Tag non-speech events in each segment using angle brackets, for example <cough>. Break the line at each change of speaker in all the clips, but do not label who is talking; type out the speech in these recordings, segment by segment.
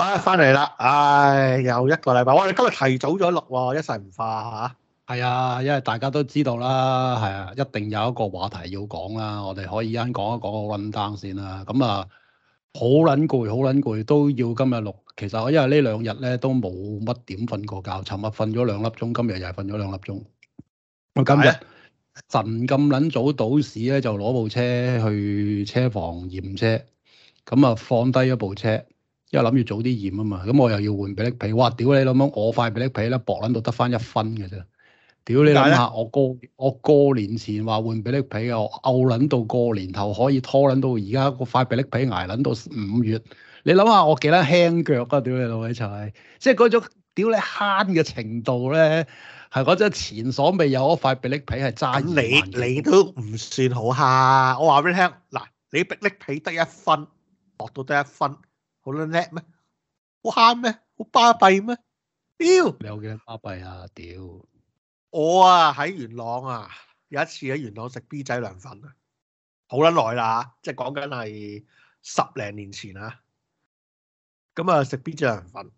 哎，翻嚟啦！唉，又一個禮拜。我哋今日提早咗錄喎，一世唔化嚇。係啊，啊，因為大家都知道啦，係啊，一定有一個話題要講啦。我哋可以一講一講一先講一講個 rundown 先啦。咁啊，好撚攰，好撚攰，都要今日錄。其實我因為兩呢兩日咧都冇乜點瞓過覺，尋日瞓咗兩粒鐘，今日又係瞓咗兩粒鐘。我今日、啊、神咁撚早倒士咧，就攞部車去車房驗車，咁啊放低一部車。因為諗住早啲驗啊嘛，咁我又要換皮力皮，哇！屌你諗下，我塊皮力皮咧薄撚到得翻一分嘅啫。屌你諗下，我過我過年前話換皮力皮啊，厚撚到過年頭可以拖撚到而家個塊皮力皮捱撚到五月。你諗下我幾得輕腳啊？屌你老味齊，即係嗰種屌你慳嘅程度咧，
係嗰種前所未有嗰塊皮力皮係揸你你，你都唔算好慳，我話俾你聽嗱，你皮力皮得一分薄到得一分。好撚叻咩？好慳咩？好巴閉咩？屌！你有
幾巴閉啊？屌！
我啊喺元朗啊，有一次喺元朗食 B 仔涼粉啊，好撚耐啦，即係講緊係十零年前啊。咁、嗯、啊，食 B 仔涼粉，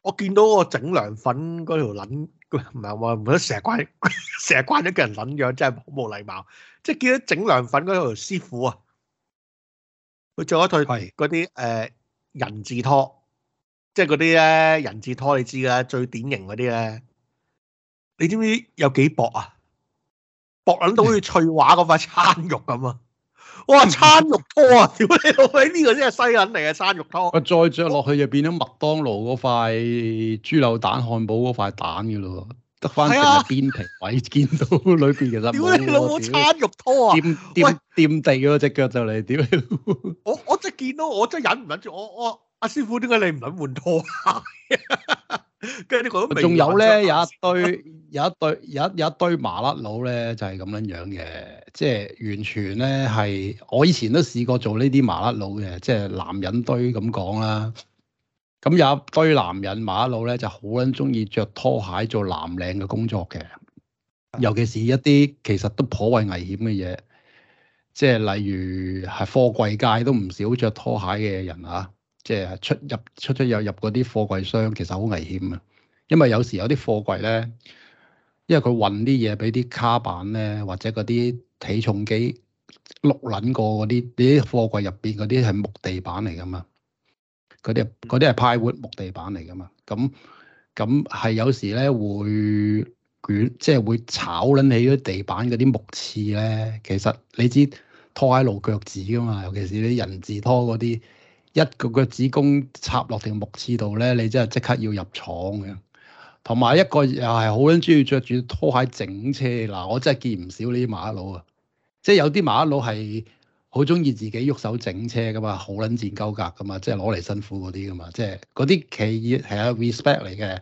我見到我整涼粉嗰條撚，唔係我唔得成日慣，成日慣咗嘅人撚樣，真係好冇禮貌。即係見到整涼粉嗰條師傅啊！着一對係嗰啲誒人字拖，即係嗰啲咧人字拖你，你知噶，最典型嗰啲咧，你知唔知有幾薄啊？薄捻到好似翠華嗰塊餐肉咁啊！哇，餐肉拖啊！屌你老味，呢個真係西人嚟嘅餐肉
拖。
再着落去就變咗麥當勞嗰塊豬柳蛋漢堡嗰塊蛋嘅咯。得翻轉邊皮位 <laughs> 見到裏邊 <laughs> 其實屌你老母餐肉拖啊！掂掂 <laughs> <laughs> 地嗰隻腳就嚟屌！
我我真見到我真係忍唔忍住，我我阿、啊、師傅點解你唔肯換拖
啊？跟 <laughs> 住呢個仲 <laughs> 有咧， <laughs> 有一堆
有一堆有一有一堆麻甩佬咧，就係咁樣樣嘅，即係完全咧係我以前都試過做呢啲麻甩佬嘅，即係男人，就是、男人堆咁講啦。咁有一堆男人馬路咧，就好撚中意着拖鞋做藍領嘅工作嘅，尤其是一啲其實都頗為危險嘅嘢，即係例如係貨櫃界都唔少着拖鞋嘅人嚇、啊，即係出入出出入入嗰啲貨櫃箱，其實好危險啊！因為有時有啲貨櫃咧，因為佢運啲嘢俾啲卡板咧，或者嗰啲起重機碌撚過嗰啲，啲貨櫃入邊嗰啲係木地板嚟㗎嘛。嗰啲啲係派活木地板嚟噶嘛，咁咁係有時咧會捲，即係會炒撚起啲地板嗰啲木刺咧。其實你知拖鞋露腳趾噶嘛，尤其是你人字拖嗰啲，一個腳趾公插落條木刺度咧，你真係即刻要入廠嘅。同埋一個又係好撚中意着住拖鞋整車，嗱我真係見唔少呢啲馬老啊，即係有啲馬老係。好中意自己喐手整車噶嘛，好撚戰鬥格噶嘛，即係攞嚟辛苦嗰啲噶嘛，即係嗰啲企業係一 respect 嚟嘅，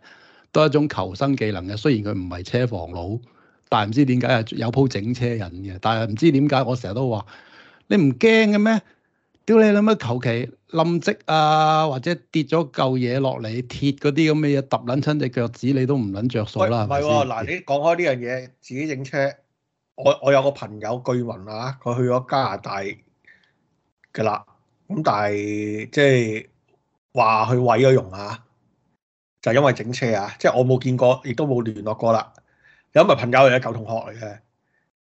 都係一種求生技能嘅。雖然佢唔係車房佬，但係唔知點解係有鋪整車人嘅。但係唔知點解，我成日都話你唔驚嘅咩？屌你諗乜？求其冧積啊，或者跌咗嚿嘢落嚟，鐵嗰啲咁嘅嘢揼撚親隻腳趾，你都唔撚着
數啦。唔係喎，嗱、啊、你講開呢樣嘢，自己整車。我我有個朋友據聞啊，佢去咗加拿大嘅啦，咁但係即係話佢毀咗容啊，就係、因為整車啊，即係我冇見過，亦都冇聯絡過啦。有咪朋友嚟嘅舊同學嚟嘅，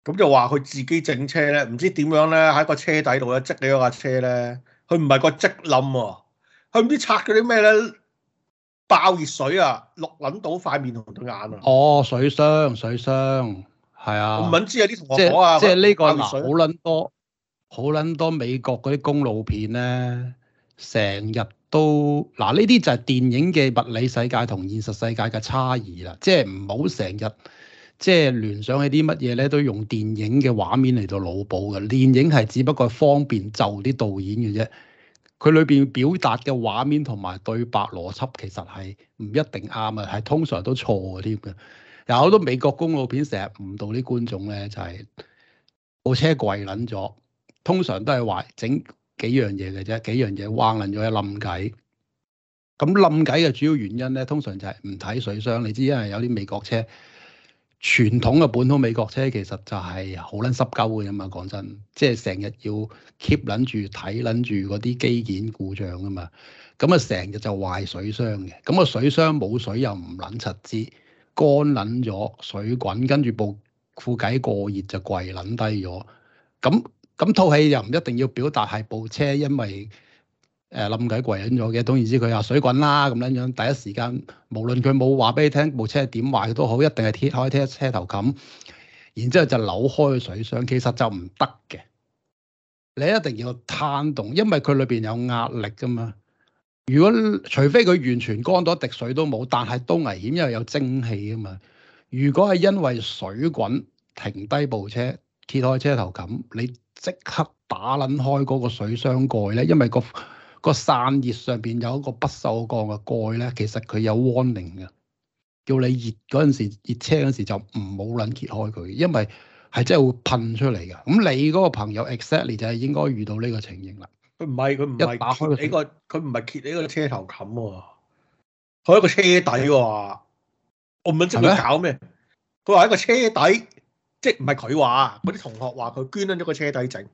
咁、嗯、就話佢自己整車咧，唔知點樣咧，喺個車底度咧，積你多架車咧，佢唔係個積冧喎，佢唔知拆嗰啲咩咧，爆熱水啊，淥撚到塊面同對眼啊！
哦，水箱水箱。係啊，唔敏
知啊啲同學講啊，即係呢個好
撚、啊、多，好撚多，多美國嗰啲公路片咧，成日都嗱。呢啲就係電影嘅物理世界同現實世界嘅差異啦。即係唔好成日即係聯想起啲乜嘢咧，都用電影嘅畫面嚟到腦補㗎。電影係只不過方便就啲導演嘅啫，佢裏邊表達嘅畫面同埋對白邏輯其實係唔一定啱啊，係通常都錯嗰啲嘅。有好多美國公路片成日誤導啲觀眾咧，就係部車跪撚咗，通常都係壞整幾樣嘢嘅啫，幾樣嘢橫撚咗一冧計。咁冧計嘅主要原因咧，通常就係唔睇水箱。你知因為有啲美國車，傳統嘅本土美國車其實就係好撚濕鳩嘅嘛。講真，即係成日要 keep 撚住睇撚住嗰啲機件故障啊嘛。咁啊，成日就壞水箱嘅。咁個水箱冇水又唔撚拆之。乾撚咗，水滾，跟住部褲底過熱就跪撚低咗。咁咁套戲又唔一定要表達係部車，因為誒冧緊跪撚咗嘅。當然之佢話水滾啦咁樣樣，第一時間無論佢冇話俾你聽部車點壞都好，一定係踢開踢車頭冚，然之後就扭開水箱，其實就唔得嘅。你一定要攤動，因為佢裏邊有壓力㗎嘛。如果除非佢完全乾咗，滴水都冇，但係都危險，因為有蒸汽啊嘛。如果係因為水滾，停低部車，揭開車頭蓋，你即刻打捻開嗰個水箱蓋咧，因為、嗰個個散熱上邊有一個不鏽鋼嘅蓋咧，其實佢有 warning 嘅，叫你熱嗰陣時，熱車嗰陣時就唔好捻揭開佢，因為係真係會噴出嚟㗎。咁你嗰個朋友 exactly 就係應該遇到呢個情形啦。
佢唔係佢唔係揭呢個，佢唔係揭呢個車頭冚喎、啊，係一個車底喎、啊。我唔明佢搞咩？佢話喺個車底，即係唔係佢話，嗰啲同學話佢捐咗個車底整。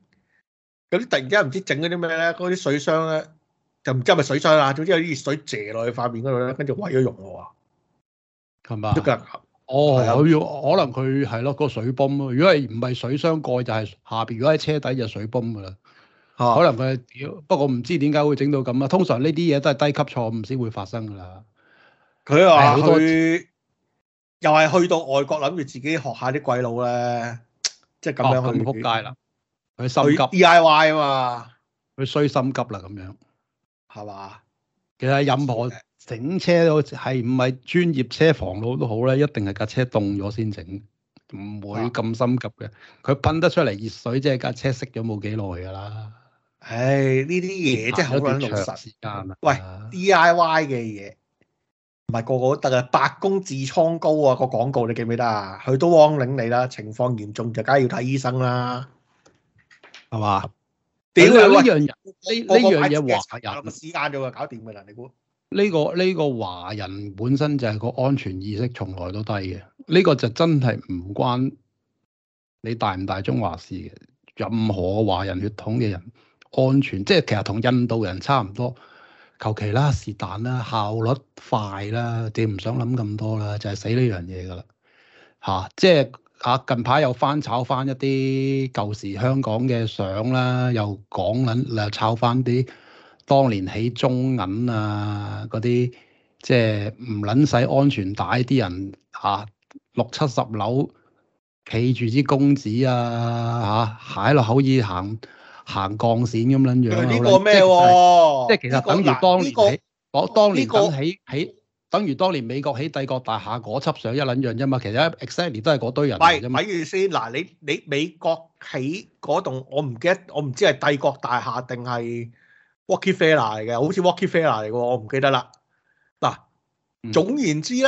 有啲突然之間唔知整嗰啲咩咧，嗰啲水箱咧，就唔知係咪水箱啦、啊。總之有啲熱水射落去塊面嗰度咧，跟住毀咗容咯、
啊。係嘛嗎？哦，啊、可能佢係咯個水泵咯。如果係唔係水箱蓋，就係下邊；如果喺車底就水泵噶啦。可能佢，不過唔知點解會整到咁啊？通常呢啲嘢都係低級錯誤先會發生噶啦。
佢話、哎、又係去到外國諗住自己學下啲鬼佬咧，即係咁樣去。咁扑街啦！佢心急，DIY 啊嘛，佢衰心急啦，咁樣
係嘛？吧其實任何整車都係唔係專業車房佬都好咧，一定係架車凍咗先整，唔會咁心急嘅。佢噴、啊、得出嚟熱水，即係架車熄咗冇幾耐噶啦。唉，呢啲嘢真係
好卵勞神。喂，D I Y 嘅嘢唔係個個都得啊！白宮痔瘡膏啊，個廣告你記唔記得啊？佢都汪領你啦，情況嚴重就梗係要睇醫生啦，係嘛吧？點樣呢樣嘢？呢呢樣嘢華人時間啫喎，搞掂㗎啦！你估
呢、這個呢、這個華人本身就係個安全意識從來都低嘅，呢、這個就真係唔關，關你大唔大中華事嘅，任何華人血統嘅人、人、人。安全即係其實同印度人差唔多，求其啦，是但啦，效率快啦，你唔想諗咁多啦，就係、是、死呢樣嘢㗎喇吓！即係吓、啊、近排又翻炒翻一啲舊時香港嘅相啦，又講撚、啊、又翻炒翻啲當年起中銀啊嗰啲，即係唔撚使安全帶啲人吓、啊、六七十樓企住支公仔啊吓，喺、啊、落口以行。行鋼線咁樣樣，呢個咩喎？即係其實等於當年喺我當年等喺喺，等於當年美國喺帝國大廈嗰輯相一撚樣啫嘛。其實 exactly 都係嗰堆人嚟
啫嘛。咪住先嗱，你你美國喺嗰棟，我唔記得，我唔知係帝國大廈定係 Rockefeller 嚟嘅，好似 Rockefeller 嚟嘅，我唔記得啦。嗱，總言之咧，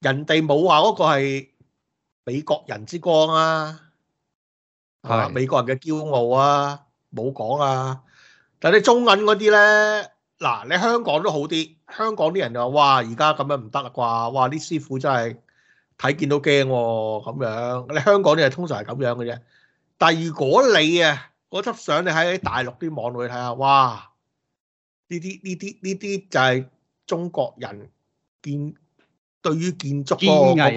人哋冇話嗰個係美國人之光啊！係啊，美國人嘅驕傲啊，冇講啊。但係你中銀嗰啲咧，嗱你香港都好啲，香港啲人就話：哇，而家咁樣唔得啦啩！哇，啲師傅真係睇見都驚喎咁樣。你香港啲人通常係咁樣嘅啫。但係如果你啊，嗰執相你喺大陸啲網度去睇下，哇！呢啲呢啲呢啲就係中國人建對於建築嗰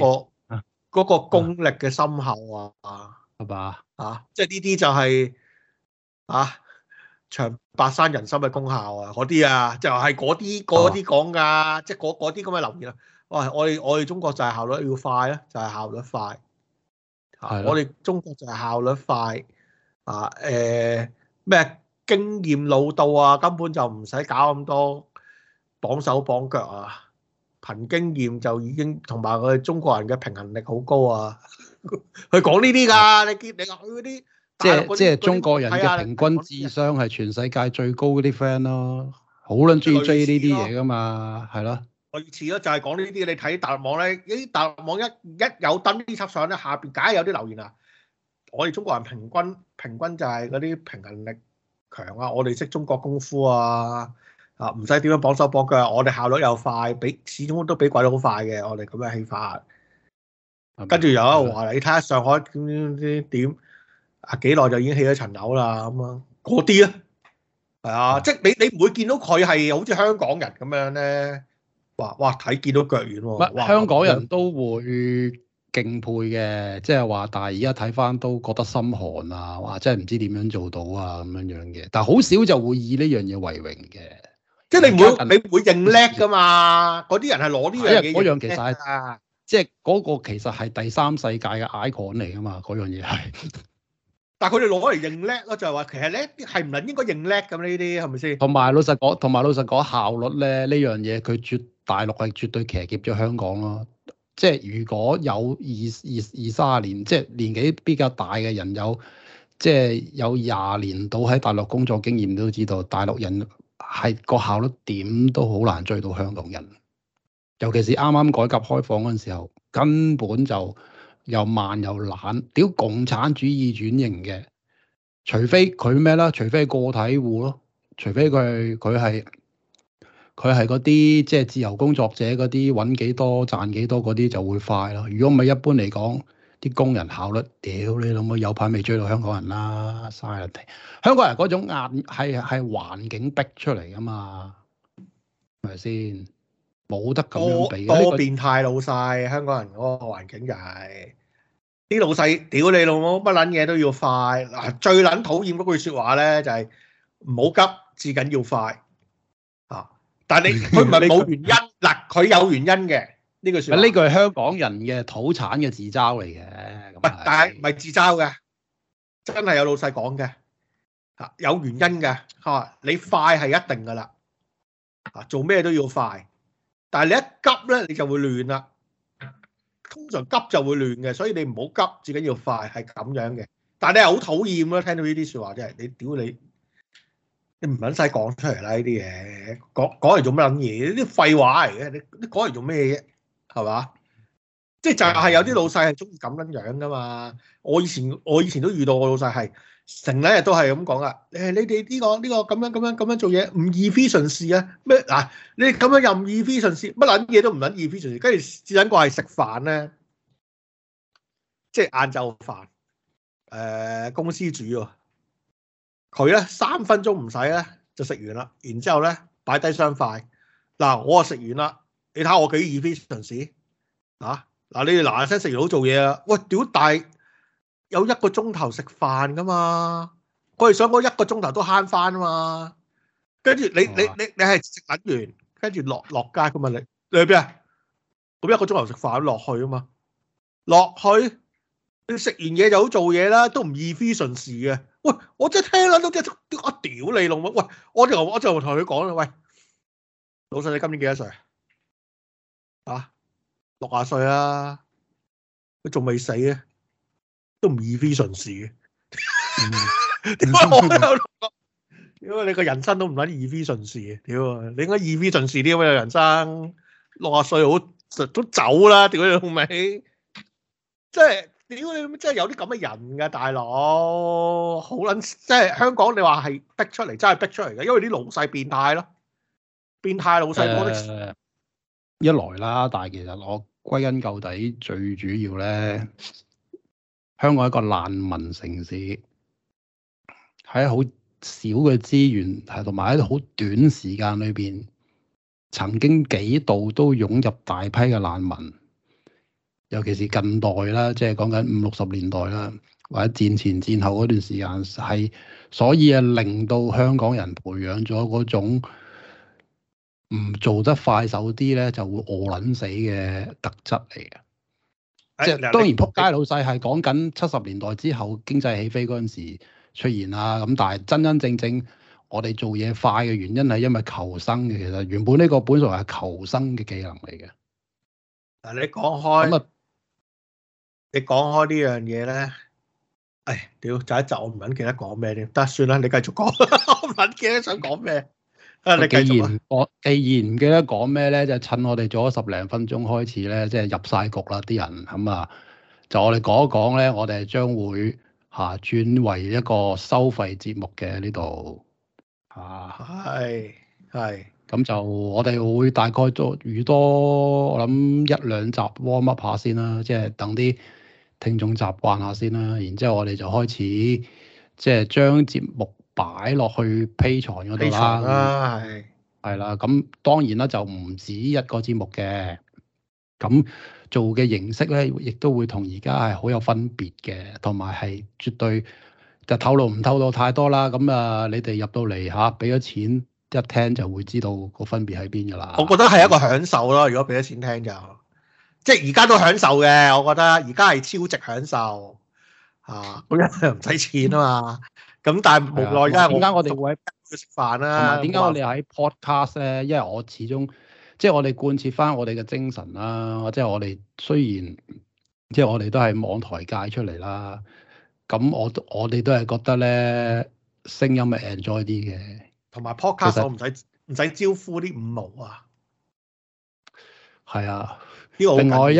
個嗰個功力嘅深厚啊！係吧？啊，即係呢啲就係、是、啊，長白山人參嘅功效啊，嗰啲啊，就係嗰啲嗰啲講噶，哦、即係嗰啲咁嘅留言啊。喂、哎，我哋我哋中國就係效率要快啊，就係效率快。係。我哋中國就係效率快啊！誒是的、啊，咩、啊呃、經驗老到啊？根本就唔使搞咁多綁手綁腳啊！憑經驗就已經，同埋我哋中國人嘅平衡力好高啊！佢講呢啲噶，你見你話佢嗰啲，即係即係中國人嘅平
均智商係全世界最高嗰啲 friend 咯，好撚中意追呢啲嘢噶嘛，係咯。
類似咯，的的似就係講呢啲，你睇大陸網咧，咦，大陸網一一有登呢輯相咧，下邊梗係有啲留言啦。我哋中國人平均平均就係嗰啲平衡力強啊，我哋識中國功夫啊，啊唔使點樣綁手搏腳，我哋效率又快，比始終都比鬼佬好快嘅，我哋咁樣啟發。跟住又話你睇下上海點點點點啊，幾耐就已經起咗層樓啦，咁樣，嗰啲啊，係啊，即係你你唔會見到佢係好似香港人咁樣咧，話哇睇見到腳軟喎、啊，香港人
都會敬佩嘅，即係話，但係而家睇翻都覺得心寒啊，哇真係唔知點樣做到啊咁樣樣嘅，但係好少就會以呢樣嘢為榮嘅，即係你唔會、就是、你唔會認叻㗎嘛，嗰啲是人係攞呢樣嘢、啊，一樣嘅嘢。即係嗰個其實係第三世界嘅 icon 嚟㗎嘛，嗰樣嘢係。
但係佢哋攞嚟認叻咯，就係話其實叻啲係唔係應該認叻咁呢啲係咪先？同
埋老實講，同埋老實講效率咧呢樣嘢，佢絕大陸係絕對騎劫咗香港咯。即係如果有二二二三十年，即係年紀比較大嘅人有，即係有廿年到喺大陸工作經驗都知道，大陸人係個效率點都好難追到香港人。尤其是啱啱改革開放嗰陣時候，根本就又慢又懶。屌共產主義轉型嘅，除非佢咩啦？除非個體戶咯，除非佢佢係佢係嗰啲即係自由工作者嗰啲，揾幾多賺幾多嗰啲就會快咯。如果唔係一般嚟講，啲工人效率屌你老母有排未追到香港人啦，嘥力！香港人嗰種壓係係環境逼出嚟噶嘛，
係咪先？冇得咁樣比，多變態老細，香港人嗰個環境就係啲老細，屌你老母，乜撚嘢都要快嗱，最撚討厭嗰句説話咧就係唔好急，至緊要快啊！但係你佢唔係冇原因嗱，佢有原因嘅呢句説話，呢句係香港人嘅土產嘅自嘲嚟
嘅，
唔係但係唔係自嘲嘅，真係有老細講嘅嚇，有原因嘅嚇，你快係一定㗎啦啊，做咩都要快。但係你一急咧，你就會亂啦。通常急就會亂嘅，所以你唔好急，最緊要快係咁樣嘅。但係你係好討厭啊！聽到呢啲説話真係，你屌你，你唔撚使講出嚟啦！呢啲嘢講講嚟做乜撚嘢？呢啲廢話嚟嘅，你你講嚟做咩嘢？係嘛？即係就係、是、有啲老細係中意咁撚樣噶嘛。我以前我以前都遇到我老細係。成日都係咁講噶，誒你哋呢個呢個咁樣咁樣咁樣做嘢唔 efficiency 啊咩嗱、啊、你咁樣又唔 efficiency 乜撚嘢都唔撚 efficiency 跟住只撚個係食飯咧，即係晏晝飯誒、呃、公司煮喎，佢咧三分鐘唔使咧就食完啦，然之後咧擺低雙筷，嗱我啊食完啦，你睇下我幾 efficiency 啊，嗱你哋嗱嗱聲食完好做嘢啊，喂，屌大！有一個鐘頭食飯噶嘛，佢哋想講一個鐘頭都慳翻啊嘛。跟住你你你你係食緊完，跟住落落街噶嘛。你你去邊啊？咁一個鐘頭食飯落去啊嘛。落去，你食完嘢就好做嘢啦，都唔易 finish 嘅。喂，我真係聽啦，都即係，我屌你老母！喂，我就我，我就同佢講啦。喂，老細，你今年幾多歲啊，六廿歲啊，佢仲未死啊？
都唔易飛順事嘅，
點 <laughs> 解我都有？因為你個人生都唔揾二 v 順事嘅？屌，你應該二 v 順市啲咁人生，六啊歲好都走啦！屌你老味，即係屌你，真、就是你，真係有啲咁嘅人噶大佬，好撚！即係香港，你話係逼出嚟，真係逼出嚟嘅，因為啲老細變態咯，變態老
細多啲。
一來啦，但係其實我歸根究底，最主要咧。香港係一個難民城市，喺好少嘅資源，同埋喺好短時間裏邊，曾經幾度都湧入大批嘅難民，尤其是近代啦，即係講緊五六十年代啦，或者戰前戰後嗰段時間，係所以啊，令到香港人培養咗嗰種唔做得快手啲咧就會餓撚死嘅特質嚟嘅。
即當然撲
街你老細係講緊七十年代之後經濟起飛嗰陣時出現啦，咁但係真真正正我哋做嘢快嘅原因係因為求生嘅，其實原本呢個本嚟係求生嘅技能嚟嘅。
嗱你講開，咁麼你講開呢樣嘢咧，誒，屌就一集，我唔揾記得講咩添，得算啦，你繼續講， <laughs> 我唔揾記得想講咩？啊！你繼續，既然
我既然唔記得講咩咧，就趁我哋做咗十零分鐘開始咧，即係入晒局啦，啲人咁啊，就我哋講一講咧，我哋將會吓轉、啊、為一個收費節目嘅呢度。
啊，係，係，
咁就我哋會大概做預多，我諗一兩集 warm up 下先啦，即係等啲聽眾習慣下先啦，然之後我哋就開始即係將節目。擺落去 Patreon 嗰度啦，係係啦，咁 <music> 當然啦，就唔止一個節目嘅，咁做嘅形式咧，亦都會同而家係好有分別嘅，同埋係絕對就透露唔透露太多啦。咁啊，你哋入到嚟吓，俾咗錢一聽就會知道個分別喺邊噶啦。
我覺得係一個享受咯，的如果俾咗錢聽就，即係而家都享受嘅，我覺得而家係超值享受啊，因為唔使錢啊嘛。 <laughs> 咁但係無奈，而家我哋會喺佢食飯啦。同埋點解我哋喺 podcast
咧？因為我始終即係我哋貫徹翻我哋嘅精神啦，即係我哋雖然即係我哋都係網台界出嚟啦。咁我我哋都係覺得咧，聲音咪 enjoy 啲嘅。同埋 podcast 我唔使唔使招呼啲五毛啊。係啊，呢個、啊、另外
一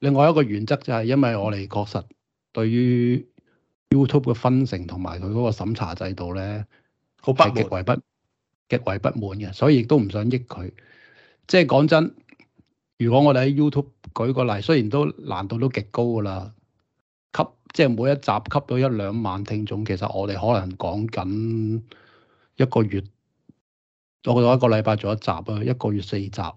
另外一個原則就係因為我哋確實對於 YouTube 嘅分成同埋佢嗰個審查制度咧，係極為不極為不滿嘅，所以亦都唔想益佢。即係講真，如果我哋喺 YouTube 舉個例，雖然都難度都極高噶啦，吸即係每一集吸到一兩萬聽眾，其實我哋可能講緊一個月，我覺得一個禮拜做一集啊，一個月四集啊，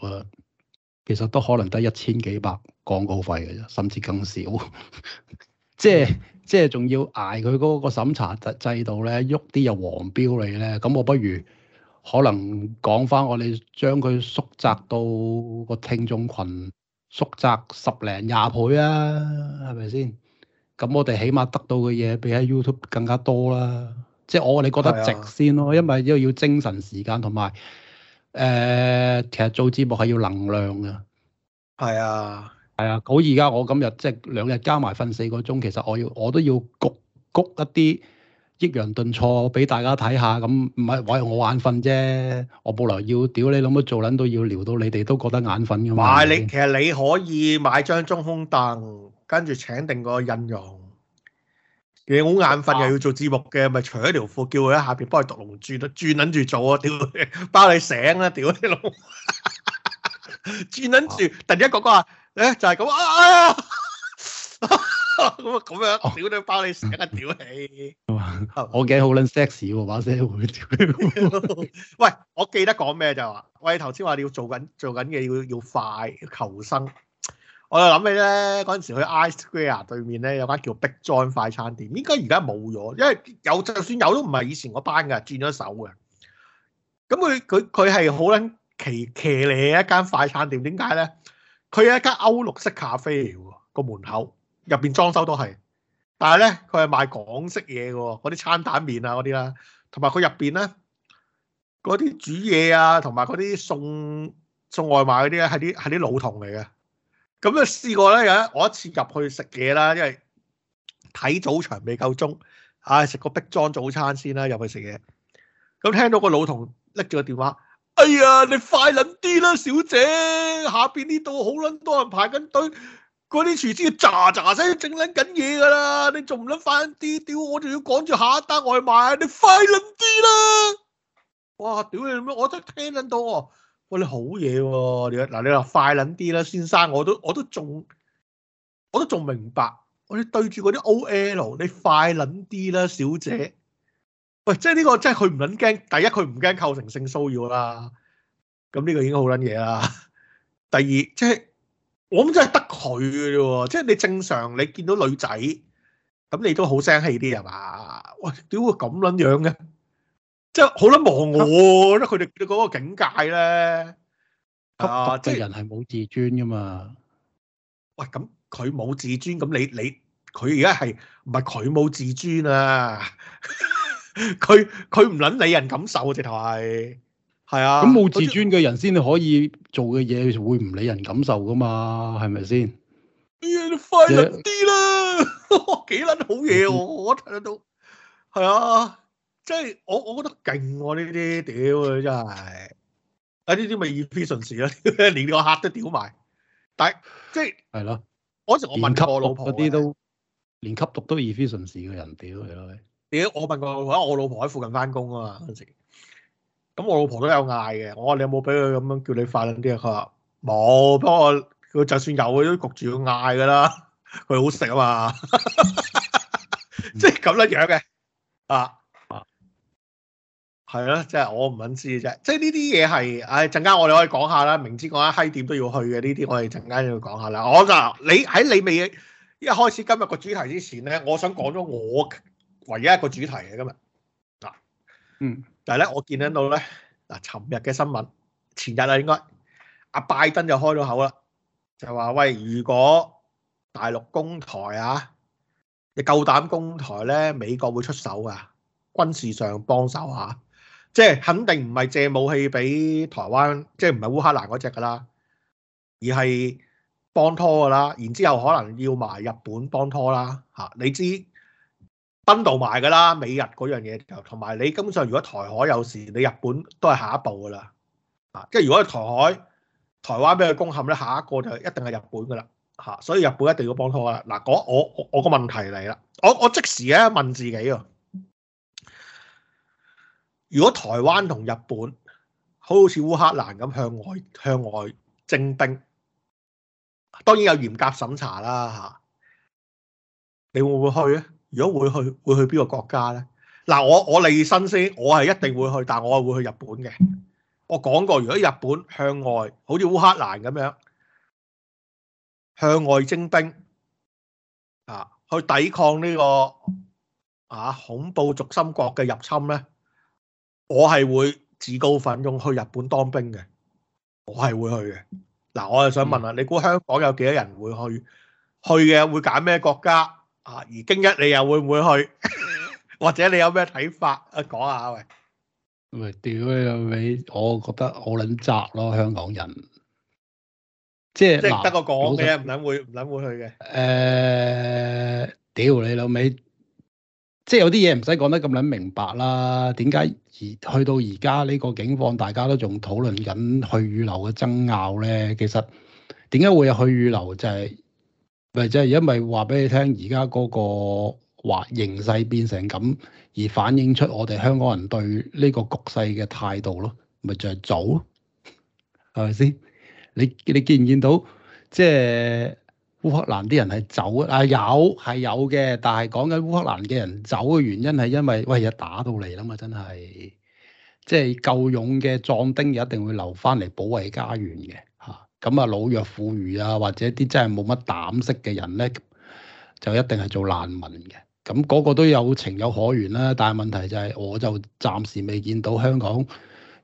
其實都可能得一千幾百廣告費嘅啫，甚至更少。 <laughs> 即係。即係仲要捱佢嗰個審查制制度咧，喐啲又黃標嚟咧，咁我不如可能講翻我哋將佢縮窄到個聽眾群縮窄十零廿倍啊，係咪先？咁我哋起碼得到嘅嘢比喺 YouTube 更加多啦。即係我哋覺得值先咯，啊、因為要要精神時間同埋誒，其實做節目係要能量㗎。係啊。係啊，好，而家我今日即係兩日加埋瞓四個鐘，其實我要我都要焗谷一啲抑揚頓挫俾大家睇下，咁唔係話我眼瞓啫，的我冇理由要屌你諗乜做，諗到要聊到你哋都覺得眼瞓噶嘛。唔係的你，
其實你可以買張中空凳，跟住請定個印傭，你好眼瞓又要做字幕嘅，咪除咗條褲，叫佢喺下邊幫佢讀龍住，啦，轉諗住做啊，屌，包你醒啊，屌你老。 <laughs> 轉撚住，突然間哥哥話：，誒，就係咁啊！咁啊，咁樣屌都包你成日屌你！我
驚好撚 sexy 喎，把聲會。
喂，我記得講咩就係話，我哋頭先話要做緊，做緊嘢要要快求生。我就諗起咧，嗰陣時去 I Square 對面咧有間叫 Big John 快餐店，應該而家冇咗，因為有就算有都唔係以前嗰班噶，轉咗手嘅。咁佢佢佢係好撚。騎騎，呢一間快餐店點解咧？佢係一間歐陸式咖啡嚟嘅喎，個門口入邊裝修都係，但係咧佢係賣港式嘢嘅喎，嗰啲餐蛋麵啊麵啊嗰啲啦，同埋佢入邊咧嗰啲煮嘢啊，同埋嗰啲送送外賣嗰啲咧係啲係啲老童嚟嘅。咁啊試過咧有一我一次入去食嘢啦，因為睇早場未夠鐘，唉、哎、食個逼裝早餐先啦，入去食嘢。咁聽到個老童拎住個電話。哎呀，你快捻啲啦，小姐，下邊呢度好捻多人排緊隊，嗰啲廚師要喳喳聲整捻緊嘢噶啦，你仲唔捻快啲？屌，我仲要趕住下一單外賣，你快捻啲啦！哇，屌你咩？我都聽捻到哦，你好嘢喎。嗱，你話、啊、快捻啲啦，先生，我都我都仲我都仲明白，我哋對住嗰啲 O L，你快捻啲啦，小姐。喂，即係呢、這個，即係佢唔撚驚。第一，佢唔驚構成性騷擾啦。咁呢個已經好撚嘢啦。第二，即係我諗真係得佢嘅啫。即係你正常，你見到女仔，咁你都好聲氣啲係嘛？喂，屌會咁撚樣嘅？即係好撚忙我，咧佢哋見到嗰個境界咧。 <laughs> 啊，即人係冇自尊噶嘛？ <laughs> 喂，咁佢冇自尊，咁你你佢而家係唔係佢冇自尊啊？ <laughs> 佢佢唔捻理人感受，直頭係係啊。咁冇自
尊嘅人先可以做嘅嘢，會唔理人感受噶嘛？係咪先？
快啲啦！幾捻好嘢，我我睇得到。係、嗯、啊，即係我我覺得勁我呢啲屌佢真係。啊呢啲咪 e i 易 n 順事啦，連個客都屌埋。但即係係咯，嗰、啊、時我問過我老婆吸毒嗰啲都連吸毒都 e 易飛順事嘅人屌佢。咦，我問過我老婆喺附近翻工啊嘛嗰時，咁我老婆都有嗌嘅。我話你有冇俾佢咁樣叫你快啲啲啊？佢話冇，不過佢就算有佢都焗住要嗌噶啦，佢好食啊嘛， <laughs> 即係咁樣樣嘅啊啊，係、啊、咯，即係我唔肯知嘅啫。即係呢啲嘢係，唉、哎，陣間我哋可以講下啦。明知我啲閪店都要去嘅呢啲，我哋陣間要講下啦。我就，你喺你未一開始今日個主題之前咧，我想講咗我。唯一一個主題嘅今日嗱，
嗯，
但係咧，我見到咧嗱，尋日嘅新聞，前日啊，應該阿拜登就開咗口啦，就話喂，如果大陸攻台啊，你夠膽攻台咧，美國會出手啊，軍事上幫手嚇，即係肯定唔係借武器俾台灣，即係唔係烏克蘭嗰隻噶啦，而係幫拖噶啦，然之後可能要埋日本幫拖啦嚇，你知。分度埋嘅啦，美日嗰樣嘢，同埋你根本上如果台海有事，你日本都係下一步嘅啦。啊，即係如果台海台灣俾佢攻陷咧，下一個就一定係日本嘅啦。吓，所以日本一定要幫拖啦。嗱，我我我個問題嚟啦，我我即時咧問自己啊，如果台灣同日本好似烏克蘭咁向外向外徵兵，當然有嚴格審查啦。吓，你會唔會去咧？如果會去會去邊個國家咧？嗱，我我利申先，我係一定會去，但係我係會去日本嘅。我講過，如果日本向外好似烏克蘭咁樣向外徵兵啊，去抵抗呢個啊恐怖軸心國嘅入侵咧，我係會自告奮勇去日本當兵嘅，我係會去嘅。嗱，我就想問啦，你估香港有幾多人會去？去嘅會揀咩國家？啊！而京一你又會唔會去？ <laughs> 或者你有咩睇法啊？講下喂，
喂！喂，屌你老味，我覺得好撚雜咯，香港人，即係即係是辣得個講嘅，唔
撚實會唔撚會去
嘅。誒、呃，屌你老味，即係有啲嘢唔使講得咁撚明白啦。點解而去到而家呢個境況，大家都仲討論緊去與留嘅爭拗咧？其實點解會有去與留就係、是？咪即係因為話俾你聽，而家嗰個話形勢變成咁，而反映出我哋香港人對呢個局勢嘅態度咯，咪就係走咯，係咪先？你你見唔見到即係烏克蘭啲人係走啊？有係有嘅，但係講緊烏克蘭嘅人走嘅原因係因為喂，打到嚟啦嘛，真係即係夠勇嘅壯丁，一定會留翻嚟保衛家園嘅。咁啊老弱婦孺啊或者啲真係冇乜膽識嘅人咧，就一定係做難民嘅。咁、那、嗰個都有情有可原啦、啊。但係問題就係，我就暫時未見到香港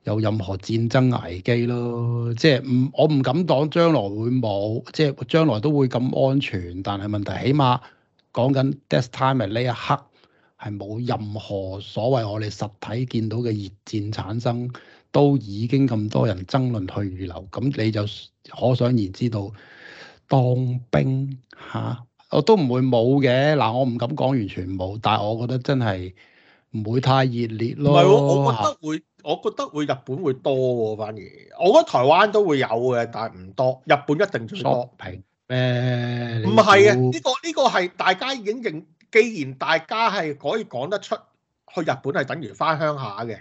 有任何戰爭危機咯。即係唔我唔敢講將來會冇，即、就、係、是、將來都會咁安全。但係問題起碼講緊 death time 係呢一刻係冇任何所謂我哋實體見到嘅熱戰產生。都已經咁多人爭論去預留，咁你就可想而知到當兵吓、啊，我都唔會冇嘅。嗱，我唔敢講完全冇，但係我覺得真係唔會太熱烈咯。唔係，我、啊、我覺得
會，我覺得會日本會多喎，反而我覺得台灣都會有嘅，但係唔多。日本一定最多平。
誒、呃，
唔係啊？呢個
呢個係大家已經認，既然大家係可以講得出，去日本係等於翻鄉下嘅。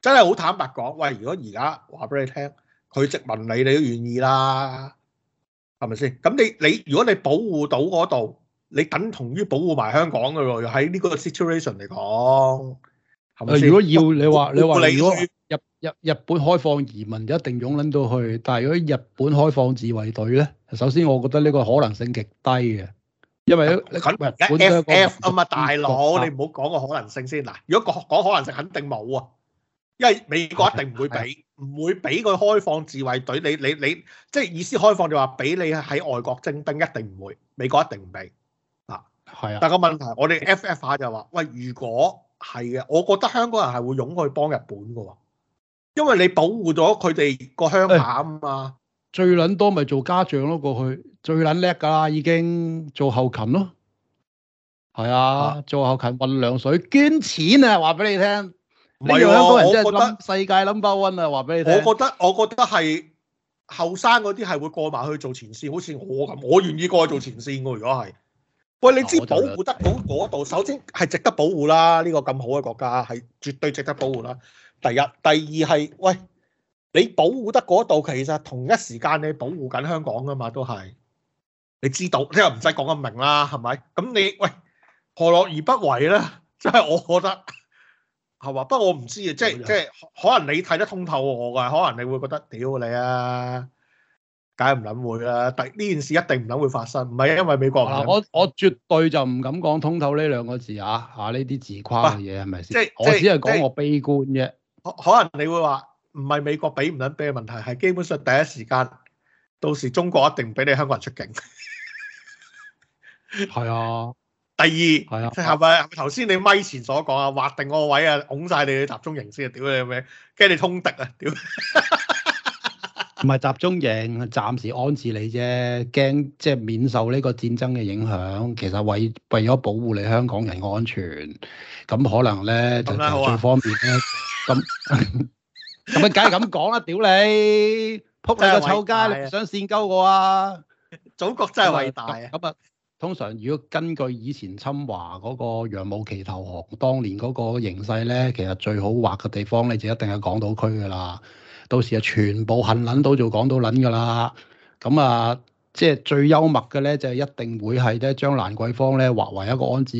真係好坦白講，喂！如果而家話俾你聽，佢殖民你，你都願意啦，係咪先？咁你你，如果你保護到嗰度，你等同於保護埋香港噶咯，喺呢個 situation 嚟講，
係咪先？如果要你話，你話如果
日日日本開放移
民，一定湧捻到去。但係如果日本開放自衛隊咧，首先我覺得呢個可能性極低嘅，因為
咁日本咧，FF 啊嘛，大佬，你唔好講個可能性先嗱。如果講講可能性，肯定冇啊。因為美國一定唔會俾，唔會俾佢開放自衛隊，你你你，即係意思開放就話俾你喺外國徵兵，一定唔會，美國一定唔俾。啊，係是啊。但個問題，我哋 FF 吓就話，喂，如果係嘅，我覺得香港人係會湧去幫日本噶，因為你保護咗佢哋個鄉下啊嘛。
最撚、哎、多咪做家長咯，過去最撚叻噶啦，已經做後勤咯。係啊，啊做後勤運糧水、捐錢啊，話俾你聽。唔係啊！香港人真係我覺得
世界 number one 啊，話俾你聽。我覺得我覺得係後生嗰啲係會過埋去做前線，好似我咁，我願意過去做前線喎。如果係，喂，你知保護得到嗰度，首先係值得保護啦。呢個咁好嘅國家係絕對值得保護啦。第一、第二係，喂，你保護得嗰度，其實同一時間你保護緊香港噶嘛，都係你知道，是是你又唔使講咁明啦，係咪？咁你喂何樂而不為咧？真係我覺得。係嘛？不過我唔知啊，即係即係可能你睇得通透我噶，可能你會覺得屌你啊，解唔諗會啊。第呢件事一定唔諗會發生，唔係因為美國。我
我絕對就唔敢講通透呢兩個字啊啊！呢啲自誇嘅嘢係咪
先？啊、是是即係我只係講我悲觀啫。可能你會話唔係美國俾唔諗俾嘅問題，係基本上第一時間到時中國一定唔俾你香港人出境。係 <laughs> 啊。第二係啊，係咪頭先你咪前所講啊？劃定個位啊，拱晒你去集中營先啊！屌你咩？驚你通敵啊！屌，
唔係集中營，暫時安置你啫，驚即係免受呢個戰爭嘅影響。其實為為咗保護你香港人安全，咁可能咧就係最方便咧。咁咁啊，梗係咁講啦！屌 <laughs> <laughs> 你，仆你個臭街，你想線鳩我啊？祖國真係偉大啊！咁啊～通常如果根據以前侵華嗰個楊慕琦投降當年嗰個形勢咧，其實最好劃嘅地方你就一定係港島區噶啦，到時就全部恨捻到做港島捻噶啦。咁啊，即係最幽默嘅咧，就一定，啊就係、一定會係咧將蘭桂坊咧劃為一個安置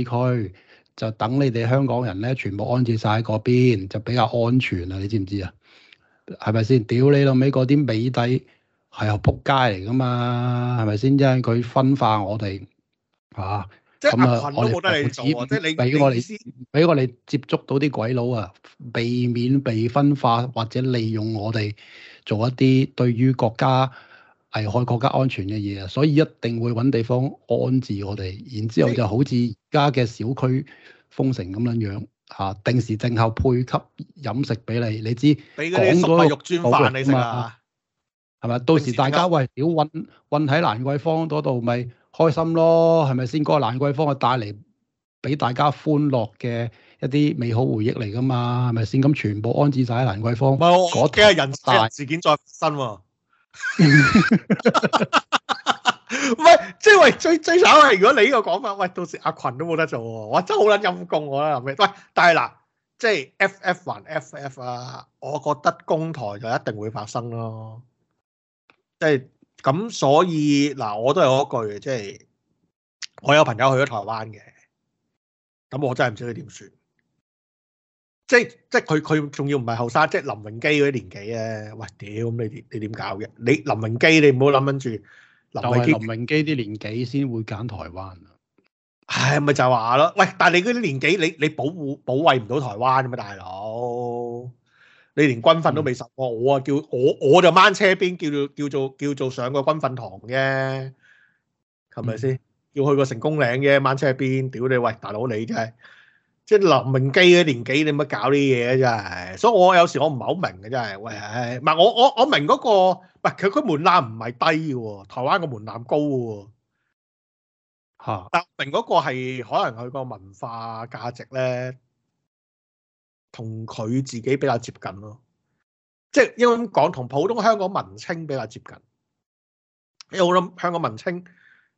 區，就等你哋香港人咧全部安置晒喺嗰邊，就比較安全啦。你知唔知啊？係咪先？屌你老味嗰啲美帝係啊撲街嚟噶嘛？係咪先？即係佢分化我哋。啊！即係
群老冇得係你俾只 你我哋
俾是我哋接觸到啲鬼佬啊，避免被分化或者利用我哋做一啲對於國家危害國家安全嘅嘢啊！所以一定會搵地方安置我哋，然之後就好似而家嘅小區封城咁樣樣，啊、吓、啊、定時正後配給飲食俾你，你知講嗰啲肉磚飯版你嘛，啊？係咪？到時大家喂，要困困喺蘭桂坊嗰度咪？開心咯，係咪先？嗰個蘭桂坊啊，帶嚟俾大家歡樂嘅一啲美好回憶嚟噶嘛，係咪先？咁全部安置晒喺蘭桂坊。唔係我驚係人生
事
件再發生。喂，即係喂，最最慘係，如果你呢個講法，喂，到時阿群都冇得做，啊。我真好撚陰功我諗喂，但係嗱，即係 F F 還 F F 啊，我覺得公台就一定會發生咯、啊，即係。咁、嗯、所以嗱，我都係嗰句即係我有朋友去咗台灣嘅，咁我真係唔知佢點算，即係即係佢佢仲要唔係後生，即係林榮基嗰啲年紀啊，喂屌咁你你點搞嘅？你，你，你，你林榮基你唔好諗緊住林榮基啲年紀先會揀台灣啊，唉咪就話、是、咯，喂但係你嗰啲年紀你你保護保衞唔到台灣㗎嘛大佬。你連軍訓都未受過，我啊叫我我就掹車邊，叫做叫做叫做上個軍訓堂嘅，係咪先？要去個成功嶺啫，掹車邊，屌你喂大佬你真係即係林明基嘅年紀，你乜搞呢啲嘢啊真係？所以我有時我唔係好明嘅真係，喂，唔係我我我明嗰個，唔係佢佢門檻唔係低嘅喎，台灣個門檻高嘅喎，嚇，但係明嗰個係可能佢個文化價值咧。同佢自己比較接近咯、哦，即係因為咁講，同普通香港文青比較接近。因為我諗香港文青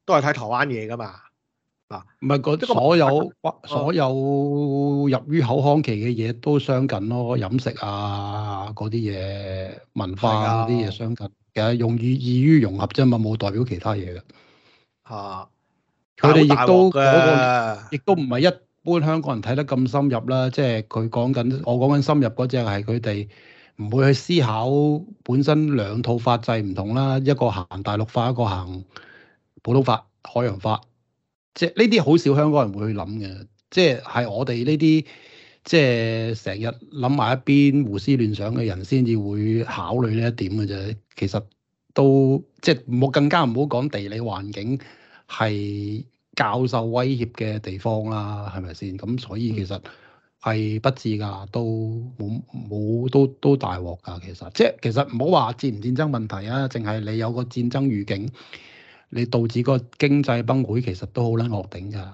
都係睇台灣嘢㗎嘛。嗱，
唔係嗰所有，啊、所有入於口腔期嘅嘢都相近咯，飲食啊嗰啲嘢，文化嗰啲嘢相近嘅，的其實容易易於融合啫嘛，冇代表其他嘢嘅。啊，佢哋亦都亦、嗰個、都唔係一般香港人睇得咁深入啦，即係佢講緊，我講緊深入嗰隻係佢哋唔會去思考本身兩套法制唔同啦，一個行大陸法，一個行普通法、海洋法，即係呢啲好少香港人會去諗嘅。即係，係我哋呢啲即係成日諗埋一邊胡思亂想嘅人先至會考慮呢一點嘅啫。其實都即係，冇更加唔好講地理環境係。教授威脅嘅地方啦，係咪先？咁所以其實係不治㗎，都冇冇都都大鑊㗎。其實即係其實唔好話戰唔戰爭問題啊，淨係你有個戰爭預警，你導致個經濟崩潰，其實都好撚惡頂㗎，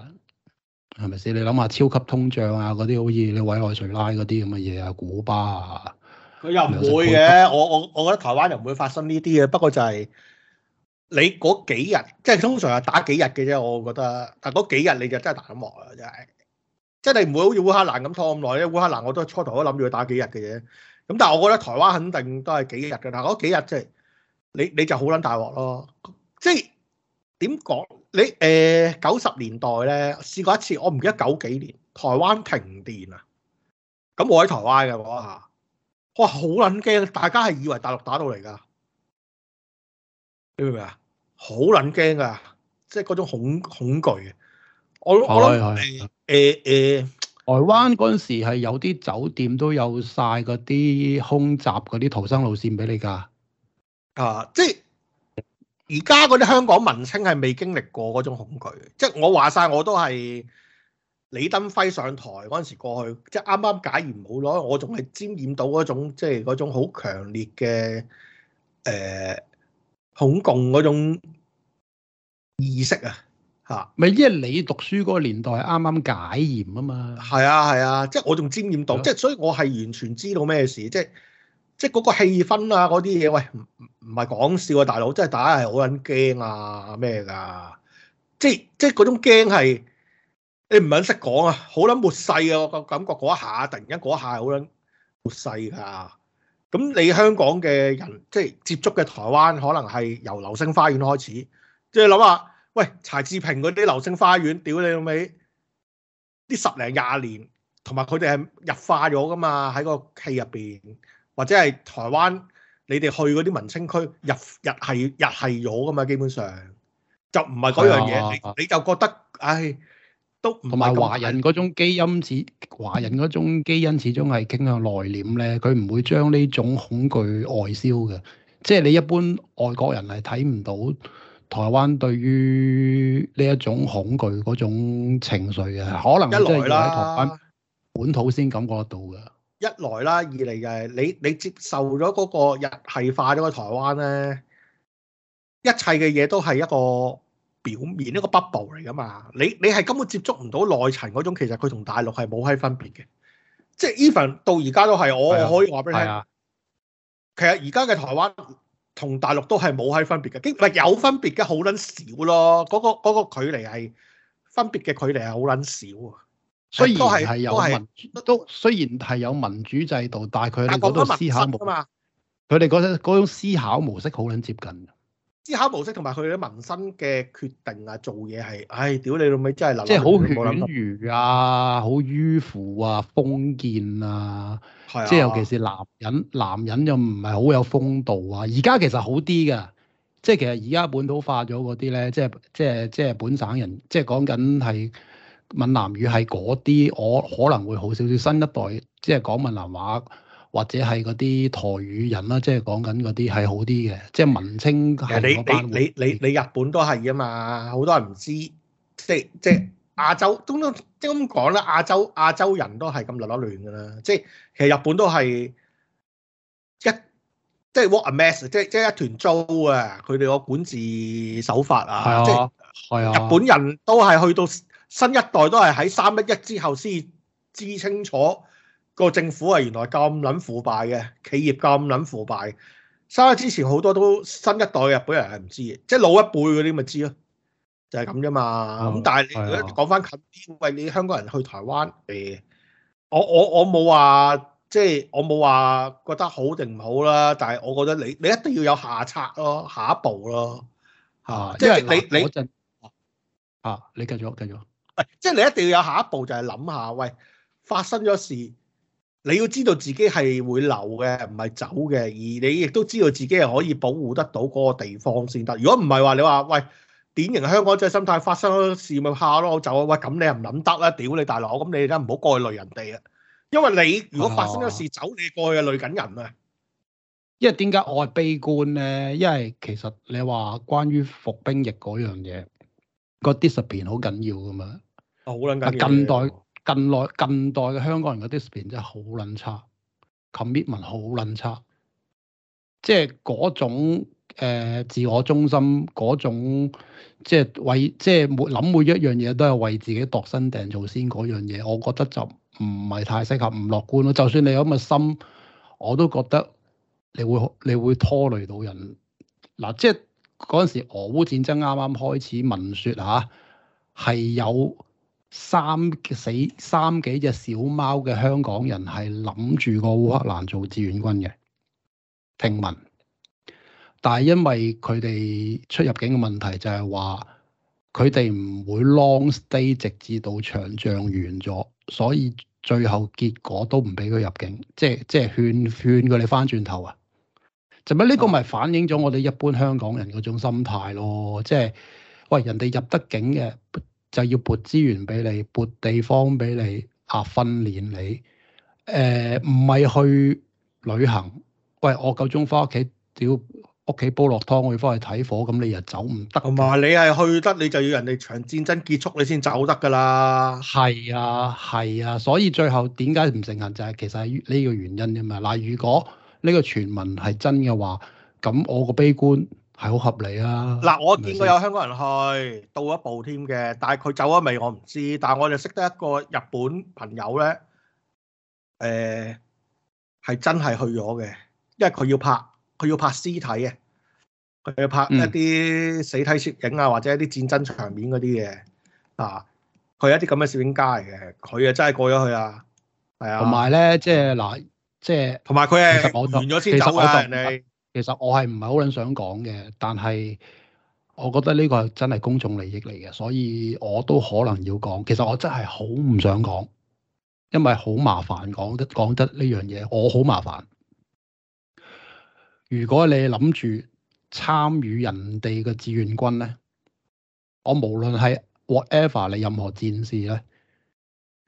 係咪先？你諗下超級通脹啊，嗰啲好似你委內瑞拉嗰啲咁嘅嘢啊，古巴啊，
佢又唔會嘅。我我我覺得台灣又唔會發生呢啲嘅，不過就係、是。你嗰幾日，即係通常係打幾日嘅啫，我覺得。但嗰幾日你就真係打咁耐啦，真係。即係你唔會好似烏克蘭咁拖咁耐咧。烏克蘭我都係初頭都諗住打幾日嘅啫。咁但係我覺得台灣肯定都係幾日嘅。但嗰幾日即係你你就好捻大鑊咯。即係點講？你誒九十年代咧試過一次，我唔記得九幾年台灣停電啊。咁我喺台灣嘅話，哇好捻驚，大家係以為大陸打到嚟噶。你明唔明啊？好捻驚噶即係嗰種恐懼恐懼。
我我諗誒
誒誒，台灣嗰陣
時係有啲酒店都有晒嗰啲空襲嗰啲逃生路線俾你噶啊，
即係而家嗰啲香港文青係未經歷過嗰種恐懼。即係我話晒，我都係李登輝上台嗰陣時過去，即係啱啱解完冇耐。我仲係沾染到嗰種即係嗰種好強烈嘅誒。呃恐共嗰種意識啊，
嚇咪因為
你讀書嗰個年代，
啱啱解嚴啊嘛。係
啊係啊，即係我仲沾染到，即係所以我係完全知道咩事，即係即係嗰個氣氛啊，嗰啲嘢喂，唔唔係講笑啊，大佬，即係大家係好撚驚啊咩㗎，即係即係嗰種驚係你唔係識講啊，好撚末世啊個感覺嗰一下，突然間嗰一下好撚末世㗎。咁你香港嘅人即係接觸嘅台灣，可能係由流星花園開始。即係諗下，喂，柴智屏嗰啲流星花園屌你老味啲十零廿年，同埋佢哋係日化咗噶嘛？喺個戲入邊或者係台灣你哋去嗰啲文青區日日係日係咗噶嘛？基本上就唔係嗰樣嘢，啊啊你你就覺得唉。哎同埋華人嗰種基因，始華人
嗰種基因始終係傾向內斂咧，佢唔會將呢種恐懼外銷嘅。即係你一般外國人係睇唔到台灣對於呢一種恐懼嗰種情緒嘅，可能一來啦，台灣本土先感覺到㗎。一
來啦，二嚟嘅，你你接受咗嗰個日系化咗個台灣咧，一切嘅嘢都係一個。表面一個 bubble 嚟噶嘛。你你係根本接觸唔到內層嗰種。其實佢同大陸係冇喺分別嘅，即係 even 到而家都係。啊、我可以話俾你聽、啊，其實而家嘅台灣同大陸都係冇喺分別嘅。經唔係有分別嘅好撚少咯，嗰、嗰個嗰個距離係分別嘅距離係好撚少啊。雖然係有民
都，都雖然係有民主制度，但係佢哋嗰度思考模式嘛，佢哋嗰種嗰種思考模式好撚接近。
思考模式同埋佢哋啲民生嘅決定啊，做嘢係，唉、哎，屌你老味，真係流流流。即係好犬儒
啊，好迂腐啊，封建啊，
啊即係尤其
是男人，男人又唔係好有風度啊。而家其實好啲㗎，即係其實而家本土化咗嗰啲咧，即係即係即係本省人，即係講緊係閩南語係嗰啲，我可能會好少少。新一代即係講閩南話。或者係嗰啲台語人啦、就是，即係講緊嗰
啲係好啲嘅，即係文青係你你你你日本都係啊嘛，好多人唔知，即即亞洲，都都即咁講啦，亞洲亞洲人都係咁立立亂㗎啦，即係其實日本都係一即係 what a mess，即即一團糟啊！佢哋個管治手法啊，即係係啊，即是啊日本人都係去到新一代都係喺三一一之後先知清楚。個政府啊，原來咁撚腐敗嘅，企業咁撚腐敗，生得之前好多都新一代日本人係唔知嘅，即係老一輩嗰啲咪知咯，就係咁啫嘛。咁、哦、但係你講翻近啲，哦、喂，你香港人去台灣誒，我我我冇話即係我冇話覺得好定唔好啦。但係我覺得你你一定要有下策咯，下一步咯嚇，啊、即係你你嚇、啊、你繼續繼續。即係你一定要有下一步就一下，就係諗下喂發生咗事。你要知道自己係會流嘅，唔係走嘅，而你亦都知道自己係可以保護得到嗰個地方先得。如果唔係話，你話喂，典型香港即仔心態，發生咗事咪嚇咯走啊！喂，咁你又唔諗得啦？屌你大佬，咁你而家唔好過去累人哋啊！因為你如果發生咗事、啊、走，你過去啊累緊人啊！因為點解我係
悲觀咧？因為其實你話關於服兵役嗰樣嘢，個 discipline 好緊要噶嘛。
啊，好撚緊代。
近來近代嘅香港人嘅 discipline 真係好撚差，commitment 好撚差，即係嗰種、呃、自我中心嗰種，即係為即係諗每一樣嘢都係為自己度身訂造先嗰樣嘢，我覺得就唔係太適合，唔樂觀咯。就算你有咁嘅心，我都覺得你會你會拖累到人嗱。即係嗰陣時俄烏戰爭啱啱開始聞説嚇，係、啊、有。三死三幾隻小貓嘅香港人係諗住個烏克蘭做志願軍嘅，聽聞。但係因為佢哋出入境嘅問題就，就係話佢哋唔會 long stay，直至到場仗完咗，所以最後結果都唔俾佢入境，即係即係勸勸佢哋返轉頭啊。就係呢個咪反映咗我哋一般香港人嗰種心態咯？即係喂，人哋入得境嘅。就要撥資源俾你，撥地方俾你，啊訓練你，誒唔係去旅行。喂，我夠鐘翻屋企，屌屋企煲落湯，我要翻去睇火，咁你又走唔得。同埋、啊、你
係去得，你就要人哋長戰爭結束，你先走得㗎啦。係啊，係啊，所以最後點
解唔成行就係、係、其實呢個原因咋嘛。嗱、啊，如果呢個傳聞係真嘅話，咁我個悲觀。係好合理啊！嗱、
啊，我見過有香港人去到一步添嘅，但係佢走咗未，我唔知。但係我哋識得一個日本朋友咧，誒、呃、係真係去咗嘅，因為佢要拍，佢要拍屍體啊，佢要拍一啲死體攝影啊，嗯、或者一啲戰爭場面嗰啲嘢。啊。佢係一啲咁嘅攝影家嚟嘅，佢啊真係過咗去啊，係、就是、啊。同埋咧，即係嗱，即係同埋佢係完咗先走啊，人哋其實
我係唔係好撚想講嘅，但係我覺得呢個真係公眾利益嚟嘅，所以我都可能要講。其實我真係好唔想講，因為好麻煩講得講得呢樣嘢，我好麻煩。如果你諗住參與人哋嘅志願軍咧，我無論係 whatever 你任何戰事咧，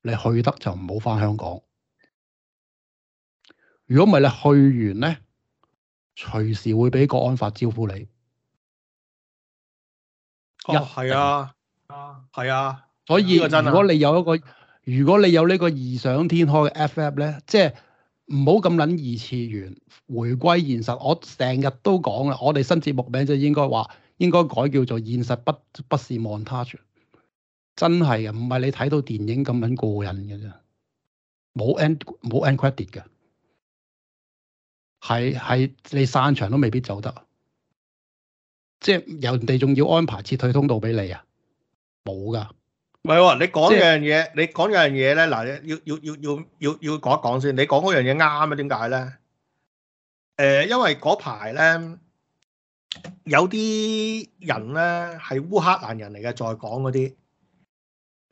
你去得就唔好返香港。如果唔係你去完咧，隨時會俾國安法招呼你。
哦，係定、哦、啊，
係啊，所以如果，真係如果你有一個，如果你有呢個異想天開嘅 FF 咧，即係唔好咁捻二次元，回歸現實。我成日都講啦，我哋新節目名就應該話，應該改叫做現實不不是 Montage。真係啊，唔係你睇到電影咁捻過癮嘅啫，冇 end 冇 end credit 嘅。係係你散場都未必走得，即係有人哋仲要安排撤退通道俾你啊？冇噶，
唔係喎。你講嗰樣嘢，你講嗰樣嘢咧，嗱，要要要要要要講一講先。你講嗰樣嘢啱啊？點解咧？誒、呃，因為嗰排咧有啲人咧係烏克蘭人嚟嘅，再講嗰啲，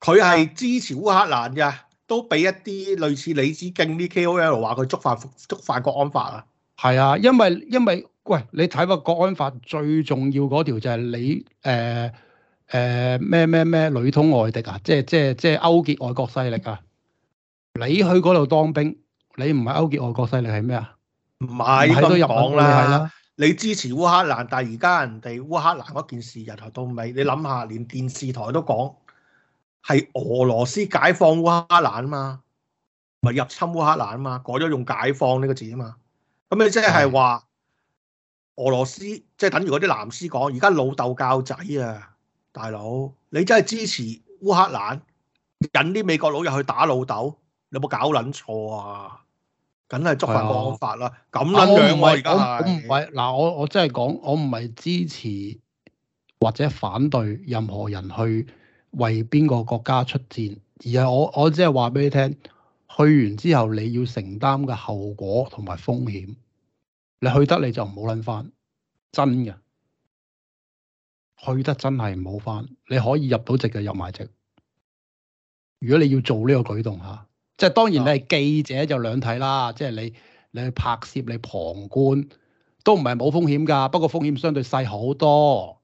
佢係支持烏克蘭嘅，都俾一啲類似李子敬啲 KOL 話佢觸犯觸犯國安法啊。係啊，因為因為喂，
你睇過國安法最重要嗰條就係你誒誒咩咩咩，裡通外敵啊，即係即係即係勾結外國勢力啊！你去嗰度當兵，你唔係勾結外國勢力係咩啊？
唔係都入港啦，
的你支持烏克蘭，但係而家人哋烏克蘭嗰件事由頭到尾，你諗下，連電視台都講係俄羅斯解放烏克蘭啊嘛，咪入侵烏克蘭啊嘛，改咗用解放呢個字啊嘛。咁你即係話俄羅斯即係，就是，等於嗰啲藍絲講，而家老豆教仔啊，大佬，你真係支持烏克蘭引啲美國佬入去打老豆，你有冇搞捻錯？啊，梗係觸犯國法啦，啊，咁撚樣啊！而家我唔
係嗱，我我真係講，我唔係支持或者反對任何人去為邊個國家出戰，而係我我只係話俾你聽。去完之後，你要承擔嘅後果同埋風險。你去得你就唔好撚翻，真嘅去得真係唔好翻。你可以入到席嘅入埋席。如果你要做呢個舉動吓，即係當然你係記者就兩睇啦，即係你你去拍攝、你旁觀都唔係冇風險㗎，不過風險相對細好多。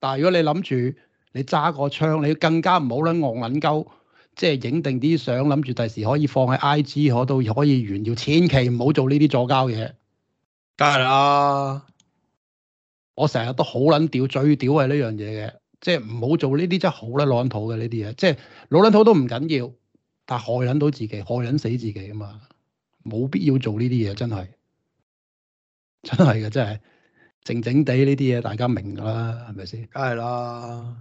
但係如果你諗住你揸個槍，你更加唔好撚戇撚鳩。即係影定啲相，諗住第時可以放喺 IG 度，都可以炫耀。千祈唔好做呢啲助膠嘢，梗係啦。我成日都好撚屌，最屌係呢樣嘢嘅，即係唔好做呢啲真係好撚卵土嘅呢啲嘢，即係老卵土都唔緊要，但害撚到自己，害撚死自己啊嘛，冇必要做呢啲嘢，真係，真係嘅，真係靜靜地呢啲嘢，大家明㗎啦，係咪先？梗係啦。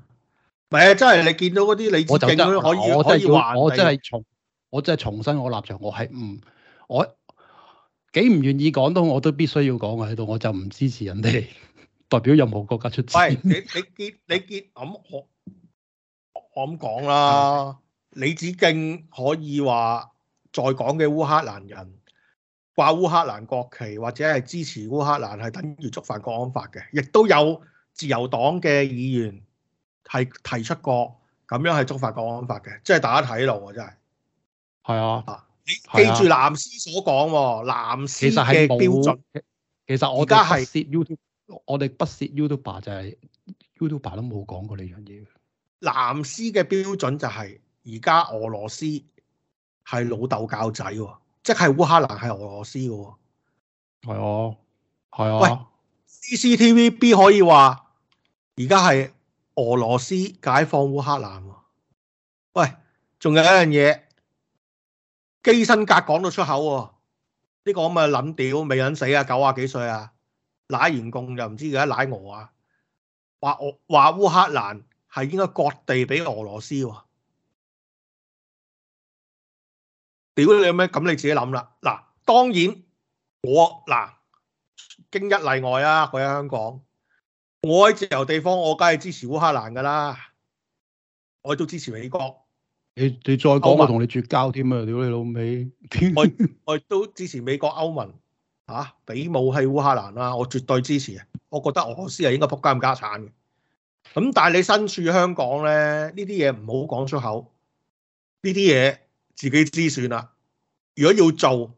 唔係啊！真係
你見到嗰啲李子敬我就可以我可以話，我真係
重我真係重新我立場，我係唔我幾唔願意講，到我都必須要講喺度，我就唔支持人哋 <laughs> 代表任何國家出戰。你
你見你見咁我咁講啦，李子敬可以話，在港嘅烏克蘭人掛烏克蘭國旗或者係支持烏克蘭係等於觸犯國安法嘅，亦都有自由黨嘅議員。係提出過咁樣係觸犯國安法嘅，即係大家睇路、啊，真係係啊！嗱，你記住藍絲所講、哦，藍絲嘅標準，其實，其實我而家係，我哋不屑 YouTuber 就係 YouTuber 都冇講過呢樣嘢。藍絲嘅標準就係而家俄羅斯係老豆教仔、哦，即係烏克蘭係俄羅斯嘅、哦，係啊，係啊喂。CCTVB 可以話而家係。俄羅斯解放烏克蘭，啊，喂，仲有一樣嘢，基辛格講到出口，啊，呢，這個咁啊諗屌，未捻死啊，九十幾歲啊，舐完共又唔知嘅，舐俄啊，話俄話烏克蘭係應該割地俾俄羅斯，啊，屌你咩？咁你自己諗啦。嗱，當然我嗱經一例外啊，佢喺香港。我喺自由地方，我梗係支持烏克蘭噶啦，我亦都支持美國。
你你再講，盟我同你絕交
添啊！屌你老味！ <laughs> 我我亦都支持美國歐、歐盟吓，俾武器烏克蘭啦，我絕對支持。我覺得俄羅斯係應該仆街冚家鏟嘅。咁、嗯、但係你身處香港咧，呢啲嘢唔好講出口，呢啲嘢自己知算啦。如果要做，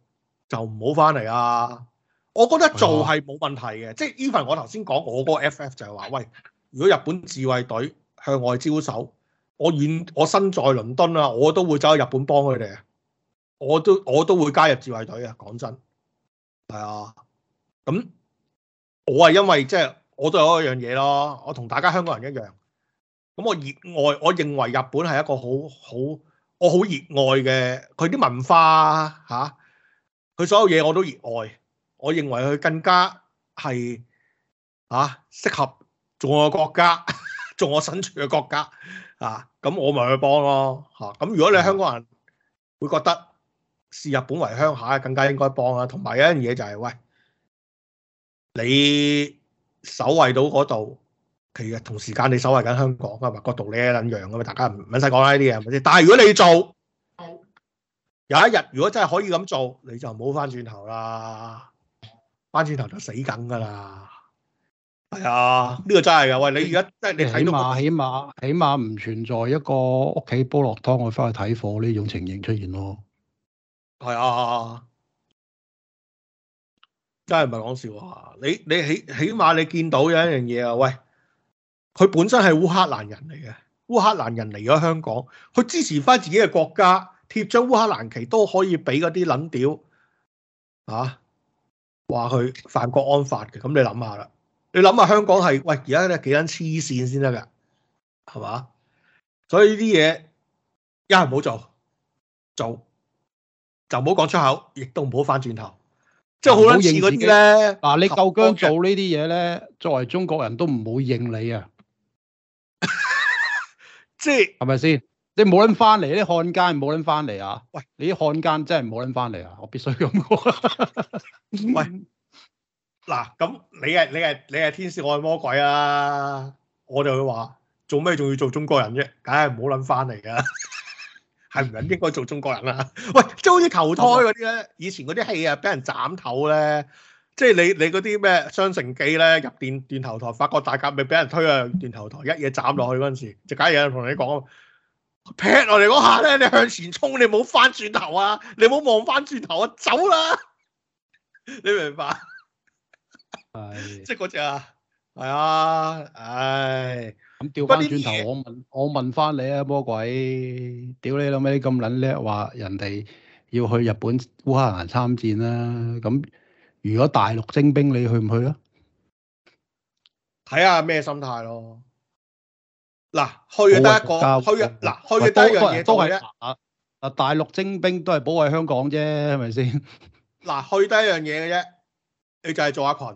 就唔好翻嚟啊！我覺得做係冇問題嘅，即係 even 我頭先講我嗰個 FF 就係話：喂，如果日本自衛隊向外招手，我遠我身在倫敦啦，我都會走去日本幫佢哋，我都我都會加入自衛隊嘅。講真，係啊，咁我係因為即係我都有一樣嘢咯，我同大家香港人一樣，咁我熱愛，我認為日本係一個好好，我好熱愛嘅佢啲文化嚇，佢、啊、所有嘢我都熱愛。我認為佢更加係啊，適合做我國家、做我身處嘅國家啊。咁我咪去幫咯吓。咁、啊、如果你香港人會覺得視日本為鄉下，更加應該幫啊。同埋有一樣嘢就係、是，喂，你守衛到嗰度，其實同時間你守衛緊香港啊嘛，度咧、那個、一樣噶嘛。大家唔唔使講啦，呢啲嘢係咪先？但係如果你做，有一日如果真係可以咁做，你就唔好翻轉頭啦。班轉頭就死梗噶啦，係、哎、啊，呢、這個真係噶喂！你而家即係你睇到、那個起
碼，起起碼起碼唔存在一個屋企煲落湯我翻去睇火呢種情形出現
咯。係啊、哎，真係唔係講笑啊！你你起起碼你見到有一樣嘢啊，喂，佢本身係烏克蘭人嚟嘅，烏克蘭人嚟咗香港，佢支持翻自己嘅國家，貼咗烏克蘭旗都可以俾嗰啲撚屌啊！話佢犯國安法嘅，咁你諗下啦，你諗下香港係喂而家咧幾捻黐線先得噶，係嘛？所以呢啲嘢一係唔好做，做就唔好講出口，亦都唔好翻轉頭，
即係好捻似嗰啲咧。嗱，投你夠姜
做呢啲嘢咧，作為中國人都唔好認你啊，即係係咪先？是你冇諗翻嚟，啲漢奸冇諗翻嚟啊！喂，你啲漢奸真係冇諗翻嚟啊！我必須咁講。喂，
嗱，咁你係你係你係天使愛魔鬼啊！我就會話，做咩仲要做中國人啫、啊？梗係唔好諗翻嚟噶，係唔係應該做中國人啊？喂，即係好似投胎嗰啲咧，是是以前嗰啲戲啊，俾人斬頭咧，即係你你嗰啲咩《雙城記》咧，入電斷頭台，發覺大革命咪俾人推去斷頭台，一嘢斬落去嗰陣時，就梗係有人同你講。
劈落嚟嗰下咧，你向
前衝，你唔好翻轉頭啊！你唔好望翻轉頭啊！走啦！ <laughs> 你明唔明白？係即係嗰隻啊！係、哎、啊！唉，咁調
翻轉頭，我問，我問翻你啊，魔鬼！屌你老味，咁撚叻話人哋要去日本烏克蘭參戰啦、啊！咁如果大陸徵兵，你去唔
去啊？睇下咩心態咯～嗱，去得一個，去嗱，去得一樣嘢都
係。啊，啊，大陸徵兵都係保衞香港啫，係咪先？
嗱，去得一樣嘢嘅啫，你就係做下羣，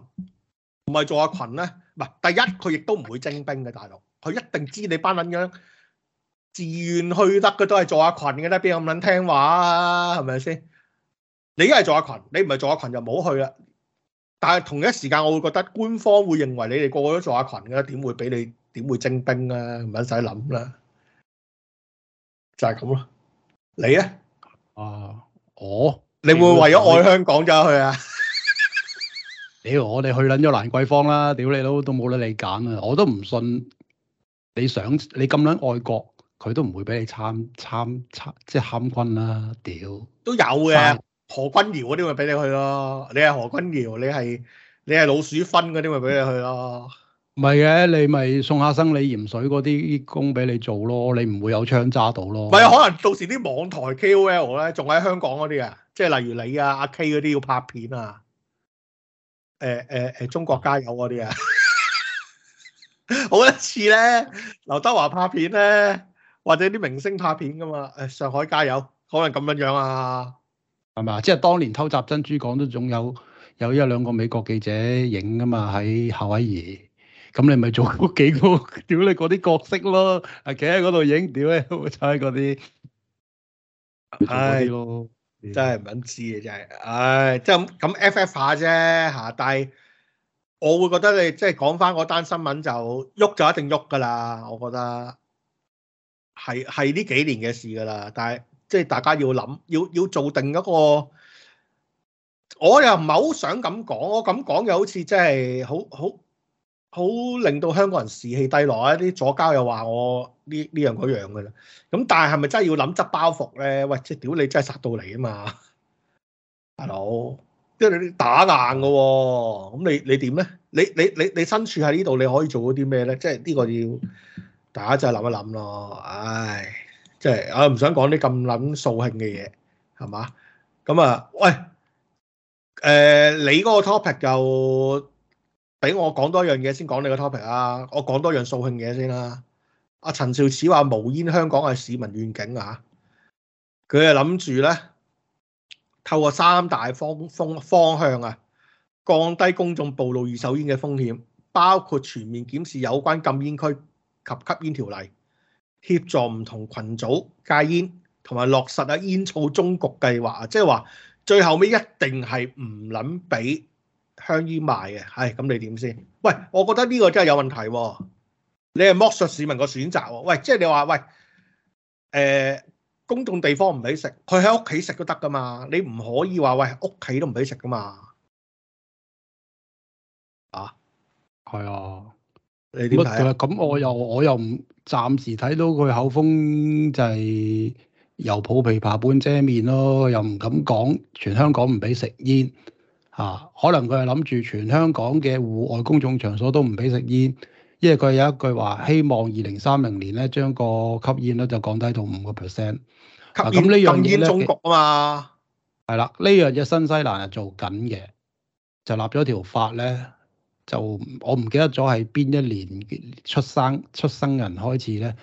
唔係做下羣咧。唔係第一，佢亦都唔會徵兵嘅大陸，佢一定知你班咁樣，自願去得嘅都係做下羣嘅啦，邊有咁撚聽話啊？係咪先？你依家係做下羣，你唔係做下羣就唔好去啦。但係同一時間，我會覺得官方會認為你哋個個都做下羣嘅啦，點會俾你？點會徵兵啊？唔使諗啦，就係咁咯。你咧
啊？
我？你會，會為咗愛香港走去啊？
屌！ <laughs> <laughs> 我哋去捻咗蘭桂坊啦！屌你佬都冇得你揀啊！我都唔信你想你咁捻愛國，佢都唔會俾你參參參即係參軍啦！
屌都有嘅何君堯嗰啲咪俾你去咯。你係何君堯，你係你係老鼠分嗰啲咪俾你去咯。 <laughs>
唔係嘅，你咪送下生理鹽水嗰啲工俾你做咯，你唔會有槍揸到咯。唔係，
可能到時啲網台 KOL 咧，仲喺香港嗰啲啊，即係例如你啊、阿 K 嗰啲要拍片啊，誒誒誒，中國加油嗰啲啊， <laughs> 好一次咧，劉德華拍片咧，或者啲明星拍片噶嘛，誒上海加油，可能咁樣樣啊，
係咪？即係當年偷襲珍珠港都仲有有一兩個美國記者影噶嘛，喺夏威夷。咁你咪做嗰幾個屌你嗰啲角
色咯，係企喺嗰度影屌咧，猜嗰啲，唉咯，哎、真係唔撚知嘅真係，唉、哎，即係咁 FF 下啫嚇，但係我會覺得你即係講翻嗰單新聞就喐就一定喐噶啦，我覺得係係呢幾年嘅事噶啦，但係即係大家要諗要要做定一個，我又唔係好想咁講，我咁講又好似真係好好。好好令到香港人士氣低落啊，啲左膠又話我呢呢樣嗰樣嘅啦，咁但係係咪真係要諗執包袱咧？喂，即係屌你真係殺到嚟啊嘛，大佬，即係你打硬嘅，哦，咁你你點咧？你呢你你你，你身處喺呢度，你可以做嗰啲咩咧？即係呢個要大家真係諗一諗咯。唉，即係我又唔想講啲咁撚掃興嘅嘢，係嘛？咁啊，喂，誒、呃，你嗰個 topic 就。俾我講多樣嘢，先講你個 topic 啊！我講多樣掃興嘢先啦。阿陳肇始話無煙香港係市民願景啊！佢係諗住呢，透過三大方，方方向啊，降低公眾暴露二手煙嘅風險，包括全面檢視有關禁煙區及吸煙條例，協助唔同群組戒煙，同埋落實啊煙草終局計劃。即係話，最後尾一定係唔諗俾。香煙賣嘅，係、哎、咁你點先？喂，我覺得呢個真係有問題喎、啊！你係剝削市民個選擇喎、啊！喂，即係你話喂，誒、呃，公眾地方唔俾食，佢喺屋企食都得㗎嘛？你唔可以話喂，屋企都唔俾食㗎嘛？
啊，係啊，你點睇、啊？咁我
又我又唔
暫時睇到佢口風就係又抱琵琶半遮面咯，又唔敢講全香港唔俾食煙。啊，可能佢係諗住全香港嘅戶外公眾場所都唔俾食煙，因為佢有一句話，希望二零三零年咧將個吸煙咧就降低到五個 percent。吸煙、啊、呢樣嘢中國啊嘛，係啦，呢樣嘢新西蘭係做緊嘅，就立咗條法咧，就我唔記得咗係邊一年出生出生人開始咧，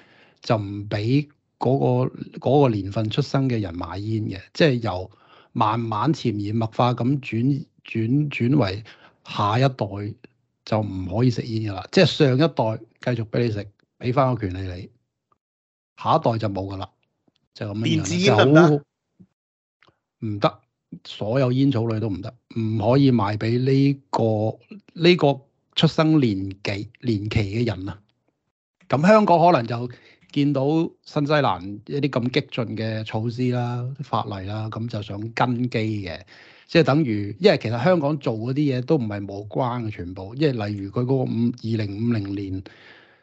就唔俾嗰個嗰個年份出生嘅人買煙嘅，即係由慢慢潛移默化咁轉。轉轉為下一代就唔可以食煙嘅啦，即係上一代繼續俾你食，俾翻個權利你，下一代就冇嘅啦，就咁樣。電子煙唔得？所有煙草類都唔得，唔可以賣俾呢個呢個出生年紀年期嘅人啊。咁香港可能就見到新西蘭一啲咁激進嘅措施啦、法例啦，咁就想跟機嘅。即係等於，因為其實香港做嗰啲嘢都唔係冇關嘅全部，即係例如佢嗰個五二零五零年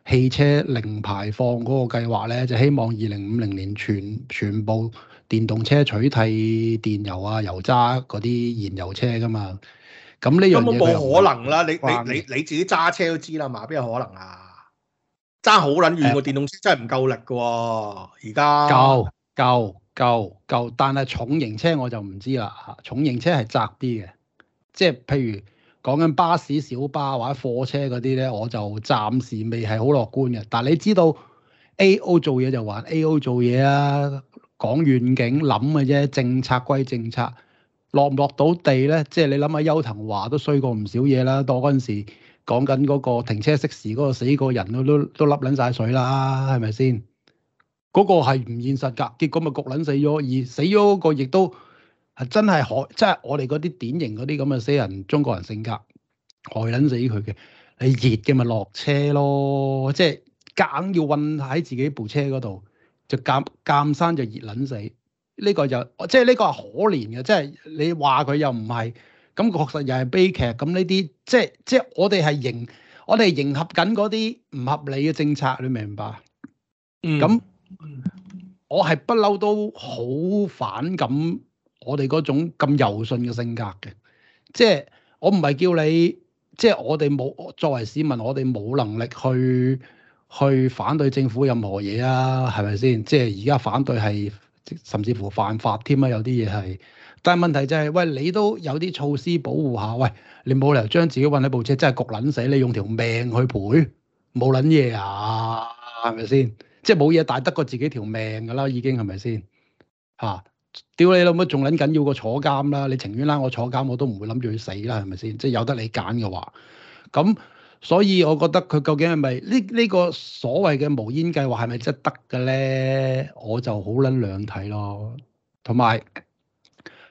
汽車零排放嗰個計劃咧，就希望二零五零年全全部電動車取替電油啊油渣嗰啲燃油車噶嘛。咁呢樣嘢冇可能啦！
你你你你自己揸車都知啦嘛，邊有可能啊？揸好撚遠個電動車真係唔夠力嘅喎、哦，而家夠夠。夠夠夠，但係
重型車我就唔知啦。重型車係窄啲嘅，即係譬如講緊巴士、小巴或者貨車嗰啲咧，我就暫時未係好樂觀嘅。但係你知道做 A.O 做嘢就話 A.O 做嘢啊，講遠景諗嘅啫，政策歸政策，落唔落到地咧？即係你諗下，邱騰華都衰過唔少嘢啦，當嗰陣時講緊嗰個停車熄匙嗰個死個人都都都笠撚晒水啦，係咪先？嗰個係唔現實㗎，結果咪焗撚死咗，而死咗個亦都係真係害，即係我哋嗰啲典型嗰啲咁嘅死人中國人性格害撚死佢嘅。你熱嘅咪落車咯，即係夾硬要運喺自己部車嗰度，就夾硬生就熱撚死。呢、呢個就即係呢個係可憐嘅，即係你話佢又唔係，咁確實又係悲劇。咁呢啲即係即係我哋係迎，我哋係迎合緊嗰啲唔合理嘅政策，你明唔明白？嗯，咁。我係不嬲都好反感我哋嗰種咁柔順嘅性格嘅，即係我唔係叫你，即係我哋冇作為市民，我哋冇能力去去反對政府任何嘢啊，係咪先？即係而家反對係甚至乎犯法添啊，有啲嘢係。但係問題就係、是，喂，你都有啲措施保護下，喂，你冇理由將自己揾喺部車，真係焗撚死，你用條命去賠冇撚嘢啊，係咪先？即係冇嘢，大得過自己條命㗎啦，已經係咪先？嚇！屌你老母，仲撚緊要過坐監啦！你情願拉我坐監，我都唔會諗住去死啦，係咪先？即係有得你揀嘅話，咁所以我覺得佢究竟係咪呢？呢、這個所謂嘅無煙計劃係咪真係得嘅咧？我就好撚兩睇咯。同埋，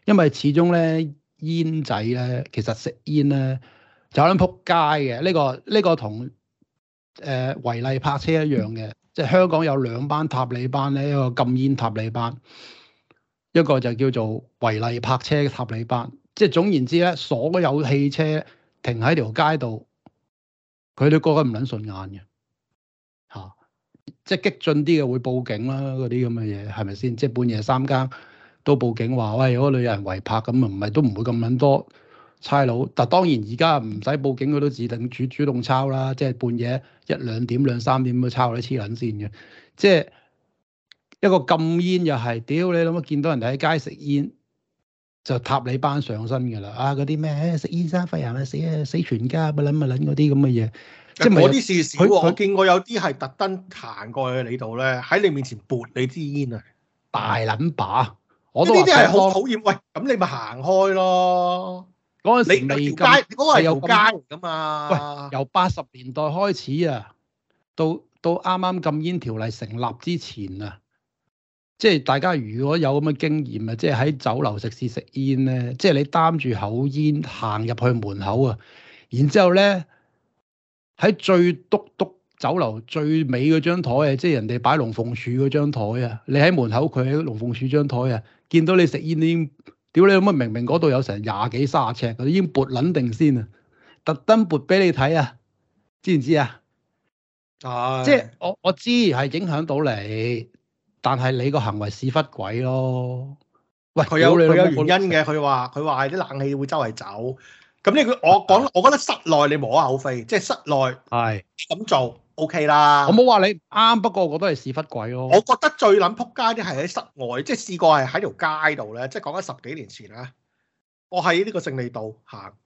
因為始終咧煙仔咧，其實食煙咧就撚撲街嘅。呢、這個呢、這個同誒違例泊車一樣嘅。嗯即係香港有兩班塔利班咧，一個禁煙塔利班，一個就叫做違例泊車塔利班。即係總言之咧，所有汽車停喺條街度，佢都覺得唔撚順眼嘅嚇、啊。即係激進啲嘅會報警啦，嗰啲咁嘅嘢係咪先？即係半夜三更都報警話：喂，嗰度女人違泊咁啊！唔係都唔會咁撚多差佬。但當然而家唔使報警，佢都自動主主動抄啦。即係半夜。一兩點兩三點都抄得黐撚線嘅，即係一個禁煙又係屌你諗啊！見到人哋喺街食煙就塔你班上身㗎啦！啊嗰啲咩食煙生肺癌啊死啊死全家乜撚乜撚嗰啲咁嘅嘢，
即係嗰啲事少喎。佢見過有啲係特登行過去你度咧，喺你面前撥你支煙啊！大撚把，我呢啲係好討厭。喂，咁你咪行開咯。嗰陣時未禁，嗰個係條街嚟㗎嘛？喂，
由八十年代開始啊，到到啱啱禁煙條例成立之前啊，即係大家如果有咁嘅經驗啊，即係喺酒樓食肆食煙咧、啊，即係你擔住口煙行入去門口啊，然之後咧喺最篤篤酒樓最尾嗰張台啊，即係人哋擺龍鳳柱嗰張台啊，你喺門口，佢喺龍鳳柱張台啊，見到你食煙已屌你有乜明，明嗰度有成廿幾卅尺，佢已經撥捻定先啊！特登撥俾你睇啊，知唔知啊？啊、哎！即係我我知係影響到你，但係你個行為屎忽鬼咯。喂，佢有佢有原因
嘅，佢話佢話啲冷氣會周圍走。咁呢個我講，哎、我覺得室內你無可厚非，即係室內係咁是做。O K 啦，okay、我冇話你啱，不過我都得係屎忽鬼咯、啊。我覺得最撚撲街啲係喺室外，即係試過係喺條街度咧，即係講緊十幾年前啦。我喺呢個勝利道行，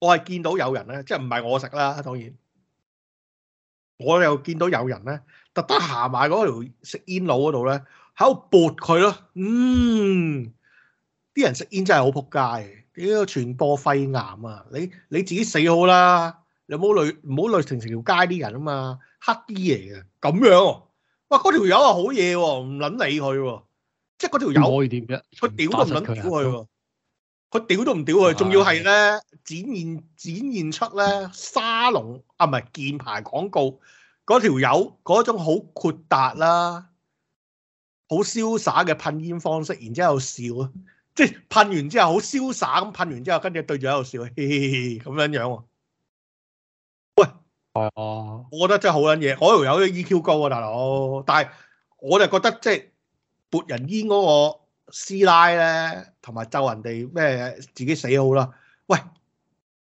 我係見到有人咧，即係唔係我食啦，當然，我又見到有人咧，特登行埋嗰條食煙佬嗰度咧，喺度撥佢咯。嗯，啲人食煙真係好撲街，屌傳播肺癌啊！你你自己死好啦。你冇累，唔好累成成條街啲人啊嘛，黑啲嚟嘅，咁樣、啊，哇！嗰條友、哦、啊好嘢喎，唔撚理佢喎，即係嗰條友可以點啫？佢
屌、嗯、都唔撚屌佢
喎，佢屌都唔屌佢，仲要係咧，展現展現出咧沙龍，啊，唔係健牌廣告嗰條友嗰種好豁達啦，好瀟灑嘅噴煙方式，然之後笑，即係噴完之後好瀟灑，咁噴完之後，跟住對住喺度笑，嘻嘻嘻，咁樣樣、啊、喎。
係 <noise>
我覺得真係好捻嘢，嗰度有啲 EQ 高啊，大佬。但係我就覺得即係撥人煙嗰個師奶咧，同埋咒人哋咩自己死好啦。喂，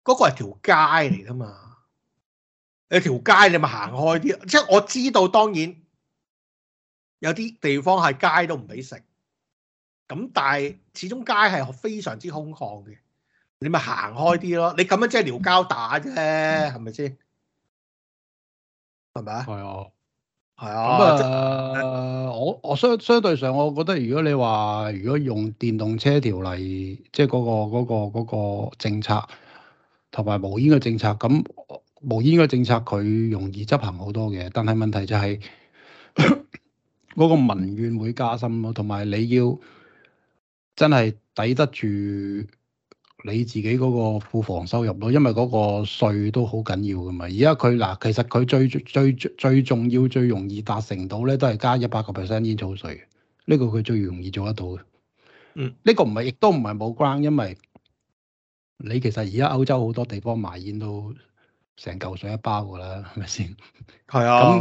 嗰、嗰個係條街嚟噶嘛？你條街你咪行開啲，即係我知道，當然有啲地方係街都唔俾食。咁但係始終街係非常之空曠嘅，你咪行開啲咯。你咁樣即係撩交打啫，係咪先？係咪啊？係啊，
係啊。咁啊，我我相相對上，我覺得如果你話，如果用電動車條例，即係嗰個嗰個嗰個政策，同埋無煙嘅政策，咁無煙嘅政策佢容易執行好多嘅。但係問題就係嗰 <laughs> 個民怨會加深咯，同埋你要真係抵得住。你自己嗰個庫房收入咯，因為嗰個稅都好緊要㗎嘛。而家佢嗱，其實佢最最最重要、最容易達成到咧，都係加一百個 percent 煙草稅。呢、這個佢最容易做得到嘅。嗯，呢個唔係，亦都唔係冇關，因為你其實而家歐洲好多地方賣煙都成嚿水一包㗎啦，係咪先？係啊，唔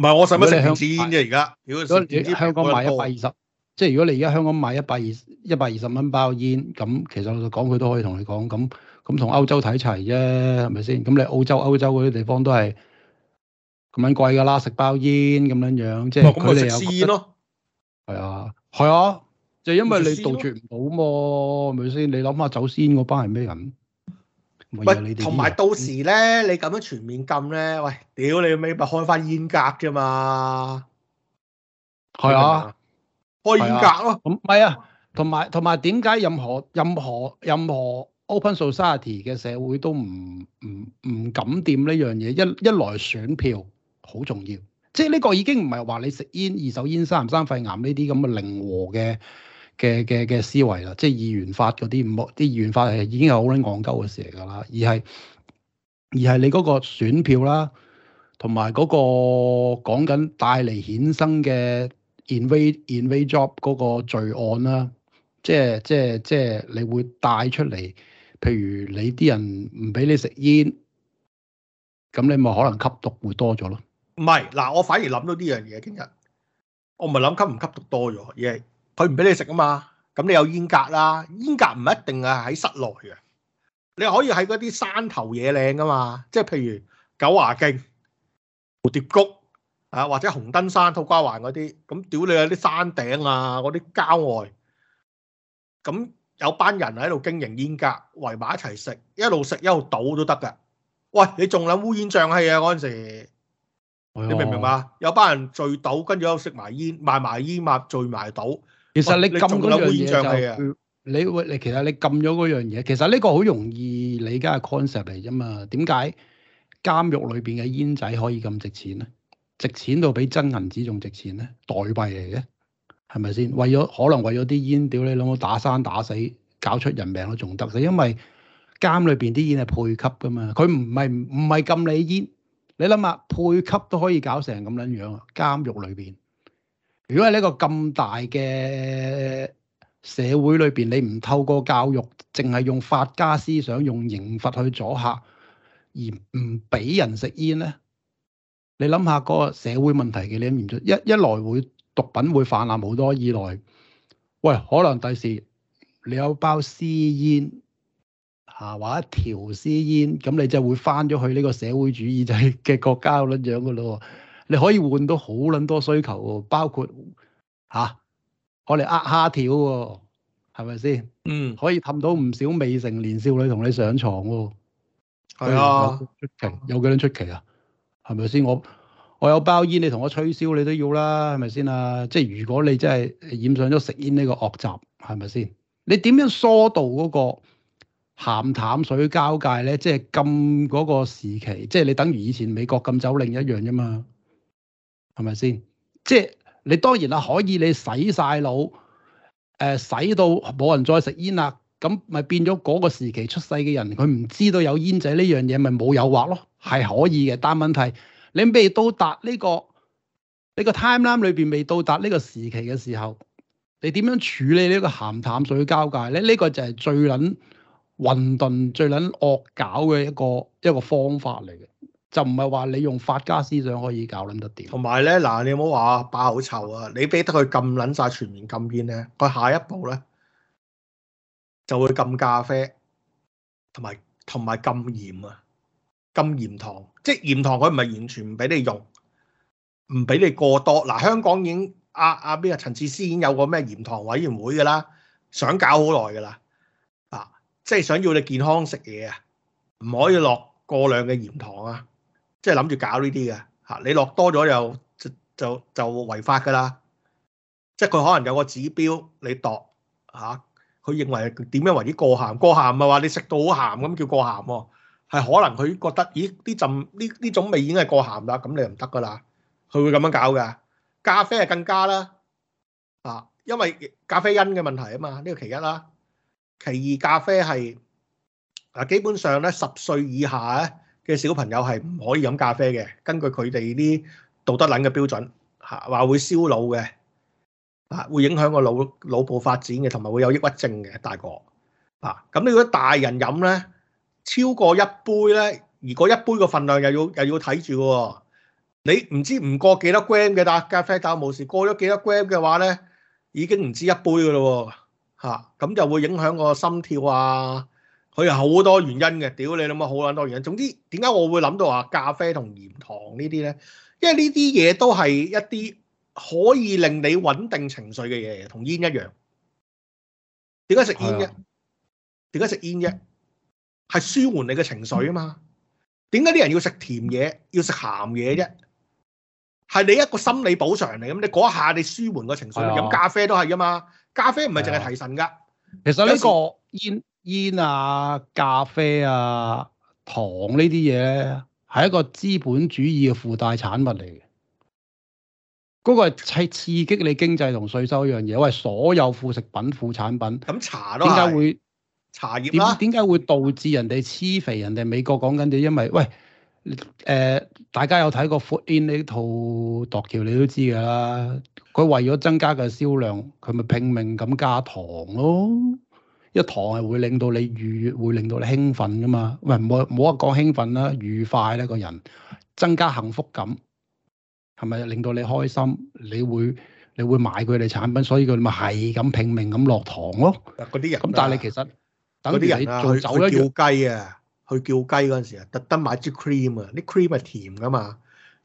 係 <laughs> 那我使乜食香煙啫？而家如果，香港賣一百二十。買即係如果你而家香港買一百二一百二十蚊包煙，咁其實老實講佢都可以同你講咁咁同歐洲睇齊啫，係咪先？咁你澳洲、歐洲嗰啲地方都係咁樣貴㗎啦，食包煙咁樣樣，即係佢哋有。係啊，係啊，啊，就因為你杜絕唔到嘛，係咪先？你諗下走私嗰班係咩人？喂不，同埋、
啊、到時咧，你咁樣全面禁咧，喂，屌你咪咪開翻煙格啫嘛？係啊。過嚴格咯，唔係啊，
同埋同埋點解任何任何任何 open society 嘅社會都唔唔唔敢掂呢樣嘢？一一來選票好重要，即係呢個已經唔係話你食煙、二手煙生唔生肺癌呢啲咁嘅靈活嘅嘅嘅嘅思維啦，即係二元法嗰啲，唔好啲二元法係已經係好撚講究嘅事嚟㗎啦，而係而係你嗰個選票啦，同埋嗰個講緊帶嚟衍生嘅。invite invite job 嗰個罪案啦，即係即係即係你會帶出嚟，譬如你啲人唔俾你食煙，咁你咪可能吸毒會多咗咯。
唔係，嗱，我反而諗到呢樣嘢，今日我唔係諗吸唔吸毒多咗，而係佢唔俾你食啊嘛，咁你有煙格啦，煙格唔一定係喺室內嘅，你可以喺嗰啲山頭野嶺啊嘛，即係譬如九華徑蝴蝶谷。啊，或者紅燈山、土瓜灣嗰啲，咁屌你有啲山頂啊，嗰啲郊外，咁有班人喺度經營煙格，圍埋一齊食，一路食一路賭都得噶。喂，你仲諗烏煙瘴氣啊？嗰陣時，你明唔明啊？有班人聚賭，跟住又食埋煙，賣埋煙物，聚埋賭。其實你禁嗰樣嘢
就，你會你其實你禁咗嗰樣嘢，其實呢個好容易，你而家係 concept 嚟啫嘛。點解監獄裏邊嘅煙仔可以咁值錢咧？值錢到比真銀紙仲值錢咧，代幣嚟嘅，係咪先？為咗可能為咗啲煙，屌，你諗到打生打死，搞出人命都仲得，就因為監裏邊啲煙係配給噶嘛，佢唔係唔係禁你煙。你諗下，配給都可以搞成咁撚樣啊，監獄裏邊。如果係呢個咁大嘅社會裏邊，你唔透過教育，淨係用法家思想、用刑罰去阻嚇，而唔俾人食煙咧？你諗下嗰、那個社會問題嘅你一面出，一一來會毒品會泛濫好多，二來，喂，可能第時你有包私煙，吓、啊、或一條私煙，咁你就會翻咗去呢個社會主義制嘅國家嗰捻樣噶咯。你可以換到好捻多需求，包括吓，我哋呃蝦條，係咪先？是是嗯，可以氹到唔少未成年少女同你上床。係啊，啊出奇，有幾捻出奇啊！係咪先？我我有包煙，你同我吹簫，你都要啦，係咪先啊？即係如果你真係染上咗食煙呢個惡習，係咪先？你點樣疏導嗰個鹹淡水交界咧？即係禁嗰個時期，即係你等於以前美國禁酒令一樣啫嘛，係咪先？即係你當然啦，可以你洗晒腦，誒、呃、洗到冇人再食煙啦，咁咪變咗嗰個時期出世嘅人，佢唔知道有煙仔呢樣嘢，咪冇誘惑咯。係可以嘅，但問題你未到達呢個你個 time line 裏邊未到達呢個時期嘅時候，你點樣處理呢個鹹淡水交界咧？呢個就係最撚混沌、最撚惡搞嘅一
個一個方法嚟嘅，就唔係話你用法家思想可以搞撚得掂。同埋咧，嗱，你唔好話爆口臭啊！你俾得佢禁撚晒全面禁煙咧，佢下一步咧就會禁咖啡，同埋同埋禁鹽啊！咁鹽糖，即係鹽糖，佢唔係完全唔俾你用，唔俾你過多。嗱、啊，香港已經阿阿邊個陳智思已經有個咩鹽糖委員會噶啦，想搞好耐噶啦，啊，即係想要你健康食嘢啊，唔可以落過量嘅鹽糖啊，即係諗住搞呢啲嘅嚇，你落多咗又就就就違法噶啦，即係佢可能有個指標你度嚇，佢、啊、認為點樣為之過鹹？過鹹唔係話你食到好鹹咁叫過鹹喎、啊。係可能佢覺得，咦？呢陣呢呢種味已經係過鹹啦，咁你唔得噶啦。佢會咁樣搞嘅。咖啡係更加啦，啊，因為咖啡因嘅問題啊嘛。呢、這個其一啦，其二咖啡係啊，基本上咧十歲以下嘅小朋友係唔可以飲咖啡嘅。根據佢哋啲道德撚嘅標準，嚇、啊、話會燒腦嘅，啊，會影響個腦腦部發展嘅，同埋會有抑鬱症嘅大個，啊，咁、嗯、你如果大人飲咧？超過一杯咧，如果一杯個份量又要又要睇住喎。你唔知唔過幾多 gram 嘅打咖啡豆冇事，過咗幾多 gram 嘅話咧，已經唔止一杯噶咯喎。吓，咁就會影響個心跳啊，佢好多原因嘅。屌你諗啊，好撚多原因？總之點解我會諗到話咖啡同鹽糖呢啲咧？因為呢啲嘢都係一啲可以令你穩定情緒嘅嘢，同煙一樣。點解食煙嘅？點解食煙嘅？係舒緩你嘅情緒啊嘛？點解啲人要食甜嘢、要食鹹嘢啫？係你一個心理補償嚟咁，你嗰一下你舒緩個情緒，飲的咖啡都係噶嘛？咖啡唔係淨係提神噶，其實呢個
煙、煙啊、咖啡啊、糖呢啲嘢，係一個資本主義嘅附帶產品嚟嘅。嗰、嗰個係刺激你經濟同稅收一樣嘢，我係所有副食品、副產品。咁茶都係點解會？點點解會導致人哋黐肥人？人哋美國講緊就因為，喂誒、呃，大家有睇過《Foot In》呢套奪橋，你都知㗎啦。佢為咗增加個銷量，佢咪拼命咁加糖咯。一糖係會令到你愉，會令到你興奮㗎嘛。喂，唔係冇冇話講興奮啦，愉快啦，個人增加幸福感係咪令到你開心？你會你會買佢哋產品，所以佢咪係咁拼命咁落糖
咯。嗰啲人咁，但係你其實。等啲人啊去，去叫雞啊，去叫雞嗰陣時啊，特登買支 cream 啊，啲 cream 係甜噶嘛，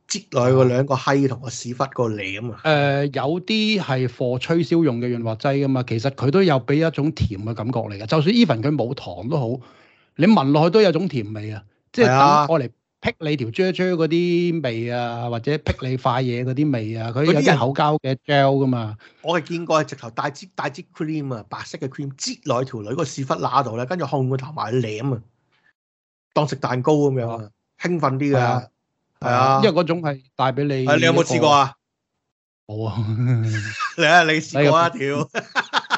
擠落去兩個閪同個
屎忽個脷啊。誒、呃，有啲係貨吹銷用嘅潤滑劑啊嘛，其實佢都有俾一種甜嘅感覺嚟嘅，就算 even 佢冇糖都好，你聞落去都有種甜味啊，即係打我嚟。劈你條啫啫嗰啲味啊，或者劈你塊嘢嗰啲
味啊，佢有啲口
膠嘅 gel 噶嘛。
我係見過直頭大支大支 cream 啊，白色嘅 cream 擠落去條女個屎忽乸度咧，跟住控個頭埋舐啊，當食蛋糕咁樣啊，的興奮啲㗎。係啊的的，因為嗰
種係帶俾你。你有冇試,試過
啊？冇啊！
你 <laughs> 啊，你試過一條。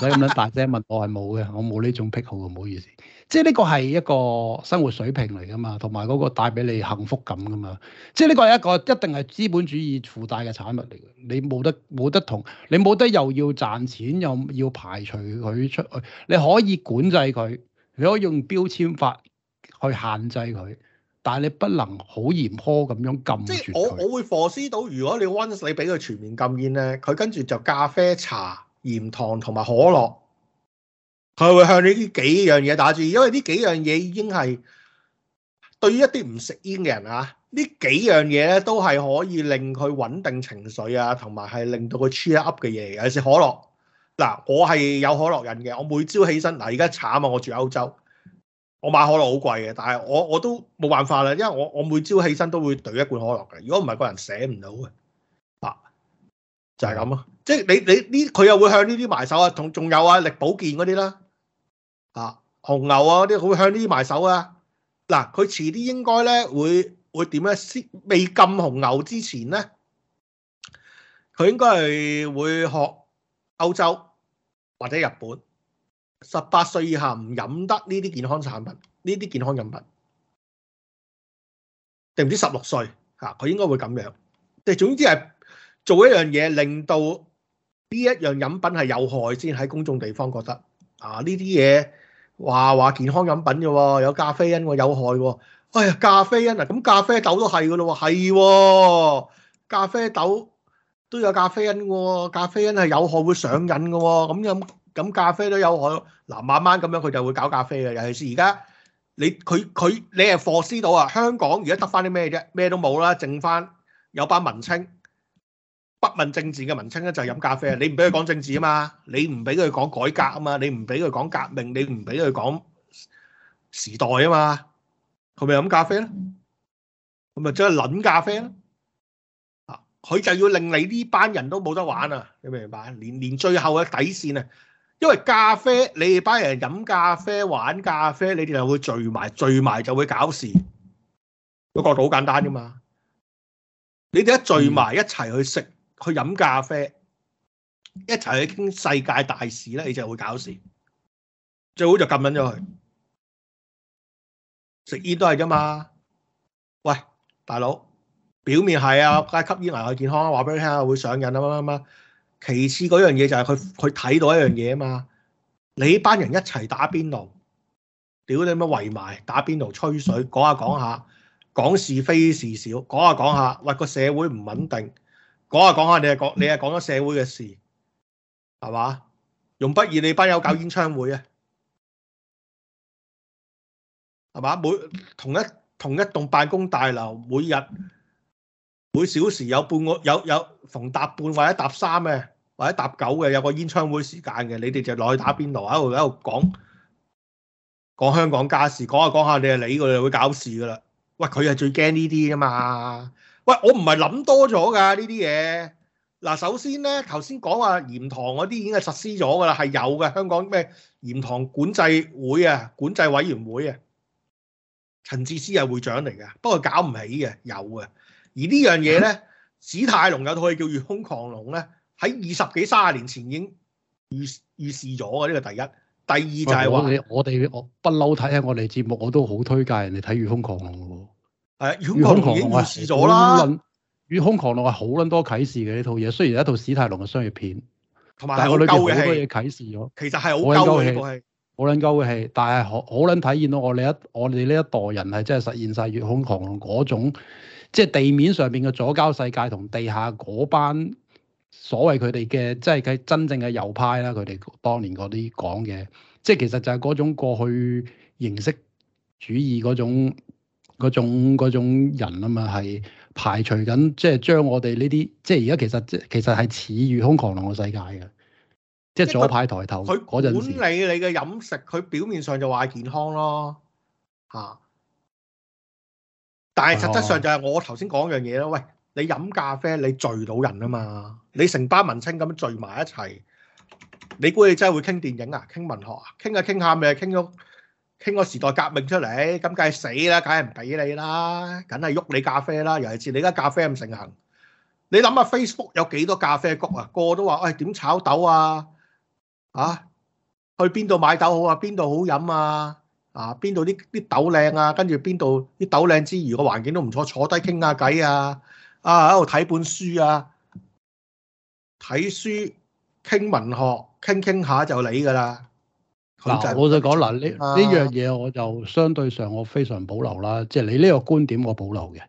你咁撚大聲問我係冇嘅，我冇呢種癖好啊，唔好意思。即係呢個係一個生活水平嚟㗎嘛，同埋嗰個帶俾你幸福感㗎嘛。即係呢個係一個一定係資本主義附帶嘅產物嚟嘅。你冇得冇得同，你冇得又要賺錢又要排除佢出去。你可以管制佢，你可以用標籤法去限制佢，但係你不能好嚴苛咁樣禁。即我
我會 foresight 到，如果你温你俾佢全面禁煙咧，佢跟住就咖啡茶、鹽糖同埋可樂。佢會向呢啲幾樣嘢打主意，因為呢幾樣嘢已經係對於一啲唔食煙嘅人啊，呢幾樣嘢咧都係可以令佢穩定情緒啊，同埋係令到佢 cheer up 嘅嘢。尤其係可樂，嗱，我係有可樂人嘅，我每朝起身，嗱，而家慘啊，我住歐洲，我買可樂好貴嘅，但係我我都冇辦法啦，因為我我每朝起身都會懟一罐可樂嘅，如果唔係個人寫唔到嘅，嗱、啊，就係咁咯，即係你你呢，佢又會向呢啲埋手啊，同仲有啊力保健嗰啲啦。啊，紅牛啊啲，好會向呢啲埋手啊！嗱，佢遲啲應該咧會會點咧？先未禁紅牛之前咧，佢應該係會學歐洲或者日本，十八歲以下唔飲得呢啲健康產品，呢啲健康飲品，定唔知十六歲嚇？佢、啊、應該會咁樣。即係總之係做一樣嘢，令到呢一樣飲品係有害先喺公眾地方覺得啊，呢啲嘢。話話健康飲品啫喎，有咖啡因喎，有害喎。哎呀，咖啡因啊，咁咖啡豆都係㗎啦喎，係喎，咖啡豆都有咖啡因嘅喎，咖啡因係有害會上癮嘅喎。咁咁咁咖啡都有害嗱，慢慢咁樣佢就會搞咖啡嘅。尤其是而家你佢佢你係霍斯到啊，香港而家得翻啲咩啫？咩都冇啦，剩翻有班文青。不問政治嘅文青咧就係飲咖啡啊！你唔俾佢講政治啊嘛，你唔俾佢講改革啊嘛，你唔俾佢講革命，你唔俾佢講時代啊嘛，佢咪飲咖啡咧？佢咪即係諗咖啡咧？啊！佢就要令你呢班人都冇得玩啊！你明唔明啊？連連最後嘅底線啊，因為咖啡，你哋班人飲咖啡、玩咖啡，你哋就會聚埋，聚埋就會搞事。我覺得好簡單噶嘛，你哋一聚埋一齊去食。去飲咖啡，一齊去傾世界大事咧，你就會搞事。最好就禁緊咗佢。食煙都係啫嘛。喂，大佬，表面係啊，戒吸煙危害健康啊，話俾你聽啊，會上癮啊，乜乜乜。其次嗰樣嘢就係佢佢睇到一樣嘢啊嘛。你呢班人一齊打邊爐，屌你乜圍埋打邊爐吹水，講下講下講,講是非事少，講下講下，喂個社會唔穩定。講下講下，你係講你係講咗社會嘅事，係嘛？用不義你班友搞演唱會啊，係嘛？每同一同一棟辦公大樓，每日每小時有半個有有逢搭半或者搭三嘅或者搭九嘅有個演唱會時間嘅，你哋就落去打邊爐喺度喺度講講香港家事，講下講下，你係理佢哋會搞事噶啦。喂，佢係最驚呢啲噶嘛？喂，我唔係諗多咗㗎呢啲嘢。嗱，首先咧，頭先講話鹽糖嗰啲已經係實施咗㗎啦，係有嘅。香港咩鹽糖管制會啊，管制委員會啊，陳智思係會長嚟嘅，不過搞唔起嘅，有嘅。而呢樣嘢咧，啊、史泰龍有套戲叫《越空狂龍》呢咧，喺二十幾三十年前已經預預示咗嘅。呢個第一，第二就係話我
哋我不嬲睇下我哋節目我都好推介人哋睇《越空狂龍》係《越空狂龍》啦。《越空狂龍》係好捻多啟示嘅呢套嘢。雖然一套史泰龍嘅商業片，
但係我哋邊好多嘢
啟示咗。
其實係
好
夠嘅，好捻夠嘅戲。但係好好捻體現到我哋一我哋呢一代人係真係實現晒《越空狂龍》嗰種，即係地面上邊嘅左膠世界同地下嗰班所謂佢哋嘅，即係佢真正嘅右派啦。佢哋當年嗰啲講嘅，即係其實就係嗰種過去形式主義嗰種。嗰種，嗰種人啊嘛，係排除緊，即係將我哋呢啲，即係而家其實即係其實係恈於空狂浪嘅世界嘅，即係左派抬頭。佢他管
理你嘅飲食，佢表面上就話健康咯，嚇。但係實質上就係我頭先講樣嘢咯。啊、喂，你飲咖啡，你聚到人啊嘛，你成班文青咁聚埋一齊，你估你真係會傾電影啊？傾文學啊？傾下傾下咪傾喐？傾個時代革命出嚟，咁梗係死啦，梗係唔俾你啦，梗係喐你咖啡啦。尤其是你而家咖啡咁盛行，你諗下 Facebook 有幾多咖啡局啊？個個都話：喂、哎，點炒豆啊？啊，去邊度買豆好啊？邊度好飲啊？啊，邊度啲啲豆靚啊？跟住邊度啲豆靚之餘，個環境都唔錯，坐低傾下偈啊！啊，喺度睇本書啊，睇書傾文學，傾傾下就嚟㗎啦。嗱，我就講嗱呢呢樣
嘢，我就相對上我非常保留啦。即係你呢個觀點，我保留嘅，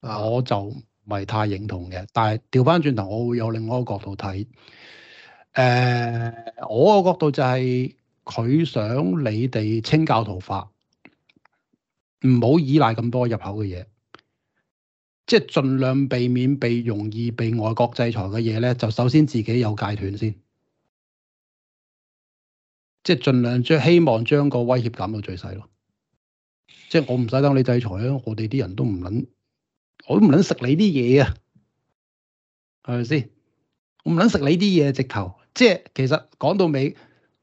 啊、我就唔係太認同嘅。但係調返轉頭，我會有另外一個角度睇。誒、呃，我個角度就係、是、佢想你哋清教徒法，唔好依賴咁多入口嘅嘢，即係盡量避免被容易被外國制裁嘅嘢咧。就首先自己有戒斷先。即係盡量將希望將個威脅減到最細咯。即係我唔使等你制裁啊！我哋啲人都唔撚，我都唔撚食你啲嘢啊，係咪先？我唔撚食你啲嘢直頭。即係其實講到尾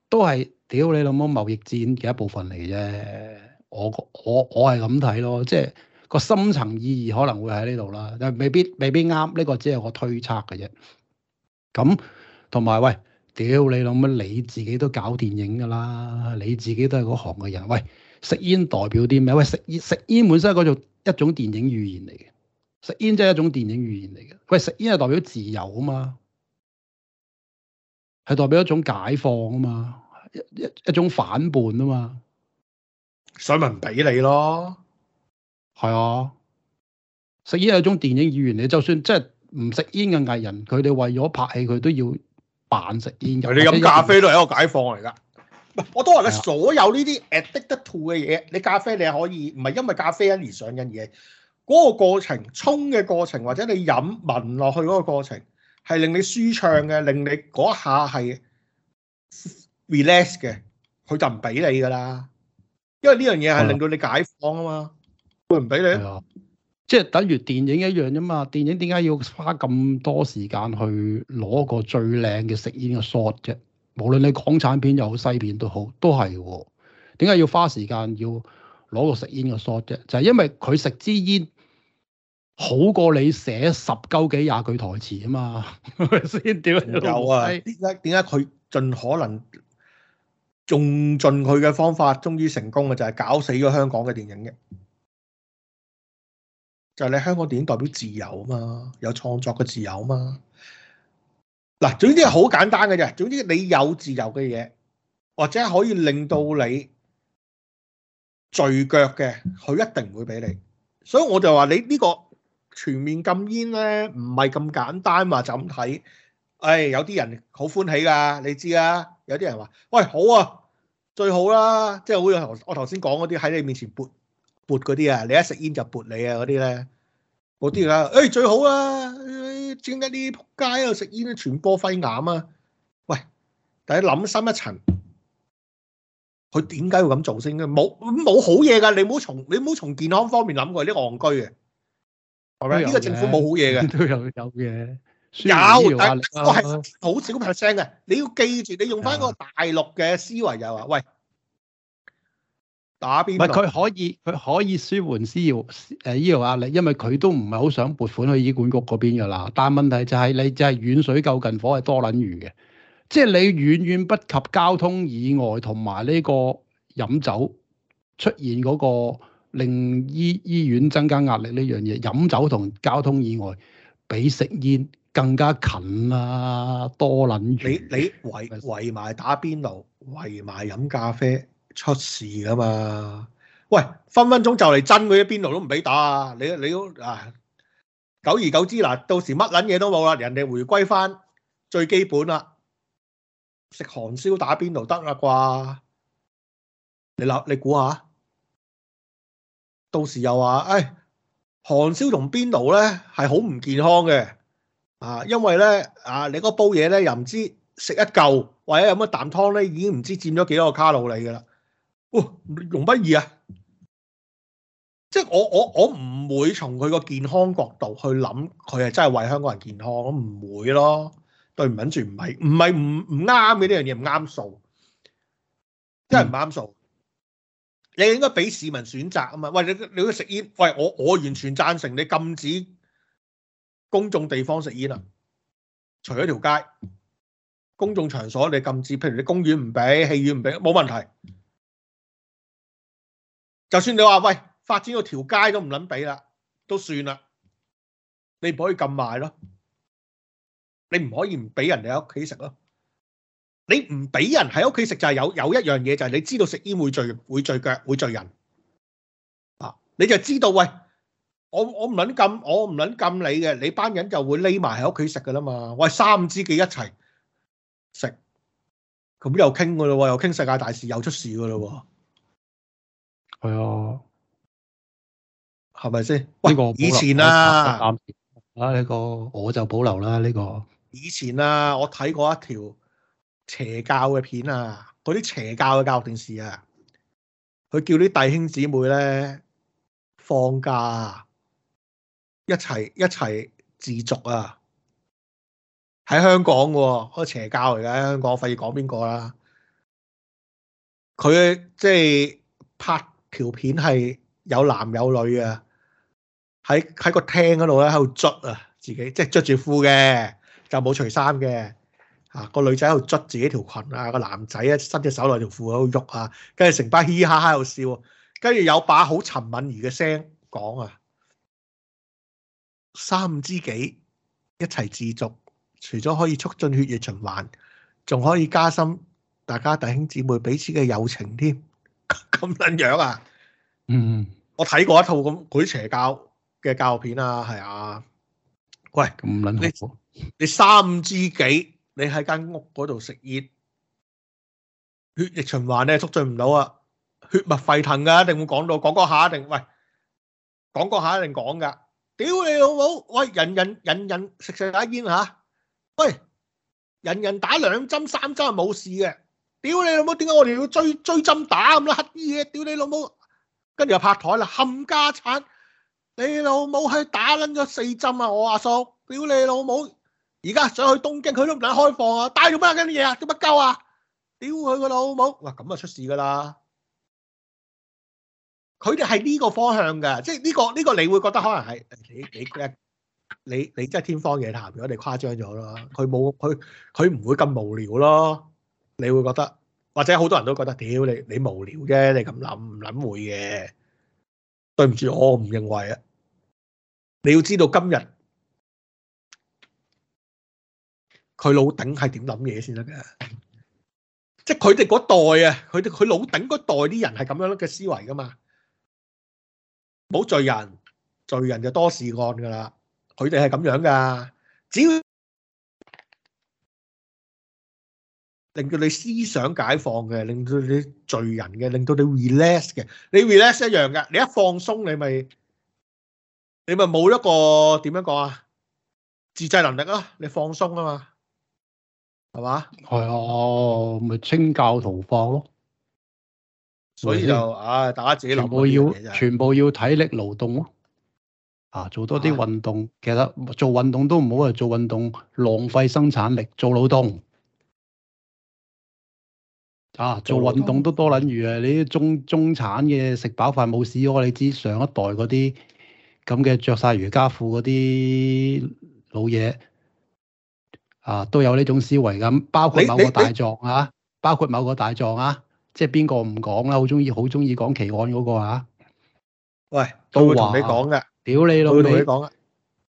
都係屌你老母貿易戰嘅一部分嚟啫。我我我係咁睇咯。即係個深層意義可能會喺呢度啦，但未必未必啱。呢個只係我推測嘅啫。咁同埋喂。屌你諗乜？你自己都搞電影噶啦，你自己都係嗰行嘅人。喂，食煙代表啲咩？喂，食煙食煙本身係一種電影語言嚟嘅。食煙真係一種電影語言嚟嘅。喂，食煙係代表自由啊嘛，係代表一種解放啊嘛，一一一種反叛啊嘛。
所以咪唔俾你咯，
係啊。食煙係一種電影語言嚟，就算即係唔食煙嘅藝人，佢哋為咗拍戲，佢都要。食煙，你飲咖啡
都係一個解放嚟㗎。我都話你的所有呢啲 addictive 嘅嘢，你咖啡你可以，唔係因為咖啡因而上癮嘅嘢。嗰、嗰個過程，沖嘅過程，或者你飲聞落去嗰個過程，係令你舒暢嘅，令你嗰下係 relax 嘅，佢就唔俾你㗎喇。因為呢樣嘢係令到你解放啊嘛，佢唔俾你。
即係等於電影一樣啫嘛，電影點解要花咁多時間去攞個最靚嘅食煙嘅 shot 啫？無論你港產片又好，西片都好，都係喎、哦。點解要花時間要攞個食煙嘅 shot 啫？就係、是、因為佢食支煙好過你寫十鳩幾廿句台詞啊嘛。
先點解點解
點解佢盡可能用盡佢嘅方法，終於成功嘅就係、是、搞死咗香港嘅電影嘅。就你香港電影代表自由嘛，有創作嘅自由嘛。嗱，總之係好簡單嘅啫。總之你有自由嘅嘢，或者可以令到你聚腳嘅，佢一定唔會俾你。所以我就話你呢個全面禁煙咧，唔係咁簡單嘛，就咁睇。誒、哎，有啲人好歡喜㗎，你知啊？有啲人話：喂，好啊，最好啦，即係好似頭我頭先講嗰啲喺你面前撥。撥嗰啲啊，你一食煙就撥你啊嗰啲咧，嗰啲啦，誒，最好啦，整一啲撲街喺度食煙，都傳播肺癌啊！喂，大家諗深一層，佢點解會咁做先嘅？冇，冇好嘢噶，你唔好從你唔好從健康方面諗過，啲戇居嘅，
係咪？呢個政府冇好嘢嘅，都有，有嘅，有，但係我係
好少 percent 嘅。你要記住，你用翻個大陸嘅思維就話，喂。打邊爐唔係佢
可以佢可以舒緩醫療誒醫療壓力，因為佢都唔係好想撥款去醫管局嗰邊嘅啦。但係問題就係你就係、是、遠水救近火係多撚餘嘅，即係你遠遠不及交通意外同埋呢個飲酒出現嗰個令醫醫院增加壓力呢樣嘢。飲酒同交通意外比食煙更加
近啊，多撚餘。你你圍圍埋打邊爐，圍埋飲咖啡。出事噶嘛？喂，分分鐘就嚟真嗰啲，邊爐都唔俾打啊！你你都啊，久而久之嗱，到時乜捻嘢都冇啦，人哋回歸翻最基本啦，食韓燒打邊爐得啦啩？你諗，你估下，到時又話誒，哎、韓燒同邊爐咧係好唔健康嘅啊？因為咧啊，你嗰煲嘢咧又唔知食一嚿或者飲咗啖湯咧，已經唔知佔咗幾多個卡路里噶啦～哇、哦，容乜易啊！即係我我我唔會從佢個健康角度去諗，佢係真係為香港人健康，我唔會咯。對唔緊住唔係，唔係唔唔啱嘅呢樣嘢唔啱數，真係唔啱數。嗯、你應該俾市民選擇啊嘛。喂，你你去食煙，喂，我我完全贊成你禁止公眾地方食煙啊。除咗條街，公眾場所你禁止，譬如你公園唔俾，戲院唔俾，冇問題。就算你話喂發展到條街都唔撚俾啦，都算啦，你唔可以禁埋咯，你唔可以唔俾人哋喺屋企食咯。你唔俾人喺屋企食就係有有一樣嘢就係你知道食煙會醉會醉腳會醉人啊，你就知道喂，我我唔撚禁我唔撚禁你嘅，你班人就會匿埋喺屋企食噶啦嘛，喂，三五知己一齊食，咁又傾噶啦喎，又傾世界大事又出事噶啦喎。係啊，係咪先？呢個以前啦，啊！呢個我就保留啦。呢個以前啊，前啊我睇過一條邪教嘅片啊，嗰啲邪教嘅教育電視啊，佢叫啲弟兄姊妹咧放假，一齊一齊自作啊，喺香港喎，啊，嗰個邪教嚟嘅，香港我，我費事講邊個啦，佢即係拍。條片係有男有女啊，喺喺個廳嗰度咧喺度捽啊，自己即係捽住褲嘅，就冇除衫嘅啊。個女仔喺度捽自己條裙啊，個男仔咧伸隻手落條褲喺度喐啊，跟住成班嘻嘻哈哈喺度笑，跟住有把好陳敏兒嘅聲講啊：三五知己一齊自足，除咗可以促進血液循環，仲可以加深大家弟兄姊妹彼此嘅友情添。咁捻樣啊？嗯，我睇過一套咁舉邪教嘅教片啊，係啊。喂，咁捻你你，三五知己，你喺間屋嗰度食煙，血液循環你促進唔到啊，血脈沸騰嘅，一定會講到講嗰下，一定喂講嗰下一定講噶。屌你老母！喂，人人人人食食下煙吓，喂，人人打兩針三針係冇事嘅。屌你老母，點解我哋要追追針打咁多乞衣嘢？屌你老母，跟住又拍台啦，冚家產！你老母去打撚咗四針啊！我阿叔，屌你老母，而家想去東京，佢都唔使開放啊！帶咗乜啊？呢啲嘢啊，做乜鳩啊？屌佢個老母！哇，咁啊出事噶啦！佢哋係呢個方向嘅，即係呢個呢個你會覺得可能係你你你你你真係天方夜譚，如果你誇張咗啦！佢冇佢佢唔會咁無聊咯。你會覺得，或者好多人都覺得，屌你你無聊啫，你咁諗唔諗會嘅？對唔住，我唔認為啊。你要知道今日佢老頂係點諗嘢先得㗎，即係佢哋嗰代啊，佢哋佢老頂嗰代啲人係咁樣嘅思維噶嘛，冇罪人，罪人就多事案㗎喇，佢哋係咁樣㗎，只要，令到你思想解放嘅，令到你罪人嘅，令到你 relax 嘅。你 relax 一樣噶，你一放鬆，你咪你咪冇一個點樣講啊？自制能力啦，你放鬆啊嘛，係
嘛？係啊，咪清教徒化咯。
所以就啊，大家自己全部要全
部要體力勞動咯。啊，做多啲運動，其實做運動都唔好係做運動浪費生產力，做勞動。啊！做運動都多撚餘！啊！你啲中中產嘅食飽飯冇事，我你知上一代嗰啲咁嘅着晒瑜伽褲嗰啲老嘢啊，都有呢種思維咁。包括某個大狀啊，包括某個大狀啊，即係邊個唔講啦？好中意好中意講奇案嗰個啊？
喂，都會同你講嘅。屌你老母！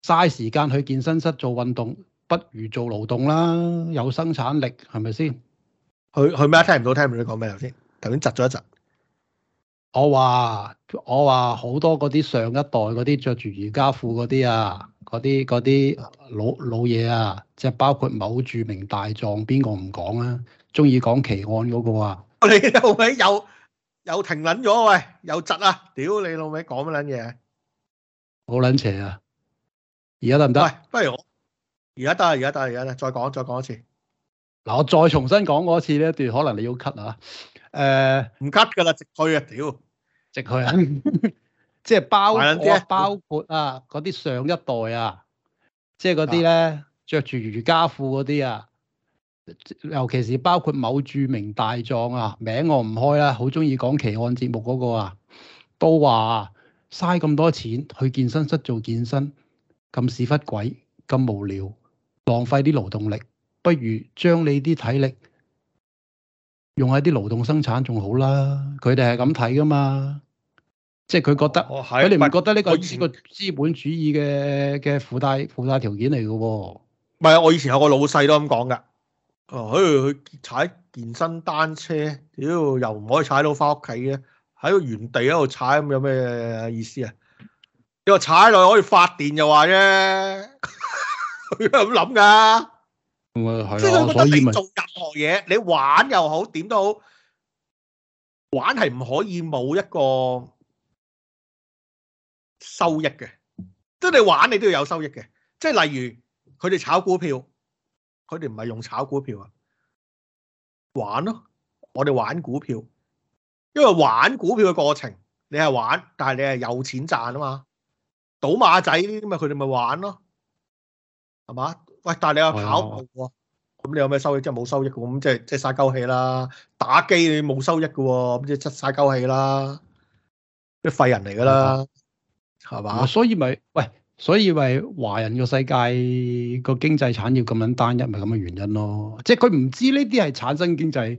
嘥時間去健身室做運動，不如做勞動啦，有生產力係咪先？是佢佢咩？聽唔到，聽唔到你講咩頭
先？頭先窒咗一窒。
我話我話好多嗰啲上一代嗰啲着住瑜伽褲嗰啲啊，嗰啲啲老老嘢啊，即係包括某著名大狀，邊個唔講啊？中意講奇案嗰個啊？
<laughs>
你老味又又停撚咗喂，又窒啊！屌你老味講乜撚嘢？
好撚邪啊！而家得唔得？
不如我而家得啊！而家
得而家得，再講再講一次。嗱，我再重新講過一次呢一段，可能你要 cut、呃、啊？誒，唔 cut 噶啦，直去啊！屌 <laughs> 括，直去啊！即係包包括啊，嗰啲上一代啊，即係嗰啲咧，啊、着住瑜伽褲嗰啲啊，尤其是包括某著名大狀啊，名我唔開啦，好中意講奇案節目嗰個啊，都話嘥咁多錢去健身室做健身，咁屎忽鬼，咁無聊，浪費啲勞動力。不如將你啲體力用喺啲勞動生產仲好啦，佢哋係咁睇噶嘛？即係佢覺得，佢哋唔覺得呢個係一個資本主義嘅嘅附帶附帶條件嚟嘅喎。
唔係啊，我以前有個老細都咁講㗎。佢、呃、去踩健身單車，屌又唔可以踩到翻屋企嘅，喺個原地喺度踩咁有咩意思啊？你話踩落去可以發電又話啫，佢咁諗㗎。
即係我覺得你做
任何嘢， <music> 你玩又好，點都好，玩係唔可以冇一個收益嘅。即係你玩，你都要有收益嘅。即係例如佢哋炒股票，佢哋唔係用炒股票啊，玩咯。我哋玩股票，因為玩股票嘅過程，你係玩，但係你係有錢賺啊嘛。賭馬仔咁啊，佢哋咪玩咯，係嘛？喂，但係你，哦哦嗯、你有跑步喎，咁你有咩收益？即係冇收益嘅，咁即係即係嘥鳩氣啦！打機你冇收益嘅喎，咁即係嘥鳩氣啦，啲廢人嚟噶啦，
係嘛、哦？吧所以咪、就是、喂，所以咪華人嘅世界個經濟產業咁樣單一，咪咁嘅原因咯。即係佢唔知呢啲係產生經濟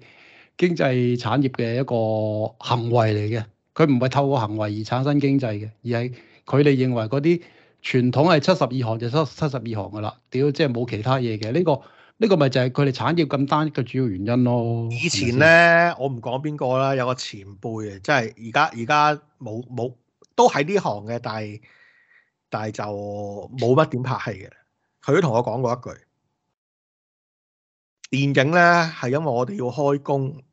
經濟產業嘅一個行為嚟嘅，佢唔係透過行為而產生經濟嘅，而係佢哋認為嗰啲。傳統係七十二行就七七十二行㗎啦，屌即係冇其他嘢嘅。呢個呢個咪就係佢哋產業咁單嘅主要原因咯。以前咧，
是是我唔講邊個啦，有個前輩啊，即係而家而家冇冇都喺呢行嘅，但係但係就冇乜點拍戲嘅。佢都同我講過一句，電影咧，係因為我哋要開工，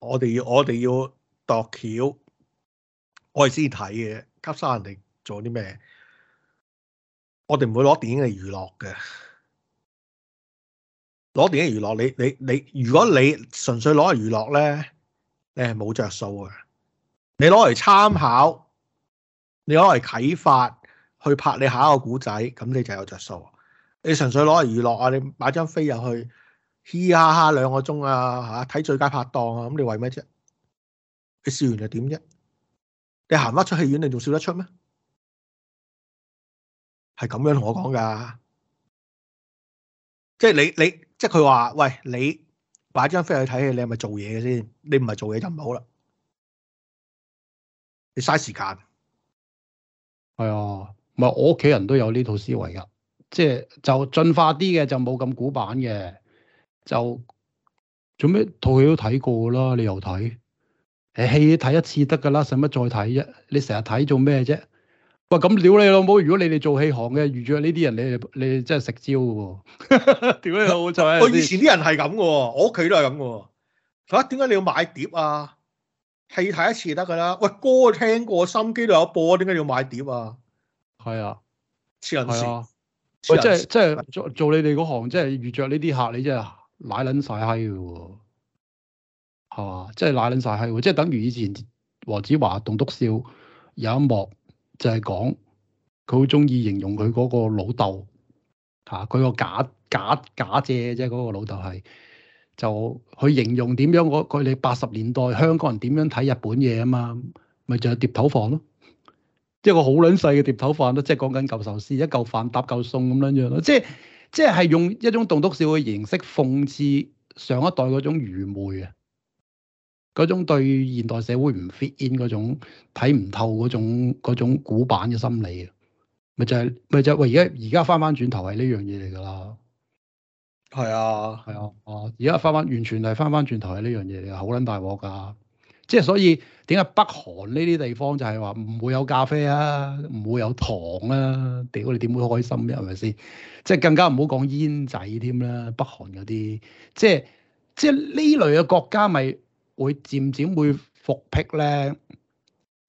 我哋要我哋要度橋愛屍睇嘅，吸收人哋做啲咩？我哋唔會攞電影嚟娛樂嘅，攞電影嚟娛樂，你你你，如果你純粹攞嚟娛樂咧，你係冇着數嘅。你攞嚟參考，你攞嚟啟發去拍你下一個古仔，咁你就有着數。你純粹攞嚟娛樂啊，你買張飛入去，嘻嘻哈哈兩個鐘啊，吓睇最佳拍檔啊，咁
你為咩啫？你笑完又點啫？你行翻出戲院，你仲笑得出咩？係咁樣同我講噶，
即係你你即係佢話喂，你擺張飛去睇戲，你係咪做嘢嘅先？你唔係做嘢就唔好啦，你嘥時間。
係啊、哎，唔係我屋企人都有呢套思維噶，即係就進化啲嘅就冇咁古板嘅，就做咩套戲都睇過啦？你又睇？誒，戲睇一次得噶啦，使乜再睇啫？你成日睇做咩啫？喂，咁屌你老母！如果你哋做戲行嘅，遇着呢啲人，你哋你哋真係食蕉嘅喎。
屌你老仔！我以前
啲人係咁嘅，我屋企都係咁嘅。吓，點解你要買碟啊？戲睇一次得噶啦。喂，歌聽過，心機都有播，點解要買碟啊？係
啊，黐人係啊。
我即係即
係做做你哋嗰行，即係遇着呢啲客，你真係奶捻晒閪嘅喎。係嘛？即係奶捻晒閪，即係等於以前黃子華棟篤笑有一幕。就係講佢好中意形容佢嗰個老豆嚇，佢、啊、個假假假姐啫，嗰個老豆係就去形容點樣？佢哋八十年代香港人點樣睇日本嘢啊嘛，咪就係碟，碟頭飯咯，即係個好撚細嘅碟頭飯咯，即係講緊嚿壽司一嚿飯搭嚿餸咁樣樣咯，即係即係係用一種棟篤笑嘅形式諷刺上一代嗰種愚昧啊！嗰種對現代社會唔 fit in 嗰種睇唔透嗰種種古板嘅心理，就是就是，啊，咪就係咪就係喂，而家而家翻翻轉頭係呢樣嘢嚟噶啦，係啊係啊，啊，而家翻翻完全係翻翻轉頭係呢樣嘢嚟噶好捻大鑊噶，即係所以點解北韓呢啲地方就係話唔會有咖啡啊，唔會有糖啊，屌你點會開心啫，係咪先？即係更加唔好講煙仔添啦，北韓嗰啲即係即係呢類嘅國家咪、就是。會漸漸會復辟咧，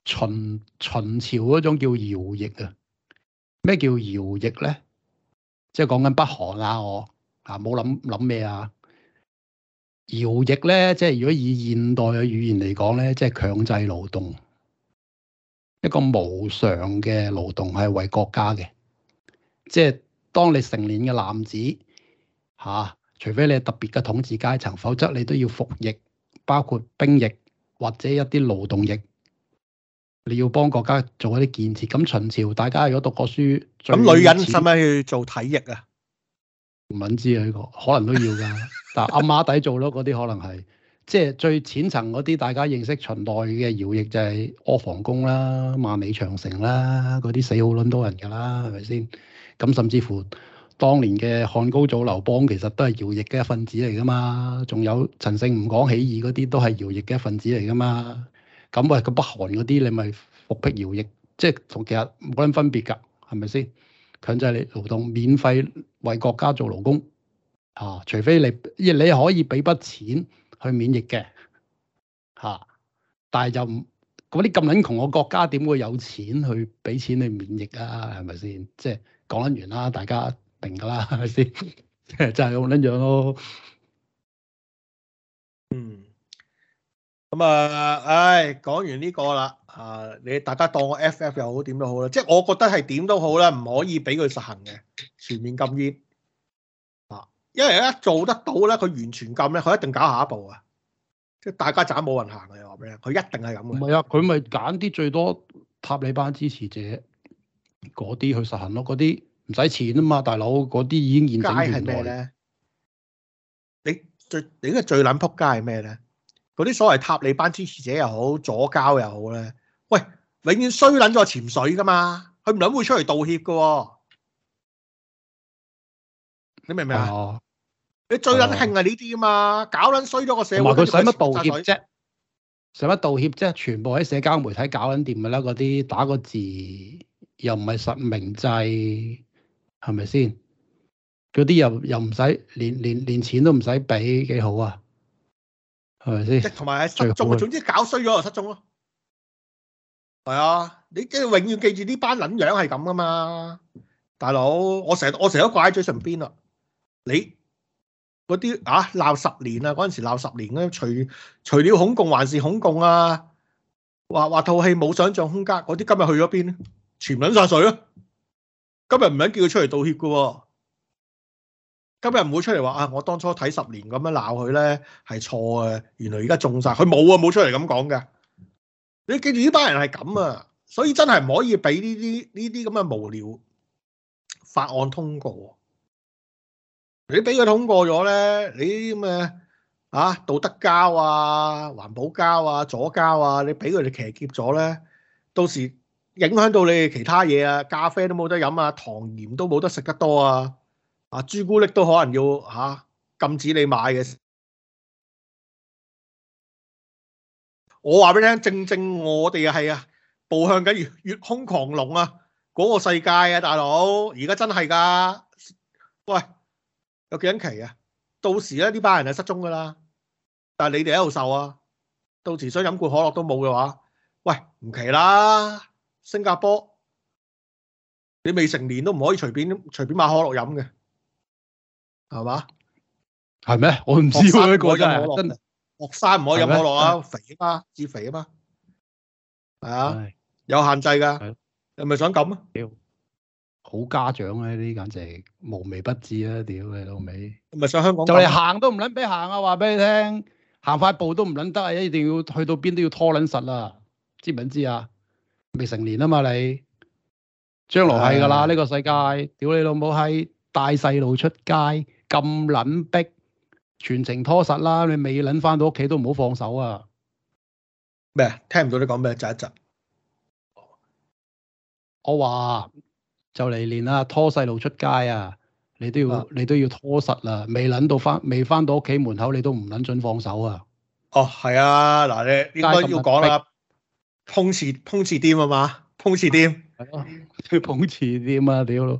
秦秦朝嗰種叫徭役啊？咩叫徭役咧？即係講緊北韓啊，我啊冇諗諗咩啊？徭役咧，即係如果以現代嘅語言嚟講咧，即係強制勞動，一個無償嘅勞動係為國家嘅。即係當你成年嘅男子，吓，啊，除非你係特別嘅統治階層，否則你都要服役。包括兵役或者一啲勞動役，你要幫國家做一啲建設。咁秦朝大家如果讀過書，咁女人使唔
使去做體役啊？
唔明知啊呢個，可能都要噶。 <laughs> 但係阿馬底做咯，嗰啲可能係即係最淺層嗰啲。大家認識秦代嘅徭役就係阿房宮啦、萬里長城啦，嗰啲死好撚多人噶啦，係咪先？咁甚至乎。當年嘅漢高祖劉邦其實都係徭役嘅一份子嚟㗎嘛，仲有陳勝吳廣起義嗰啲都係徭役嘅一份子嚟㗎嘛。咁喂，個北韓嗰啲你咪復辟徭役，即係同其實冇撚分別㗎，係咪先？強制你勞動，免費為國家做勞工嚇、啊，除非你亦你可以俾筆錢去免疫嘅嚇、啊，但係就唔嗰啲咁撚窮嘅國家，點會有錢去俾錢去免疫啊？係咪先？即係講緊完啦，大家。定噶啦，係咪先？就係咁撚樣咯。嗯。
咁啊，唉，講完呢個啦啊，你大家當我 FF 又好點都好啦。即係我覺得係點都好啦，唔可以俾佢實行嘅全面禁煙啊。因為一做得到咧，佢完全禁咧，佢一定搞下一步啊。即係大家斬冇人行嘅又話咩？佢一定係咁嘅。唔係啊，佢咪揀啲最多塔利班支持
者嗰啲去實行咯，嗰啲。唔使錢啊嘛，大佬嗰啲已經現世咁耐。街係
咩咧？你最你應該最撚仆街係咩咧？嗰啲所謂塔利班支持者又好，左交又好咧，喂，永遠衰撚咗個潛水噶嘛，佢唔撚會出嚟道歉噶。你明唔明啊？你最撚興係呢啲啊嘛，搞撚衰咗個社會。佢使乜道歉啫？
使乜道歉啫？全部喺社交媒體搞撚掂噶啦，嗰啲打個字又唔係實名制。啊啊啊啊係咪先？嗰啲又又唔使，連連連錢都唔使俾，幾好啊？係咪先？同埋係失蹤，總
之搞衰咗就失蹤咯。係啊，你即係永遠記住呢班撚樣係咁噶嘛，大佬。我成日我成日都掛喺嘴唇邊啦。你嗰啲啊鬧十年啦，嗰陣時鬧十年嘅，除除了恐共還是恐共啊，話話套戲冇想象空間，嗰啲今日去咗邊咧？全撚晒水咯！今日唔肯叫佢出嚟道歉嘅。哦，今日唔會出嚟話啊，我當初睇十年咁樣鬧佢咧係錯嘅，原來而家中晒，佢冇啊冇出嚟咁講嘅。你記住呢班人係咁啊，所以真係唔可以俾呢啲呢啲咁嘅無聊法案通過喎。你俾佢通過咗咧，你啲咁嘅啊道德教啊、環保教啊、左教啊，你俾佢哋騎劫咗咧，到時。影響到你其他嘢啊，咖啡都冇得飲啊，糖鹽都冇得食得多啊，啊朱古力都可能要嚇、啊、禁止你買嘅。 <noise> 我話俾你聽，正正我哋係啊步向緊月月空狂龍啊嗰、那個世界啊，大佬而家真係㗎。喂，有幾人奇啊？到時咧呢班人係失蹤㗎啦。但係你哋喺度受啊，到時想飲罐可樂都冇嘅話，喂唔奇啦。新加坡，你未成年都唔可以隨便隨便買可樂飲嘅，係嘛？
係咩？我唔知喎呢個真係。
學生唔可以飲可樂啊，肥啊嘛，至肥啊嘛。係啊，有限制噶。係咪是想咁啊？屌，好家長啊！呢啲簡直無微不至啊！屌
你老味！唔係上香港就你行都唔捻俾行啊！話俾你聽，行快步都唔捻得啊！一定要去到邊都要拖捻實啊！知唔知啊？未成年啊嘛你，將來係噶啦呢個世界，屌你老母閪，帶細路出街咁捻逼，全程拖實啦，你未捻翻到屋企都唔好放手啊！咩？聽唔到你講咩？窒一窒。我話就嚟年啦，拖細路出街啊，你都要、啊、你都要拖實啦，未捻到翻未翻到屋企門口，你都唔捻准，准放手啊！哦，
係啊，嗱，你應該要講啦。碰瓷碰瓷店啊嘛，碰瓷店，去碰瓷店啊屌！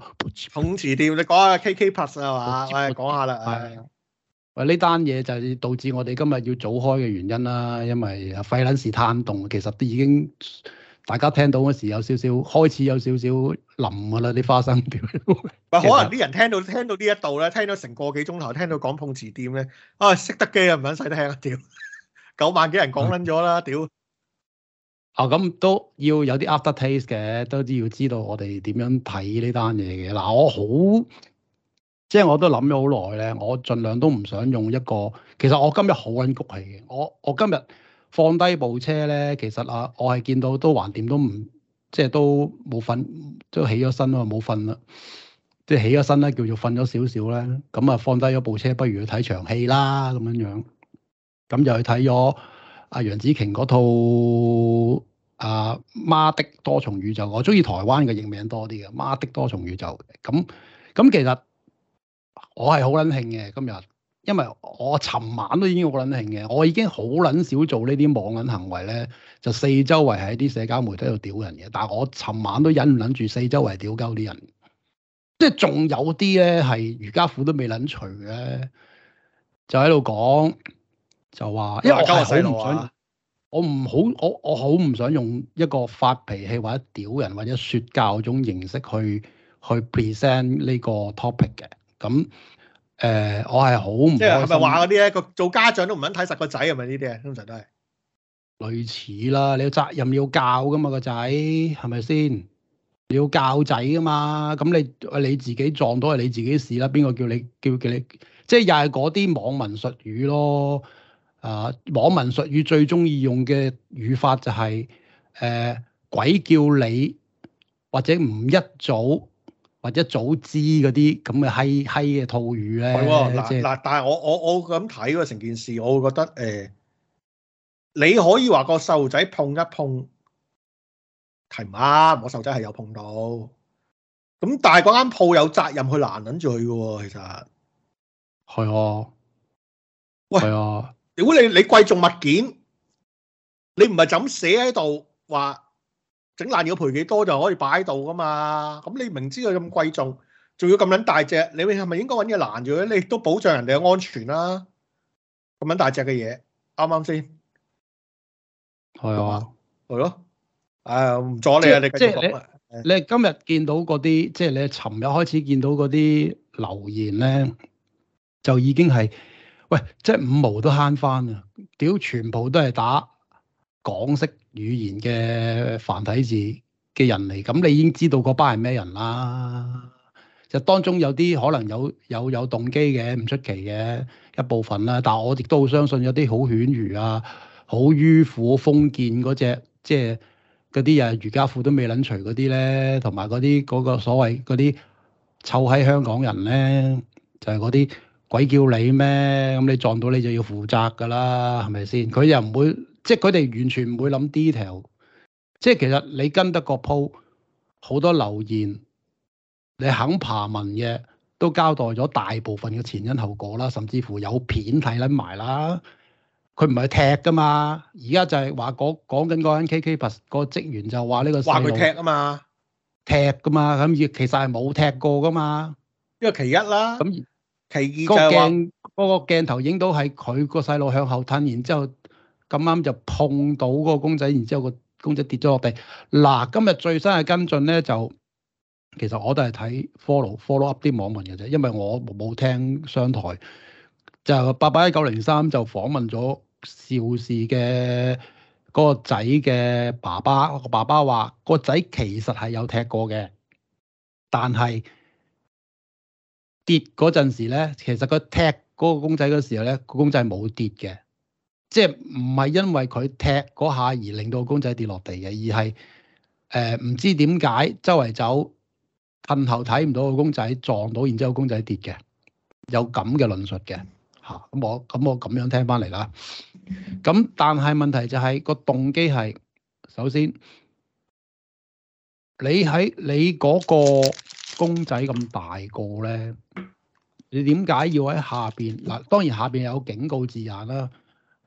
碰瓷店，你講下 K K Plus 啊嘛，我哋講下啦。係，
喂呢單嘢就係導致我哋今日要早開嘅原因啦，因為廢撚事攤動，其實啲已經大家聽到嗰時有少少開始有少少冧㗎啦，啲花生掉。唔係，可能
啲人聽到聽到呢一度咧，聽到成個幾鐘頭聽到講碰瓷店咧，啊識得機啊，唔係唔使得聽啊屌，九萬幾人講撚咗啦屌！啊，咁、哦、都要有啲 after taste 嘅，都知
要知道我哋點樣睇呢單嘢嘅。嗱，我好，即、就、係、是、我都諗咗好耐咧，我盡量都唔想用一個。其實我今日好撚谷氣嘅，我我今日放低部車咧，其實啊，我係見到都橫掂，都唔即係都冇瞓，都起咗身咯，冇瞓啦，即係起咗身咧，叫做瞓咗少少咧。咁啊，放低咗部車，不如去睇場戲啦，咁樣樣，咁就去睇咗阿楊紫瓊嗰套。啊，媽的多重宇宙，我中意台灣嘅譯名多啲嘅，媽的多重宇宙。咁咁其實我係好撚興嘅今日，因為我尋晚都已經好撚興嘅，我已經好撚少做呢啲網銀行為咧，就四周圍喺啲社交媒體度屌人嘅。但係我尋晚都忍唔撚住四周圍屌鳩啲人，即係仲有啲咧係瑜伽褲都未撚除嘅，就喺度講就話因為好唔想。我唔好，我我好唔想用一個發脾氣或者屌人或者說教嗰種形式去去 present 呢個 topic 嘅。咁誒、呃，我係好唔，即係係話嗰
啲咧？個做家長都唔肯睇實個仔，係咪呢啲啊？通常都係
類似啦。你要責任要教噶嘛，個仔係咪先？你要教仔噶嘛？咁你你自己撞到係你自己事啦。邊個叫你叫你叫你？即係又係嗰啲網民術語咯。啊！網民術語最中意用嘅語法就係、是、誒、呃，鬼叫你或者唔一早或者早知嗰啲咁嘅閪閪嘅套語
咧。係喎、啊，嗱嗱、就是，但係我我我咁睇喎成件事，我會覺得誒、呃，你可以話個瘦仔碰一碰，係唔啱。我瘦仔係有碰到，咁但係嗰間鋪有責任去攔撚住佢嘅。其實係啊，係喂啊。如果你你貴重物件，你唔係就咁寫喺度話整爛要賠幾多就可以擺喺度噶嘛？咁你明知佢咁貴重，仲要咁樣大隻，你係咪應該揾嘢攔住咧？你都保障人哋嘅安全啦、啊。咁樣大隻嘅嘢，啱啱先？係啊，係咯。唉、哎，唔阻你啊！就是、
你
繼續講啊。你今日見到嗰啲，即、就、係、是、你尋日開始見到嗰啲留言咧，就已經係。喂，即係五毛都慳翻啊！屌，全部都係打港式語言嘅繁體字嘅人嚟，咁你已經知道嗰班係咩人啦。就當中有啲可能有有有動機嘅，唔出奇嘅一部分啦。但係我亦都好相信有啲好犬儒啊，好迂腐、封建嗰隻，即係嗰啲啊，儒家褲都未撚除嗰啲咧，同埋嗰啲嗰個所謂嗰啲臭喺香港人咧，就係嗰啲。鬼叫你咩？咁你撞到你就要負責噶啦，係咪先？佢又唔會，即係佢哋完全唔會諗 detail。即係其實你跟得個鋪好多留言，你肯爬文嘅都交代咗大部分嘅前因後果啦，甚至乎有片睇撚埋啦。佢唔係踢噶嘛，而家就係話講講緊嗰 NKK Plus 個職員就話呢個。話佢踢啊嘛，踢噶嘛，咁亦其實係冇踢過噶嘛，
呢個其一啦。咁、嗯。
個鏡
嗰個鏡頭影到係佢個細路向後褪，然之後咁啱就碰到個公仔，然之後個公仔跌咗落地。嗱，今日最新嘅跟進咧，就其實我都係睇 follow follow up 啲網民嘅啫，因為我冇聽商台。就八八一九零三就訪問咗邵氏嘅嗰個仔嘅爸爸，個爸爸話個仔其實係有踢過嘅，但係。跌嗰陣時咧，其實個踢嗰個公仔嗰時候咧，個公仔冇跌嘅，即係唔係因為佢踢嗰下而令到公仔跌落地嘅，而係誒唔知點解周圍走，噴頭睇唔到個公仔撞到，然之後公仔跌嘅，有咁嘅論述嘅嚇。咁、啊、我咁我咁樣聽翻嚟啦。咁但係問題就係個動機係首先你喺你嗰個。公仔咁大個咧，你點解要喺下邊嗱？當然下邊有警告字眼啦，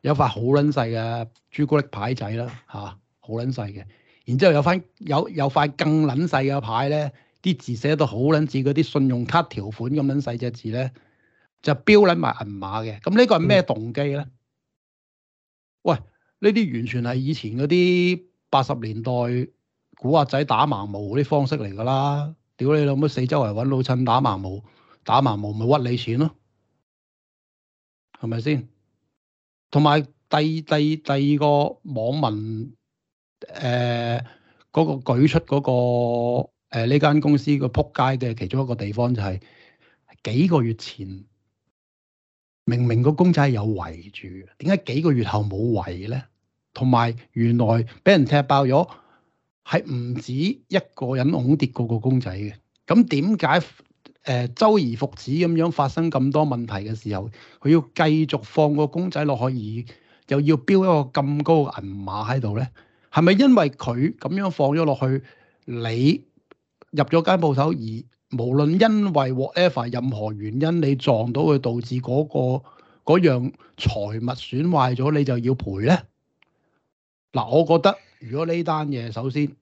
有塊好撚細嘅朱古力牌仔啦嚇，好撚細嘅。然之後有翻有有塊更撚細嘅牌咧，啲字寫到好撚似嗰啲信用卡條款咁撚細隻字咧，就標撚埋銀碼嘅。咁呢個係咩動機咧？嗯、喂，呢啲完全係以前嗰啲八十年代古惑仔打盲毛啲方式嚟㗎啦。屌你老母！四周圍揾老襯打麻，冇，打麻毛，冇咪屈你錢咯，係咪先？同埋第第二第二個網民誒嗰、呃嗰個舉出嗰、嗰個呢間、呃、公司嘅撲街嘅其中一個地方就係、係、幾個月前明明個公仔有圍住，點解幾個月後冇圍咧？同埋原來俾人踢爆咗。係唔止一個人㧬跌個個公仔嘅，咁點解誒周而復始咁樣發生咁多問題嘅時候，佢要繼續放個公仔落去，而又要標一個咁高嘅銀碼喺度呢？係咪因為佢咁樣放咗落去，你入咗間鋪頭，而無論因為 whatever 任何原因，你撞到佢導致嗰個嗰樣財物損壞咗，你就要賠呢？嗱，我覺得。如果呢單嘢，首先，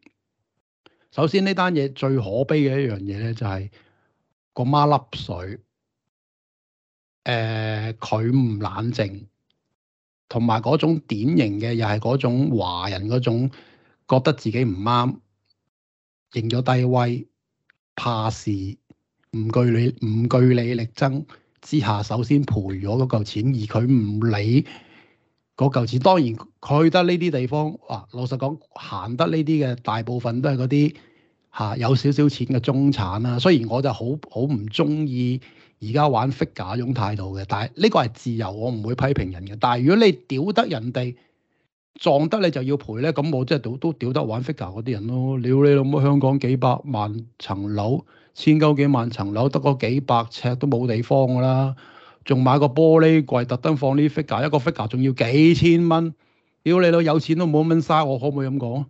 首先呢單嘢最可悲嘅一樣嘢咧，就係個媽粒水，誒佢唔冷靜，同埋嗰種典型嘅，又係嗰種華人嗰種覺得自己唔啱，認咗低威，怕事，唔據理唔據理力爭之下，首先賠咗嗰嚿錢，而佢唔理。嗰嚿錢當然去得呢啲地方，啊，老實講行得呢啲嘅大部分都係嗰啲嚇有少少錢嘅中產啦，啊。雖然我就好好唔中意而家玩 figure 嗰種態度嘅，但係呢個係自由，我唔會批評人嘅。但係如果你屌得人哋撞得你就要賠咧，咁我即、就、係、是、都都屌得玩 figure 嗰啲人咯。屌你老母！香港幾百萬層樓，千九幾萬層樓，得個幾百尺都冇地方㗎啦～仲買個玻璃櫃，特登放啲 figure，一個 figure 仲要幾千蚊。屌你老，有錢都冇蚊嘥，我可唔可以咁講？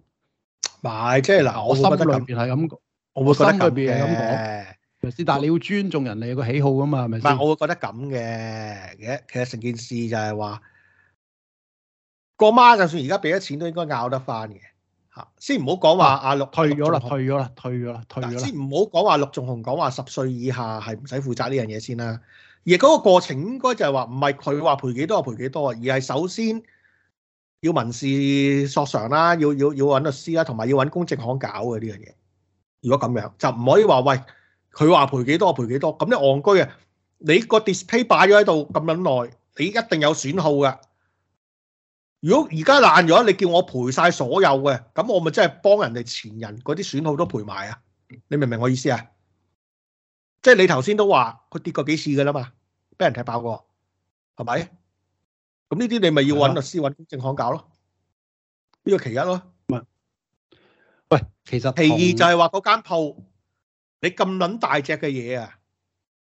買即係嗱，我心得裏邊係咁，我會心得裏邊係咁
講。是但是你要尊重人哋個喜好吖嘛？係咪先？但係我會覺得
咁嘅嘅，其實成件事就係話個媽，就算而家俾咗錢，都應該拗得翻嘅嚇。先唔好講話阿陸退咗啦，退咗啦，退咗啦，退咗。先唔好講話陸仲雄講話十歲以下係唔使負責呢樣嘢先啦。而嗰個過程應該就係話唔係佢話賠幾多就賠幾多啊，而係首先要民事索償啦、啊，要要要揾律師啦、啊，同埋要揾公證行搞嘅呢樣嘢。如果咁樣就唔可以話，喂，佢話賠幾多就賠幾多，咁你戇居啊！你個 display 擺咗喺度咁撚耐，你一定有損耗嘅。如果而家爛咗，你叫我賠晒所有嘅，咁我咪真係幫人哋前人嗰啲損耗都賠埋啊？你明唔明我意思啊？即係你頭先都話佢跌過幾次嘅啦嘛～俾人踢爆個，係咪？咁呢啲你咪要揾律師揾正行搞咯，呢個其一咯。
喂，其實其二就係
話嗰間鋪，你咁撚大隻嘅嘢啊，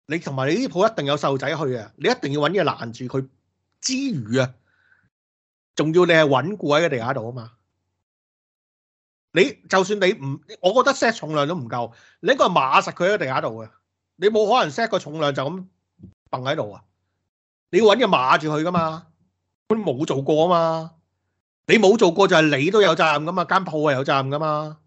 你同埋你呢啲鋪一定有細路仔去啊，你一定要揾嘢攔住佢之餘啊，仲要你係穩固喺個地下度啊嘛。你就算你唔，我覺得 set 重量都唔夠，你應該馬實佢喺個地下度嘅，你冇可能 set 個重量就咁。掟喺度啊！你要揾嘢碼住佢噶嘛？佢冇做過啊嘛！你冇做過就係你都有責任噶嘛，間鋪係有責任噶嘛。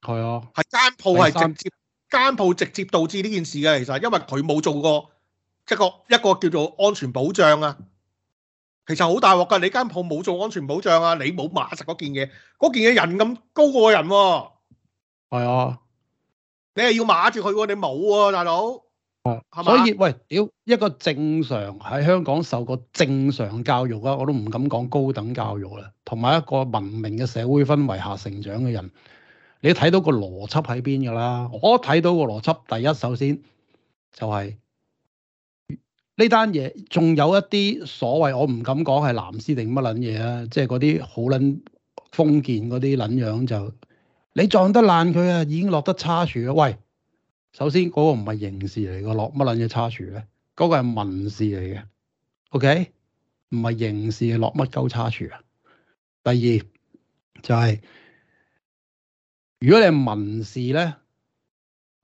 係啊，係間鋪係直接間鋪三直接導致呢件事嘅，其實因為佢冇做過一個一個叫做安全保障啊。其實好大鑊噶，你間鋪冇做安全保障啊， <laughs> 啊，你冇碼實嗰件嘢，嗰件嘢人咁高過個人喎。係啊，你係要碼住佢，你冇啊，大佬。所以喂，屌一個
正常喺香港受過正常教育啊，我都唔敢講高等教育啦，同埋一個文明嘅社會氛圍下成長嘅人，你睇到個邏輯喺邊㗎啦？我睇到個邏輯，第一首先就係呢單嘢，仲有一啲所謂我唔敢講係藍絲定乜撚嘢啊，即係嗰啲好撚封建嗰啲撚樣就，你撞得爛佢啊，已經落得差樹啊，喂！首先嗰、那個唔係刑事嚟嘅，落乜撚嘢差處咧？嗰、那個係民事嚟嘅，OK？唔係刑事嘅，落乜鳩差處啊？第二就係、是、如果你係民事咧，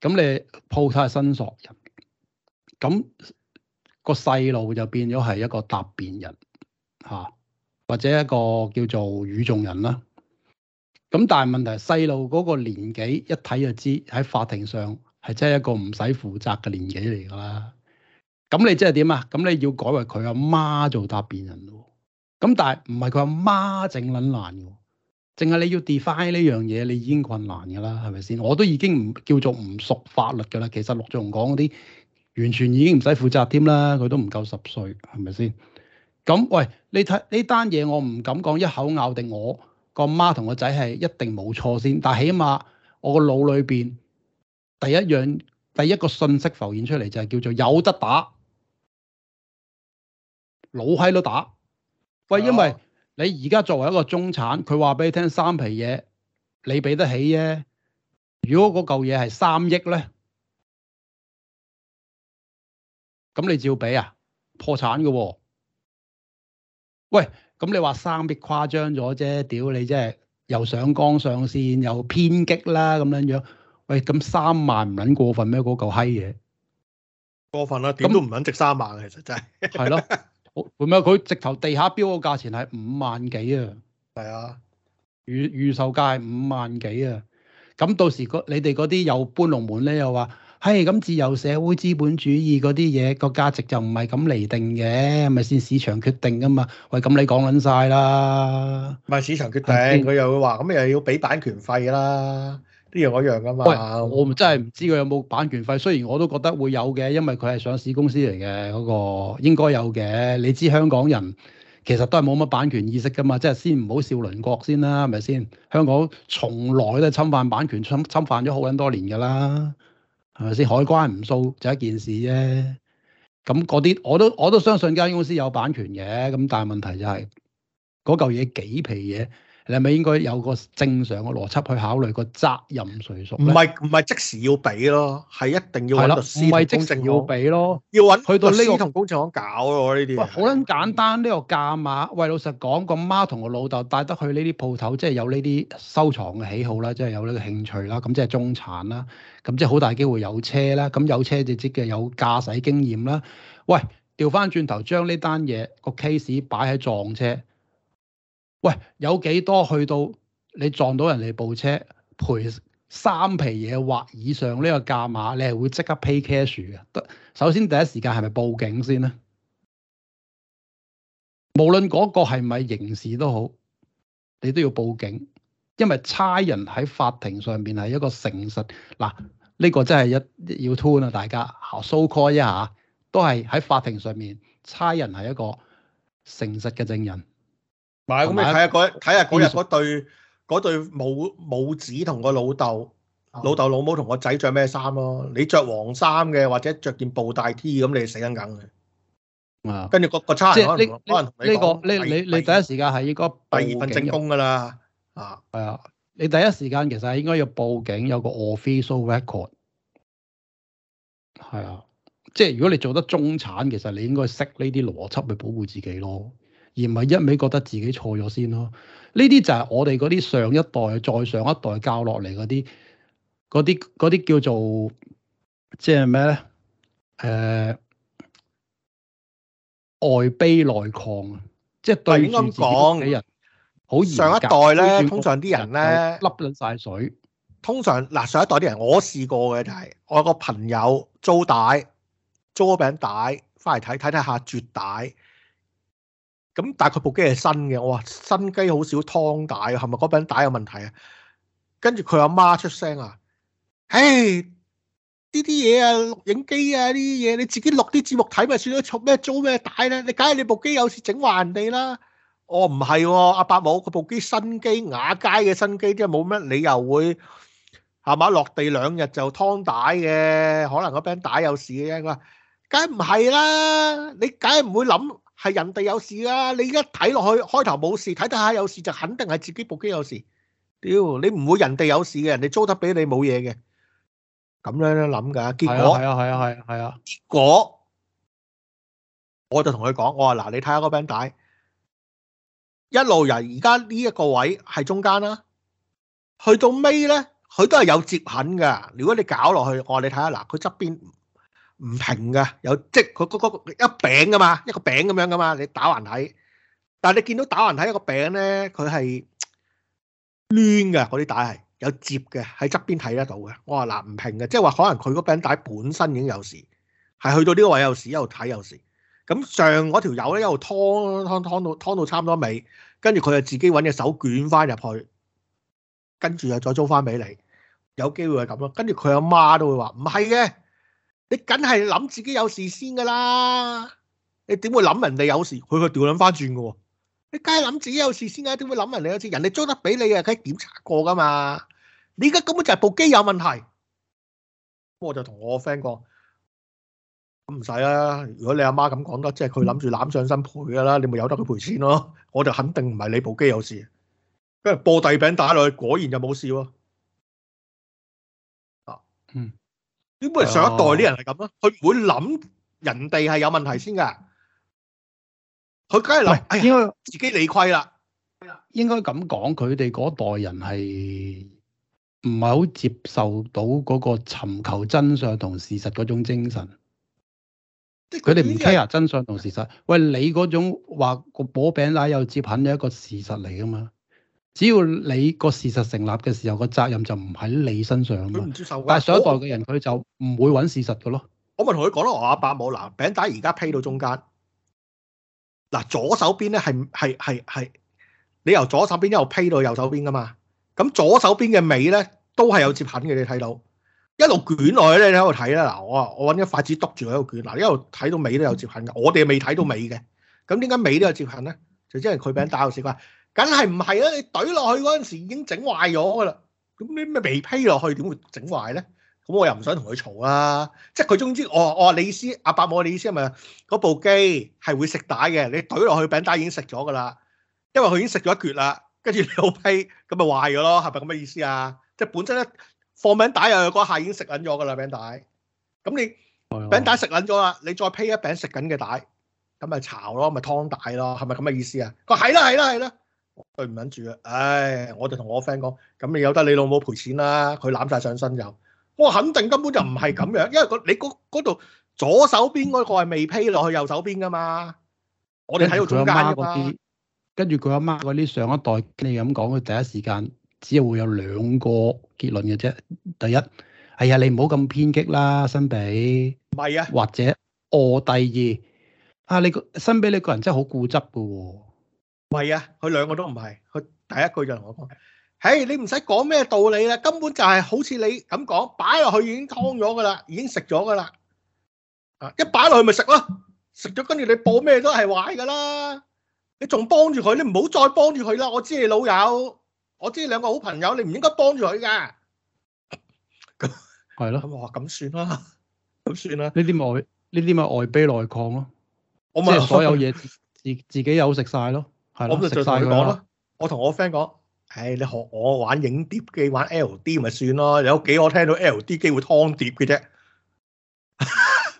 咁你鋪太申索人，咁、那個細路就變咗係一個答辯人嚇、啊，或者一個叫做與訟人啦。咁但係問題係細路嗰個年紀一睇就知喺法庭上。係真係一個唔使負責嘅年紀嚟噶啦，咁你即係點啊？咁你要改為佢阿媽做答辯人咯。咁但係唔係佢阿媽整撚難嘅，淨係你要 define 呢樣嘢，你已經困難噶啦，係咪先？我都已經唔叫做唔熟法律噶啦。其實陸總講嗰啲，完全已經唔使負責添啦。佢都唔夠十歲，係咪先？咁喂，你睇呢單嘢，我唔敢講一口咬定我個媽同個仔係一定冇錯先。但起碼我個腦裏邊。第一樣，第一個信息浮現出嚟就係叫做有得打，老喺度打。喂，因為你而家作為一個中產，佢話俾你聽三皮嘢，你俾得起啫。如果嗰
嚿嘢係三億咧，咁你照俾啊，破產嘅喎、啊。喂，咁你話三億誇張
咗啫，屌你真係又上綱上線又偏激啦，咁樣樣。喂，咁三，哎，萬唔捻過分咩？嗰嚿閪嘢
過分啦，啊，點都唔捻值三萬。那其實真
係係咯，會咩的？佢 <laughs> 直頭地下標個價錢係五萬幾啊！係啊的，預預售價係五萬幾啊！咁到時你哋嗰啲又搬龍門咧，又，哎，話：，嘿，咁自由社會資本主義嗰啲嘢個價值就唔係咁嚟定嘅，係咪先？市場決定噶嘛？喂，咁你講緊晒啦，
唔係市場決定？佢的又會話：，咁又要俾版權費啦。呢樣嗰樣噶嘛。我唔真係唔知佢有冇
版權費，雖然我都覺得會有嘅，因為佢係上市公司嚟嘅，嗰個應該有嘅。你知香港人其實都係冇乜版權意識噶嘛，即係先唔好笑鄰國先啦，係咪先？香港從來都係侵犯版權，侵侵犯咗好撚多年㗎啦，係咪先？海關唔掃就一件事啫。咁嗰啲我都我都相信間公司有版權嘅，咁但係問題就係嗰嚿嘢幾皮嘢。你係咪應該有個正常嘅邏輯去考慮個責
任誰屬？唔係唔係即時要俾咯，係一定要係咯，唔係正要俾咯要喺度私同公廠搞咯呢啲。
好簡單，呢個價碼。喂，老實講，個媽同個老豆帶得去呢啲鋪頭，即係有呢啲收藏嘅喜好啦，即係有呢個興趣啦，咁即係中產啦，咁即係好大機會有車啦，咁有車就即嘅有駕駛經驗啦。喂，調翻轉頭將呢單嘢個 case 擺喺撞車。喂，有幾多去到你撞到人哋部車，賠三皮嘢或以上呢個價碼，你係會即刻 pay cash 嘅？首先第一時間係咪報警先咧？無論嗰個係咪刑事都好，你都要報警，因為差人喺法庭上面係一個誠實嗱，呢個真係一要 turn 啊，大家 show call 一下，都係喺法庭上面，差人係一個誠實嘅證人。
唔係咁，你睇下嗰
睇下嗰日對對母母子同個、啊、老豆老豆老母同個仔着咩衫咯？你着黃衫嘅或者着件布大 T 咁，你死梗梗嘅。啊！跟住個個差人可能你呢個呢？你你第一時間係應該第二份
證供
㗎啦。啊，係啊！你第一時間其實係應該要報警，有個 official record。係啊，即係如果你做得中產，其實你應該識呢啲邏輯去保護自己咯。而唔係一味覺得自己錯咗先咯，呢啲就係我哋嗰啲上一代、再上一代教落嚟嗰啲、嗰啲、嗰啲叫做即係咩咧？誒、呃，
外卑內狂，即係對住自己嘅人。好上一代咧，通常啲人咧，甩撚曬水。通常嗱，上一代啲人，人，我試過嘅就係、是、我有個朋友租帶，租餅帶翻嚟睇睇睇下絕帶。咁但係佢部機係新嘅，我話新機好少湯帶，係咪嗰餅帶有問題啊？跟住佢阿媽出聲、哎、啊，唉、啊，呢啲嘢啊錄影機啊呢啲嘢，你自己錄啲節目睇咪算咯，做咩租咩帶咧？你梗係你部機有事整壞人哋啦。我唔係喎，阿、啊、伯母，佢部機新機雅佳嘅新機，即係冇乜理由會係嘛落地兩日就湯帶嘅，可能嗰餅帶有事嘅啫。佢話梗係唔係啦，你梗係唔會諗。係人哋有事啦，你一睇落去，開頭冇事，睇得下有事就肯定係自己部機有事。屌刀，你唔會人哋有事嘅，人哋租得俾你冇嘢嘅，咁樣諗㗎。結果係啊係啊係啊係啊！啊啊啊結果我就同佢講，我話嗱，你睇下個 b a 帶，一路人而家呢一個位係中間啦，去到尾咧，佢都係有接痕㗎。如果你搞落去，我你睇下嗱，佢側邊。唔平噶，有即佢嗰、嗰個、嗰個、一餅噶嘛，一個餅咁樣噶嘛，你打橫睇。但係你見到打橫睇一個餅咧，佢係攣嘅，嗰啲帶係有折嘅，喺側邊睇得到嘅。我話嗱唔平嘅，即係話可能佢嗰餅帶本身已經有事，係去到呢個位有事，一路睇有事。咁上嗰條友咧，一路拖拖拖，拖到拖到差唔多尾，跟住佢就自己揾隻手捲翻入去，跟住又再租翻俾你。有機會係咁咯。跟住佢阿媽都會話唔係嘅。你梗係諗自己有事先噶啦，你點會諗人哋有事？佢個調捻翻轉噶喎，你梗係諗自己有事先噶，點會諗人哋有事？人哋租得俾你呀，梗係檢查過噶嘛。你而家根本就係部機有問題。咁我就同我 friend 講，唔使啦。如果你阿媽咁講得，即係佢諗住攬上身賠噶啦，你咪由得佢賠錢咯。我就肯定唔係你部機有事，跟住播地餅打落去，果然就冇事喎。
啊，嗯。
原本上一代啲人係咁咯，佢唔會諗人哋係有問題先噶，佢梗係諗，哎，應該自己理虧啦。應
該咁講，佢哋嗰代人係唔係好接受到嗰個尋求真相同事實嗰種精神。佢哋唔 care 真相同事實，喂，你嗰種話個薄餅奶又接近一個事實嚟噶嘛？只要你個事實成立嘅時候，個責任就唔喺你身上咯。唔接受，但係上一代嘅人佢、哦、就唔會揾事實嘅咯。
我咪同佢講咯，我阿爸冇嗱餅帶而家批到中間，嗱左手邊咧係係係係，你由左手邊一路批到右手邊噶嘛。咁左手邊嘅尾咧都係有接痕嘅，你睇到一路捲落去咧，你喺度睇啦。嗱我啊我揾一筷子篤住喺度卷，嗱一路睇到尾都有接痕嘅。我哋未睇到尾嘅，咁點解尾都有接痕咧？就即係佢餅帶有食啊。梗係唔係啦，你懟落去嗰陣時已經整壞咗㗎啦。咁你咪未批落去，點會整壞咧？咁我又唔想同佢嘈啊。即係佢總之我我話你意思，阿伯母，你意思係咪？嗰部機係會食帶嘅。你懟落去餅帶已經食咗㗎啦。因為佢已經食咗一橛啦，跟住你又批，咁咪壞咗咯？係咪咁嘅意思啊？即係本身咧放餅帶入去嗰下已經食緊咗㗎啦，餅帶。咁你餅帶食緊咗啦，你再批一餅食緊嘅帶，咁咪炒咯，咪劏帶咯，係咪咁嘅意思啊？佢係啦，係啦，係啦。佢唔忍住啊！唉，我就同我個 friend 講，咁你有得你老母賠錢啦，佢攬晒上身又。我肯定根本就唔係咁樣，因為你嗰度左手邊嗰個係未批落去，右手邊噶嘛。我哋睇到中間噶
嘛。跟住佢阿媽嗰啲上一代，你咁講，佢第一時間只係會有兩個結論嘅啫。第一，係啊，哎呀，你唔好咁偏激啦，新比。唔係啊，或者我第二
啊，你個新比你個人真係好固執噶喎。唔係啊，佢兩個都唔係。佢第一句就同我講：，嘿，你唔使講咩道理啦，根本就係好似你咁講，擺落去已經燙咗噶啦，已經食咗噶啦。啊，一擺落去咪食咯，食咗跟住你報咩都係壞噶啦。你仲幫住佢咧，你唔好再幫住佢啦。我知你老友，我知你兩個好朋友，你唔應該幫住佢噶。
咁係咯，我話咁算啦，咁算啦。呢啲外呢啲咪外卑內抗咯，
即係所有嘢
自
自己有食晒咯。
我咁就再同佢講啦。
的我同我 friend 講：，誒、哎，你學我玩影碟機，玩 L.D. 咪算咯。有幾我聽到 L.D. 機會劏碟嘅啫。 <laughs>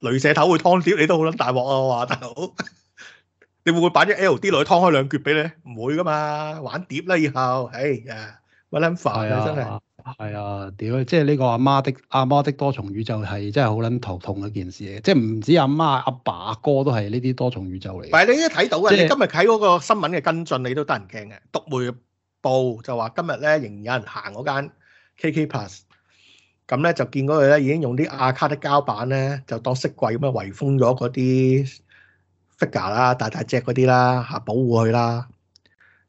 雷射頭會劏碟，你都好撚大鑊啊！我話大佬， <laughs> 你會唔會擺隻 L.D. 落去劏開兩橛俾你？唔會噶嘛，玩碟啦以後。誒、哎、呀，乜撚煩啊，真係的～、哎係啊，屌、哎！即係呢
個阿媽的阿媽的多重宇宙係真係好捻頭痛嘅一件事，即係唔止阿媽阿爸阿哥都係呢啲多重宇宙嚟。但係
你都睇到嘅，就是、你今日睇嗰個新聞嘅跟進，你都得人驚嘅。獨媒報就話今日咧仍然有人行嗰間 KK Plus，咁咧就見到佢咧已經用啲阿卡的膠板咧就當色櫃咁樣圍封咗嗰啲 figure 啦，大大隻嗰啲啦吓，保護佢啦。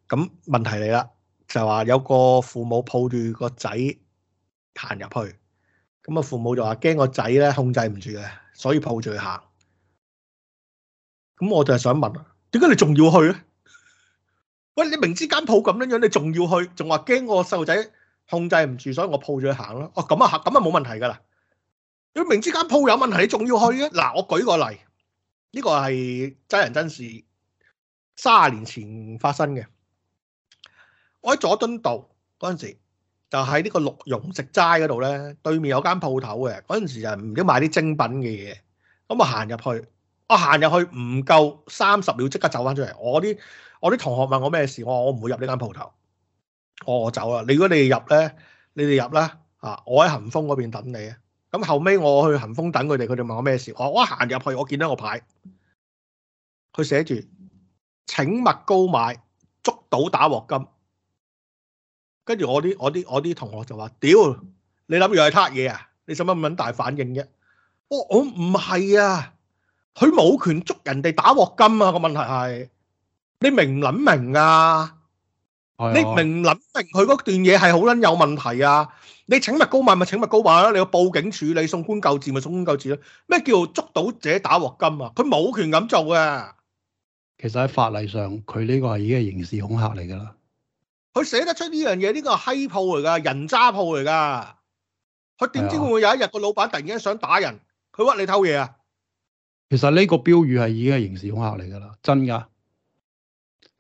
咁問題嚟啦。就話有個父母抱住個仔行入去，咁啊父母就話驚個仔咧控制唔住嘅，所以抱住佢行。咁我就係想問啊，點解你仲要去咧？喂，你明知間鋪咁樣樣，你仲要去，仲話驚個細路仔控制唔住，所以我抱住佢行咯。哦、啊，咁啊嚇，咁啊冇問題㗎啦。你明知間鋪有問題，你仲要去咧？嗱， <laughs> 我舉個例，呢、呢個係真人真事，卅年前發生嘅。我喺佐敦道嗰陣時，就喺呢個六榕食齋嗰度咧，對面有間鋪頭嘅。嗰陣時就唔知賣啲精品嘅嘢，咁啊行入去，我行入去唔夠三十秒，即刻走翻出嚟。我啲我啲同學問我咩事，我我唔會入呢間鋪頭，我，我走啦。你如果你哋入咧，你哋入啦嚇，我喺恒豐嗰邊等你啊。咁後尾我去恒豐等佢哋，佢哋問我咩事，我我行入去，我見到個牌，佢寫住請勿高買，捉到打鑊金。跟住我啲我啲我啲同學就話：屌，你諗住去撻嘢啊？你使乜咁大反應啫？我我唔係啊，佢冇權捉人哋打鑊金啊！個問題係你明唔諗明啊？
你明
唔諗明佢嗰段嘢係好撚有問題啊？你請勿高買咪請勿高買啦，你要報警處理送官究治咪送官究治啦。咩叫捉到者打鑊金啊？佢冇權咁做啊。
其實喺法例上，佢呢個係已經係刑事恐嚇嚟㗎啦。
佢寫得出呢樣嘢，呢、這個係閪鋪嚟噶，人渣鋪嚟噶。佢點知會唔會有一日個、哎、呀 老闆突然間想打人？佢屈你偷嘢啊！
其實呢個標語係已經係刑事恐嚇嚟噶啦，真噶。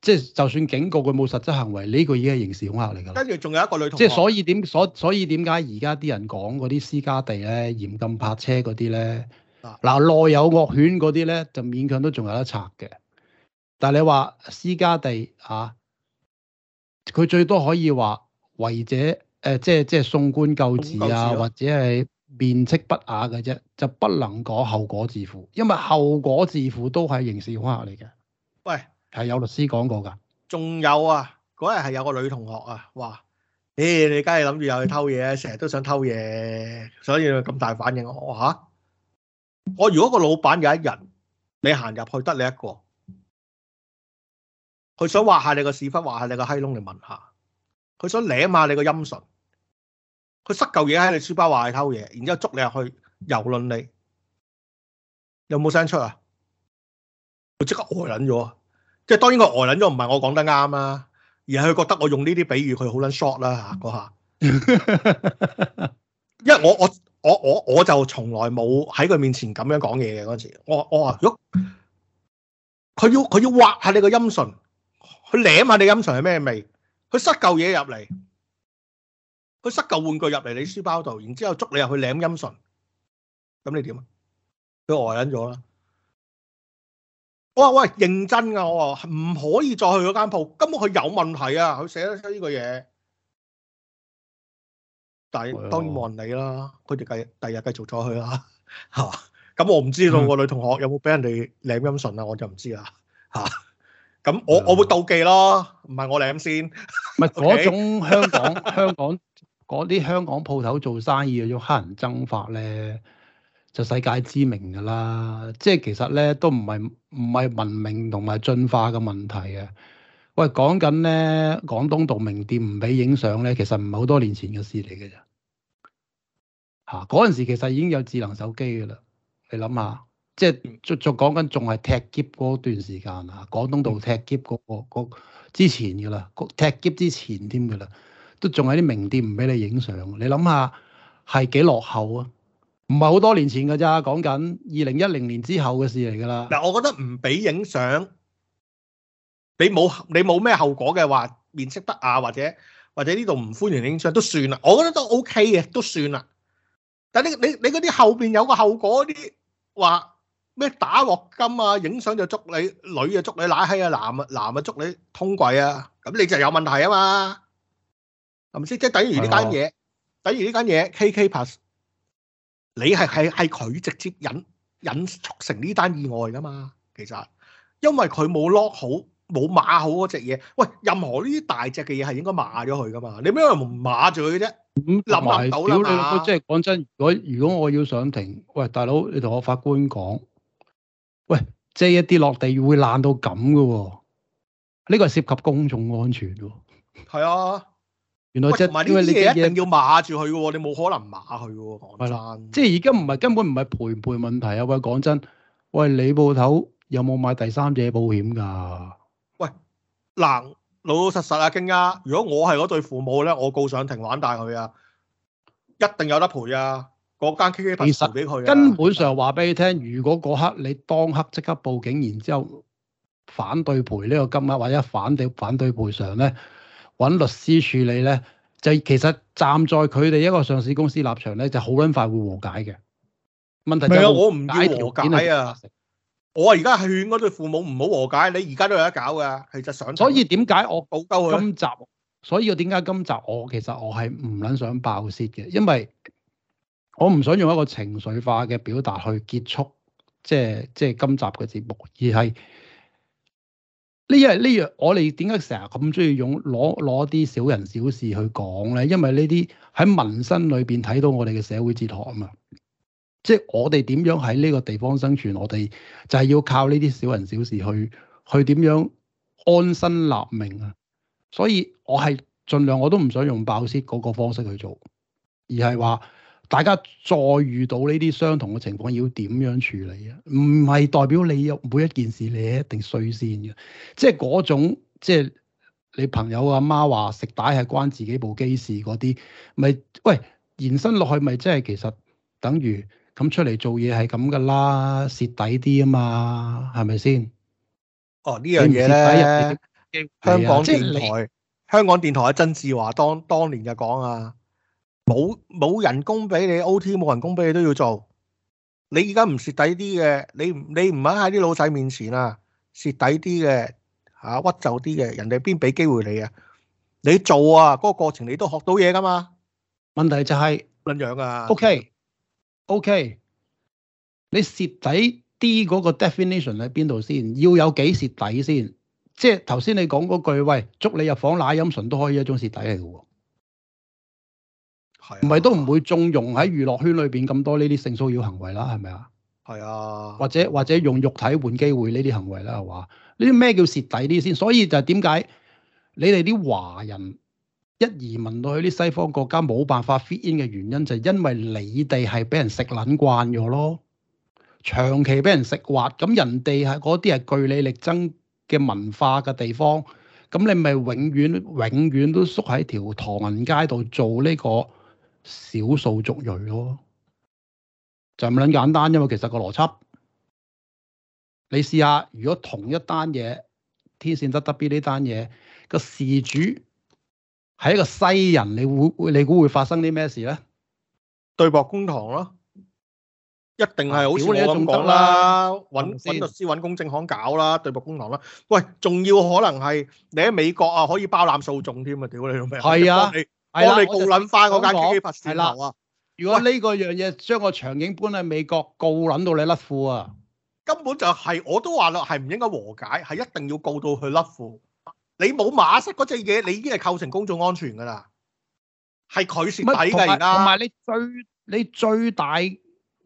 即、就、係、是、就算警告佢冇實質行為，呢、這個已經係刑事恐嚇嚟噶啦。
跟住仲有一個女同學，即係所
以點所所以點解而家啲人講嗰啲私家地咧嚴禁泊車嗰啲咧？嗱內、啊啊啊、有惡犬嗰啲咧就勉強都仲有得拆嘅，但係你話私家地啊？啊佢最多可以話違者誒、呃，即係即係送官究治啊，治啊或者係面斥不雅嘅啫，就不能講後果自負，因為後果自負都係刑事恐嚇嚟嘅。喂，係有律師講過㗎。
仲有啊，嗰日係有個女同學啊，話：咦、哎，你梗係諗住又去偷嘢，成日都想偷嘢，所以咁大反應，啊。我、啊、嚇，我如果個老闆有一日你行入去得你一個。佢想畫下你個屎忽，畫下你個閪窿嚟聞下，佢想舐下你個陰唇，佢塞嚿嘢喺你書包話你偷嘢，然之後捉你入去蹂撚你有冇聲出啊？佢即刻呆捻咗，即係當然個呆捻咗唔係我講得啱啊，而係佢覺得我用呢啲比喻佢好捻 short 啦吓嗰下，啊、 <laughs> 因為我我我我我就從來冇喺佢面前咁樣講嘢嘅嗰次，我我話如果佢要佢要畫下你個陰唇。佢舐下你陰唇係咩味？佢塞嚿嘢入嚟，佢塞嚿玩具入嚟你書包度，然之後捉你入去舐陰唇，咁你點啊？佢呆撚咗啦。我話喂，認真噶，我話唔可以再去嗰間鋪，根本佢有問題啊，佢寫得出呢個嘢。但係當然冇人理啦，佢哋繼續第日繼續再去啦。吓，咁我唔知道個女同學有冇俾人哋舐陰唇啊？我就唔知啦。吓。咁我我會妒忌咯，唔係我攬先，
唔係嗰種香港 <laughs> 香港嗰啲香港鋪頭做生意嗰種黑人憎法咧，就世界知名噶啦。即係其實咧都唔係唔係文明同埋進化嘅問題嘅。喂，講緊咧廣東道名店唔俾影相咧，其實唔係好多年前嘅事嚟嘅啫。嚇，嗰陣時其實已經有智能手機噶啦，你諗下。即係逐逐講緊，仲係踢篋嗰段時間啊！廣東道踢篋嗰個個之前㗎啦，個踢篋之前添㗎啦，都仲係啲名店唔俾你影相。你諗下係幾落後啊？唔係好多年前㗎咋，講緊二零一零年之後嘅事嚟㗎啦。
嗱，我覺得唔俾影相，你冇你冇咩後果嘅話，面色得啊，或者或者呢度唔歡迎影相都算啦。我覺得都 O K 嘅，都算啦。但係你你你嗰啲後面有個後果啲話。咩打鑊金啊？影相就捉你，女就捉你乸閪啊，男啊男啊捉你通鬼啊！咁你就有問題啊嘛，係咪先？即係等於呢間嘢，等於呢間嘢。KK Pass，你係係係佢直接引引促成呢單意外噶嘛？其實，因為佢冇 lock 好，冇馬好嗰隻嘢。喂，任何呢啲大隻嘅嘢係應該馬咗佢噶嘛？你咩唔馬住佢啫？咁冧下狗啦嘛！即係
講真，如果如果我要上庭，喂大佬，你同我法官講。喂，即係一啲落地會爛到咁噶喎，呢個係涉及公眾安全咯。係啊，原來喂即係呢啲嘢一定
要碼住佢噶，你冇可能碼佢噶。係
啦，即係而家唔係根本唔係賠唔賠問題啊！喂，講真，喂你鋪頭有冇買第三者保險噶？
喂，嗱老老實實啊 k 家，如果我係嗰對父母咧，我告上庭玩大佢啊，一定有得賠啊！嗰 K K 發財俾佢根
本上話俾你聽，如果嗰刻你當刻即刻報警，然之後反對賠呢個金額，或者反對反對賠償咧，揾律師處理咧，就其實站在佢哋一個上市公司立場咧，就好撚快會和解嘅問題。唔係我唔要和解啊！
我而家勸嗰對父母唔好和解，你而家都有得搞㗎。其實想，所以點解我報鳩佢今
集？所以我點解今集我其實我係唔撚想爆洩嘅，因為。我唔想用一個情緒化嘅表達去結束，即係即係今集嘅節目，而係呢、這個這個、一呢樣，我哋點解成日咁中意用攞攞啲小人小事去講咧？因為呢啲喺民生裏邊睇到我哋嘅社會哲學啊嘛，即係我哋點樣喺呢個地方生存，我哋就係要靠呢啲小人小事去去點樣安身立命啊！所以我盡，我係盡量我都唔想用爆笑嗰個方式去做，而係話。大家再遇到呢啲相同嘅情況，要點樣處理啊？唔係代表你有每一件事你一定衰先嘅，即係嗰種即係你朋友阿媽話食帶係關自己部機事嗰啲，咪喂延伸落去，咪即係其實等於咁出嚟做嘢係咁噶啦，蝕底啲啊嘛，係咪先？
哦，呢樣嘢咧，香港電台香港電台嘅你曾志華當當年就講啊。冇冇人工俾你 O T 冇人工俾你都要做，你而家唔蝕底啲嘅，你你唔喺啲老細面前啊，蝕底啲嘅嚇屈就啲嘅，人哋邊俾機會你啊？你做啊，嗰個過程你都學到嘢噶嘛？問題就係，諗樣啊？O
K O K，你蝕底啲嗰個 definition 喺邊度先？要有幾蝕底先？即係頭先你講嗰句，喂，捉你入房舐陰唇都可以一種蝕底嚟噶喎。係唔係都唔會縱容喺娛樂圈裏邊咁多呢啲性騷擾行為啦？係咪啊？係啊。 <music> 或者或者用肉體換機會呢啲行為啦，係嘛？呢啲咩叫蝕底啲先？所以就係點解你哋啲華人一移民到去啲西方國家冇辦法 fit in 嘅原因，就係因為你哋係俾人食撚慣咗咯，長期俾人食滑，咁人哋係嗰啲係據理力爭嘅文化嘅地方，咁你咪永遠永遠都縮喺條唐人街度做呢、這個。少數族裔咯、哦，就咁樣簡單，因為其實個邏輯，你試下如果同一單嘢，天線得得 B 呢單嘢個事主係一個西人，你會會你估會發生啲咩事咧？對
簿公堂咯，一定係好似我咁講啦，揾揾律師揾公正行搞啦，對簿公堂啦。喂，仲要可能係你喺美國啊，可以包攬訴訟添啊！屌你老味，係啊。係啦，告捻翻嗰間機密設施樓啊！如果呢個樣嘢將個場景搬喺美國，告捻到你甩褲啊！根本就係、是、我都話啦，係唔應該和解，係一定要告到佢甩褲。你冇馬式嗰隻嘢，那個、你已經係構成公眾安全噶啦。係佢蝕底啦。唔埋和在你
最你最大一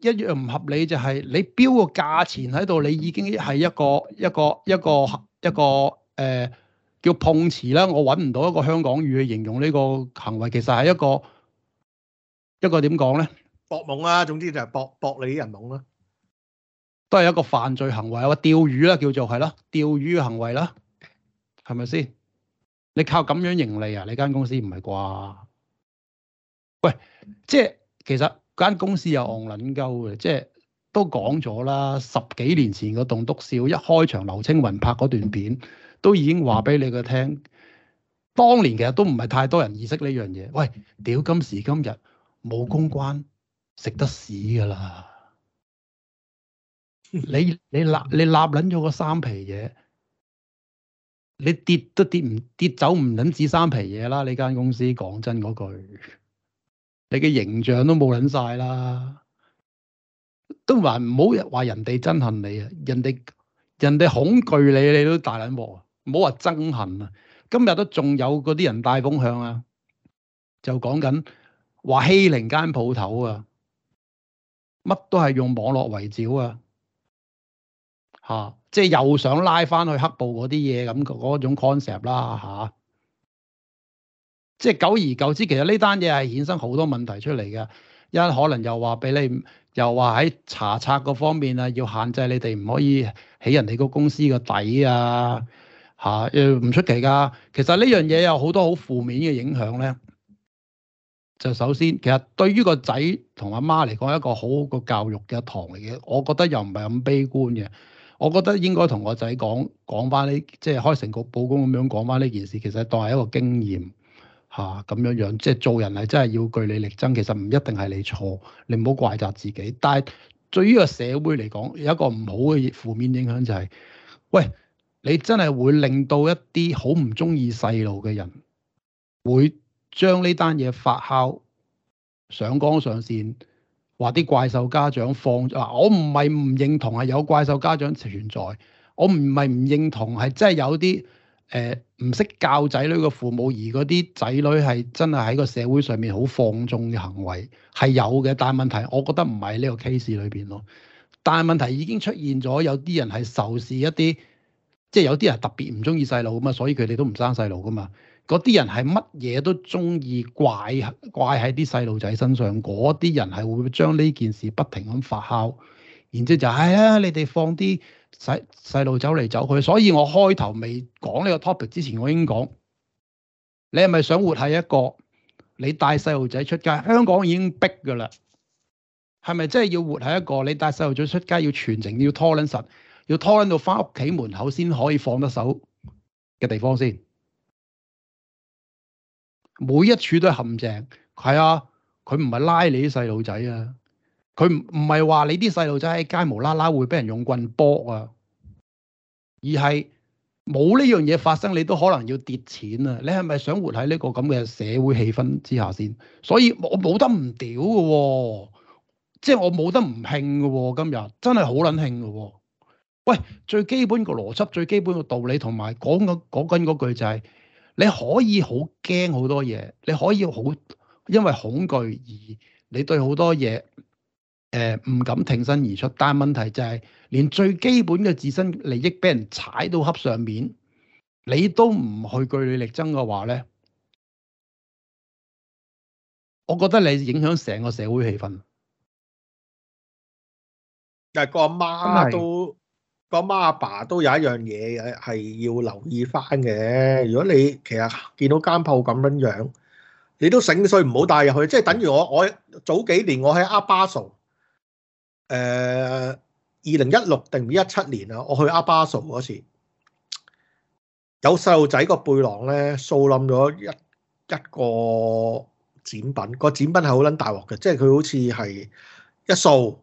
樣唔合理就係、是、你標個價錢喺度，你已經係一個一個一個一個誒。要碰瓷啦，我揾唔到一個香港語嚟形容呢個行為，其實係一個一個點講咧，
博懵啦，總之就係博博你啲人懵啦、
啊，都係一個犯罪行為。我釣魚啦、啊，叫做係咯，釣魚嘅行為啦，係咪先？你靠咁樣盈利啊？你間公司唔係啩？喂，即係其實間公司又昂撚鳩嘅，即係都講咗啦，十幾年前個棟篤笑一開場，劉青雲拍嗰段片。嗯都已經話俾你個聽，當年其實都唔係太多人意識呢樣嘢。喂，屌今時今日冇公關，食得屎㗎啦！你你立你立撚咗個三皮嘢，你跌都跌唔跌走唔撚止三皮嘢啦！呢間公司講真嗰句，你嘅形象都冇撚晒啦，都話唔好話人哋憎恨你啊，人哋人哋恐懼你，你都大撚鑊。唔好話憎恨啊！今日都仲有嗰啲人帶風向啊，就講緊話欺凌間鋪頭啊，乜都係用網絡圍剿啊嚇、啊，即係又想拉翻去黑暴嗰啲嘢咁嗰種 concept 啦嚇。即係久而久之，其實呢單嘢係衍生好多問題出嚟嘅，一可能又話俾你又話喺查冊嗰方面啊，要限制你哋唔可以起人哋個公司個底啊。啊，誒唔出奇㗎。其實呢樣嘢有好多好負面嘅影響咧。就首先，其實對於個仔同阿媽嚟講，一個好好個教育嘅一堂嚟嘅。我覺得又唔係咁悲觀嘅。我覺得應該同個仔講講翻呢，即係開成個報公咁樣講翻呢件事。其實當係一個經驗嚇咁，啊、樣樣，即係做人係真係要據理力爭。其實唔一定係你錯，你唔好怪責自己。但係對於個社會嚟講，有一個唔好嘅負面影響就係，是，喂。你真係會令到一啲好唔中意細路嘅人，會將呢單嘢發酵上綱上線，話啲怪獸家長放咗啊！我唔係唔認同係有怪獸家長存在，我唔係唔認同，係真係有啲誒唔識教仔女嘅父母，而嗰啲仔女係真係喺個社會上面好放縱嘅行為係有嘅。但係問題，我覺得唔係呢個 case 裏邊咯。但係問題已經出現咗，有啲人係仇視一啲。即係有啲人特別唔中意細路㗎嘛，所以佢哋都唔生細路噶嘛。嗰啲人係乜嘢都中意怪怪喺啲細路仔身上。嗰啲人係會將呢件事不停咁發酵，然之後就係啊、哎，你哋放啲細細路走嚟走去。所以我開頭未講呢個 topic 之前，我已經講你係咪想活喺一個你帶細路仔出街？香港已經逼㗎啦，係咪真係要活喺一個你帶細路仔出街要全程要拖撚實？要拖撚到翻屋企門口先可以放得手嘅地方先，每一處都陷阱。係啊，佢唔係拉你啲細路仔啊，佢唔唔係話你啲細路仔喺街無啦啦會俾人用棍剝啊，而係冇呢樣嘢發生，你都可能要跌錢啊。你係咪想活喺呢個咁嘅社會氣氛之下先？所以我冇得唔屌嘅，即係我冇得唔慶嘅。今日真係好捻慶嘅。喂，最基本個邏輯、最基本個道理，同埋講緊講緊嗰句就係、是，你可以好驚好多嘢，你可以好因為恐懼而你對好多嘢誒唔敢挺身而出。但係問題就係、是，連最基本嘅自身利益俾人踩到恰上面，你都唔去據理力爭嘅話咧，
我覺得你影響成個社會氣氛。但係個阿媽都。個媽
阿爸都有一樣嘢係要留意翻嘅。如果你其實見到間鋪咁樣樣，你都醒水唔好帶入去。即係等於我我早幾年我喺阿巴蘇，誒、呃，二零一六定唔知一七年啊，我去阿巴蘇嗰時，有細路仔個背囊咧，掃冧咗一一個展品。個展品係好捻大鑊嘅，即係佢好似係一掃。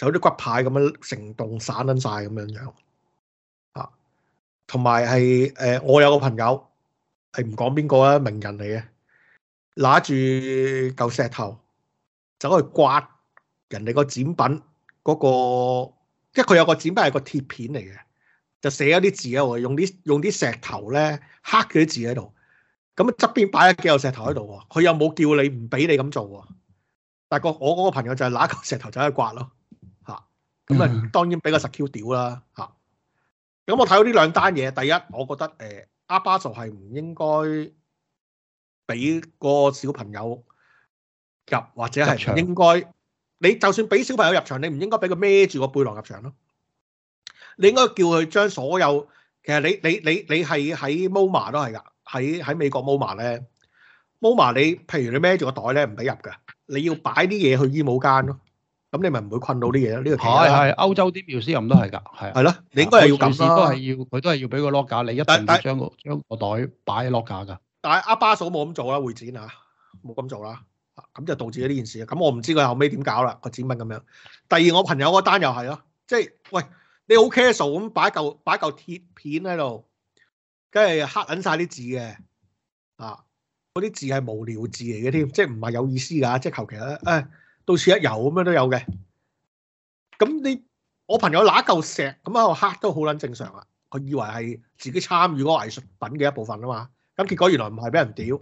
有啲骨牌咁樣成棟散緊晒咁樣樣啊，同埋係誒，我有個朋友係唔講邊個啊，名人嚟嘅，拿住嚿石、那個石、石、那個、石頭走去刮人哋個展品嗰個，即係佢有個展品係個鐵片嚟嘅，就寫咗啲字喺度，用啲用啲石頭咧黑佢啲字喺度，咁啊側邊擺咗幾嚿石頭喺度喎，佢又冇叫你唔俾你咁做喎，但係個我嗰個朋友就係拿嚿石頭走去刮咯。咁啊，嗯、當然比較 secure 屌啦嚇。咁、啊、我睇到呢兩單嘢，第一，我覺得誒、呃、阿巴素係唔應該俾個小朋友入，或者係唔應該。入場。你就算俾小朋友入場，你唔應該俾佢孭住個背囊入場咯。你應該叫佢將所有，其實你你你你係喺 Moma 都係㗎，喺喺美國 Moma 咧，Moma 你譬如你孭住個袋咧唔俾入㗎，你要擺啲嘢去醫務間咯。咁、嗯、你咪唔會困到啲嘢咯？呢個係係，
歐洲啲苗師咁都係㗎，係係咯。你應該係要咁啦、啊，都係要佢都係要俾個 lock 架你一定但，一陣要將個將個袋擺 lock 架㗎。
但係阿巴嫂冇咁做啦，會展嚇冇咁做啦，咁就導致咗呢件事啊。咁我唔知佢後尾點搞啦，個展品咁樣。第二我朋友個單又係咯，即係喂你好 casual 咁擺嚿擺嚿鐵片喺度，跟係黑撚晒啲字嘅啊！嗰啲字係無聊字嚟嘅添，即係唔係有意思㗎？即係求其咧誒。到此一遊咁樣都有嘅，咁你我朋友揦嚿石咁喺度刻都好撚正常啊！佢以為係自己參與嗰個藝術品嘅一部分啊嘛，咁結果原來唔係俾人屌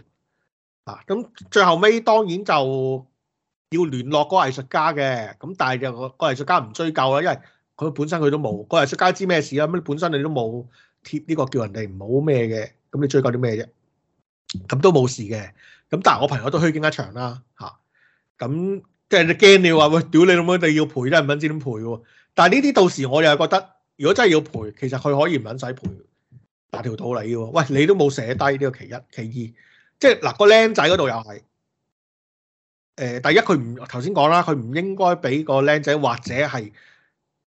啊！咁最後尾當然就要聯絡嗰個藝術家嘅，咁但係嗰個藝術家唔追究啦，因為佢本身佢都冇、嗰個藝術家知咩事啊？咁你本身你都冇貼呢個叫人哋唔好咩嘅，咁你追究啲咩啫？咁都冇事嘅，咁但係我朋友都虛驚一場啦、啊、嚇，咁、啊。即係你驚你話喂，屌你老母，你要賠真係唔撚知點賠喎。但係呢啲到時我又覺得，如果真係要賠，其實佢可以唔撚使賠，大條道理喎。喂，你都冇寫低呢個其一、其二，即係嗱個僆仔嗰度又係，誒、呃、第一佢唔頭先講啦，佢唔應該俾個僆仔或者係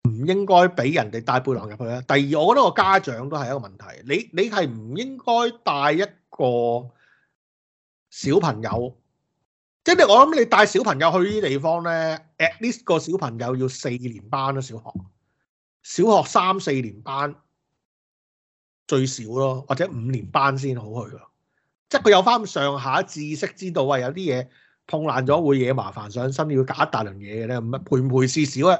唔應該俾人哋帶背囊入去啦。第二，我覺得個家長都係一個問題。你你係唔應該帶一個小朋友。即係我諗你帶小朋友去呢啲地方咧，at least 個小朋友要四年班啦、啊，小學小學三四年班最少咯，或者五年班先好去咯。即係佢有翻上下知識知道喂，有啲嘢碰爛咗會惹麻煩上身，要搞一大輪嘢嘅咧。賠唔賠事少啊？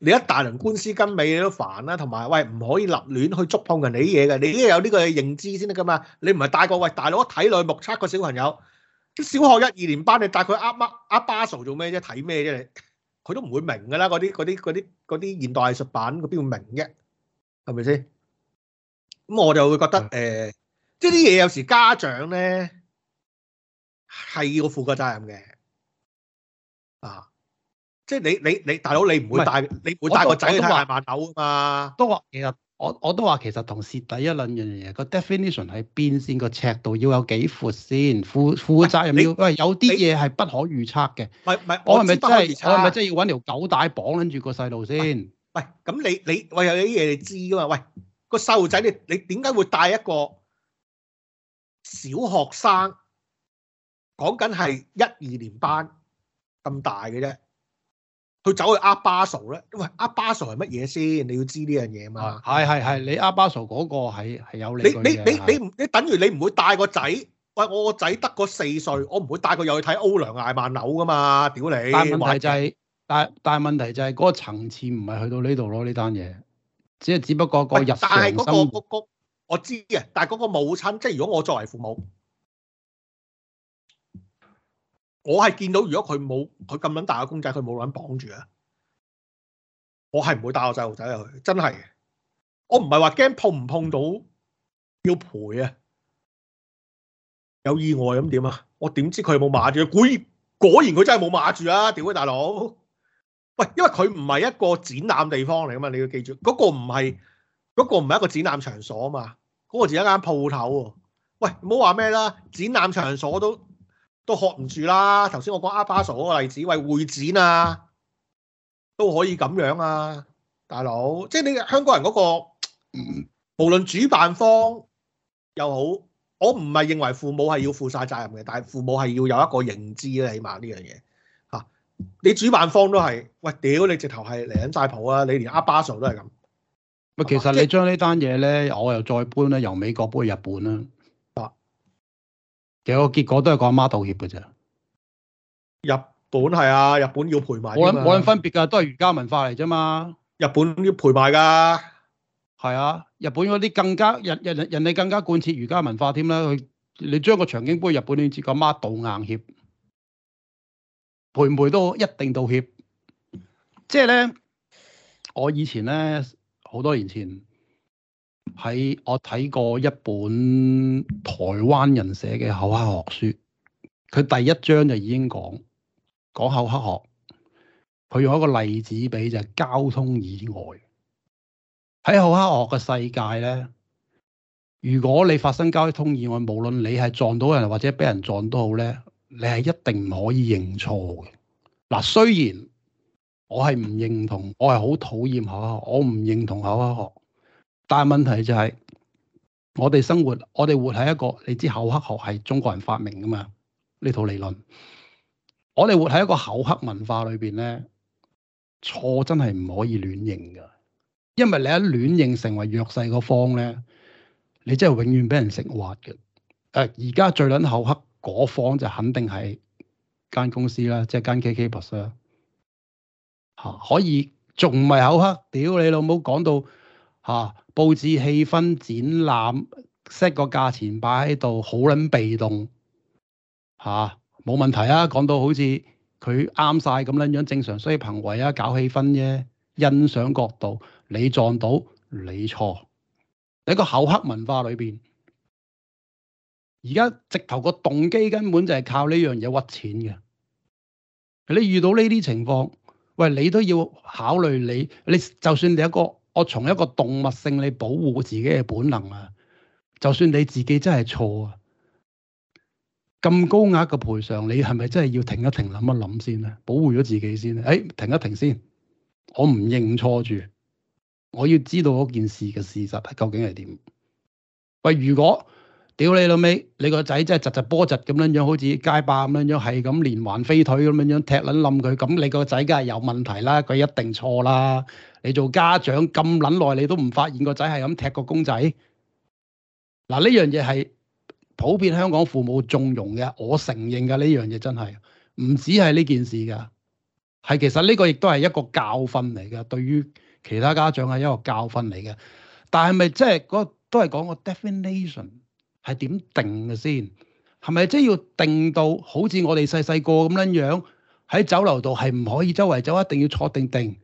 你一大輪官司跟尾你都煩啦、啊，同埋喂唔可以立亂去觸碰人哋啲嘢嘅，你呢要有呢個認知先得噶嘛。你唔係大個喂大佬睇落目測個小朋友。小學一二年班你帶佢握握握巴手做咩啫？睇咩啫？你？佢都唔會明㗎啦，嗰啲啲啲啲現代藝術版，佢邊會明嘅？係咪先？咁我就會覺得誒，即係啲嘢有時家長咧係要負個責任嘅啊！即係你你你大佬你唔會帶你會帶個仔睇下馬豆啊嘛，都話其實。
我我都話其實同蝕底一兩樣嘢，個 definition 喺邊先，個尺度要有幾闊先，負負責任要喂，有啲嘢係不可預測嘅。
唔唔係，我係咪真係我係咪真係要揾條狗帶綁跟住個細路先喂？喂，咁你你我有啲嘢你知噶嘛？喂，喂個細路仔你你點解會帶一個小學生，講緊係一、嗯、二年班咁大嘅啫？佢走去呃巴索因為喂，呃巴索係乜嘢先？你要知呢樣嘢嘛？係係係，你呃巴索嗰個係有你。你你你是你等於你唔會帶個仔。喂，我個仔得個四歲，我唔會帶佢又去睇歐良挨萬樓噶嘛？屌你！但問題就係、是、
者大大問題就係嗰個層次唔係去到呢度咯，呢單嘢，只係只不過
個日常。但係嗰、那個嗰生活 我知嘅，但係嗰個母親，即係如果我作為父母。我係見到如果佢冇佢咁捻大個公仔，佢冇捻綁住啊！我係唔會帶個細路仔入去，真係。我唔係話驚碰唔碰到要賠啊！有意外咁點啊？我點知佢有冇馬住？果然果然佢真係冇馬住啊！屌啊，大佬？喂，因為佢唔係一個展覽地方嚟噶嘛，你要記住，嗰個唔係嗰個唔係一個展覽場所啊嘛，嗰個只係一間鋪頭。喂，唔好話咩啦，展覽場所都。都學唔住啦！頭先我講阿巴嫂嗰個例子，喂會展啊，都可以咁樣啊，大佬，即係你香港人嗰、那個，無論主辦方又好，我唔係認為父母係要負晒責任嘅，但係父母係要有一個認知啊，起碼呢樣嘢嚇，你主辦方都係，喂，屌你直頭係嚟緊晒譜啊！你連阿巴嫂都係咁。咪其實你
將呢單嘢咧，就是，我又再搬啦，由美國搬去日本啦。
其實個結果都係個阿媽道歉嘅啫。日本係啊，日本要賠埋。我諗冇
分別噶，都係儒家文化嚟啫嘛。日本要賠埋噶。係啊，日本嗰啲更加人人人哋更加貫徹儒家文化添啦。佢你將個長頸杯日本，你接個阿媽道硬歉，賠唔賠都一定道歉。即係咧，我以前咧好多年前。喺我睇過一本台灣人寫嘅厚黑學書，佢第一章就已經講講厚黑學，佢用一個例子俾就係、是、交通意外。喺厚黑學嘅世界咧，如果你發生交通意外，無論你係撞到人或者俾人撞都好咧，你係一定唔可以認錯嘅。嗱，雖然我係唔認同，我係好討厭厚黑學，我唔認同厚黑學。但係問題就係、是，我哋生活，我哋活喺一個你知口黑學係中國人發明㗎嘛？呢、這、套、個、理論，我哋活喺一個口黑文化裏邊咧，錯真係唔可以亂認㗎。因為你一亂認成為弱勢嗰方咧，你真係永遠俾人食滑嘅。誒、呃，而家最撚口黑嗰方就肯定係間公司啦，即係間 KK Bus 啦！n、啊、可以仲唔係口黑？屌你老母，講到嚇！啊布置氣氛、展覽 set 個價錢擺喺度，好撚被動嚇，冇、啊、問題啊！講到好似佢啱晒咁樣樣，正常需要憑位啊，搞氣氛啫，啊。欣賞角度，你撞到你錯。喺個厚黑文化裏邊，而家直頭個動機根本就係靠呢樣嘢屈錢嘅。你遇到呢啲情況，喂，你都要考慮你，你就算你一個。我從一個動物性嚟，保護自己嘅本能啊，就算你自己真係錯啊，咁高額嘅賠償，你係咪真係要停一停諗一諗先咧？保護咗自己先咧，誒、哎，停一停先，我唔認錯住，我要知道嗰件事嘅事實係究竟係點。喂，如果？屌你老味，你個仔真係窒窒波窒咁樣樣，好似街霸咁樣樣，係咁連環飛腿咁樣樣踢捻冧佢咁。你個仔梗係有問題啦，佢一定錯啦。你做家長咁捻耐，你都唔發現個仔係咁踢個公仔嗱？呢樣嘢係普遍香港父母縱容嘅，我承認噶，呢樣嘢真係唔止係呢件事噶，係其實呢個亦都係一個教訓嚟噶，對於其他家長係一個教訓嚟嘅。但係咪即係都係講個 definition？係點定嘅先？係咪真要定到好似我哋細細個咁樣樣喺酒樓度係唔可以周圍走，一定要坐定定？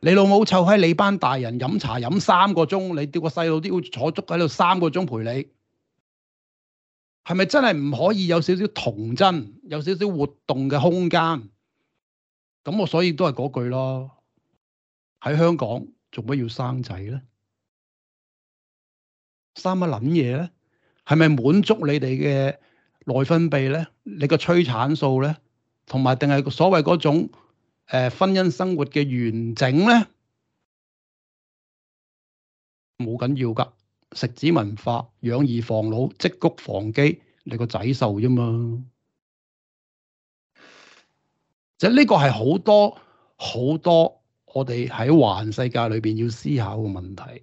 你老母湊喺你班大人飲茶飲三個鐘，你叫個細路都要坐足喺度三個鐘陪你，係咪真係唔可以有少少童真、有少少活動嘅空間？咁我所以都係嗰句咯，喺香港做乜要生仔咧？生乜撚嘢咧？係咪滿足你哋嘅內分泌咧？你個催產素咧，同埋定係所謂嗰種、呃、婚姻生活嘅完整咧？冇緊要噶，食子文化養兒防老，積谷防饑，你個仔受啫嘛。即係呢個係好多好多我哋喺環世界裏邊要思考嘅問題。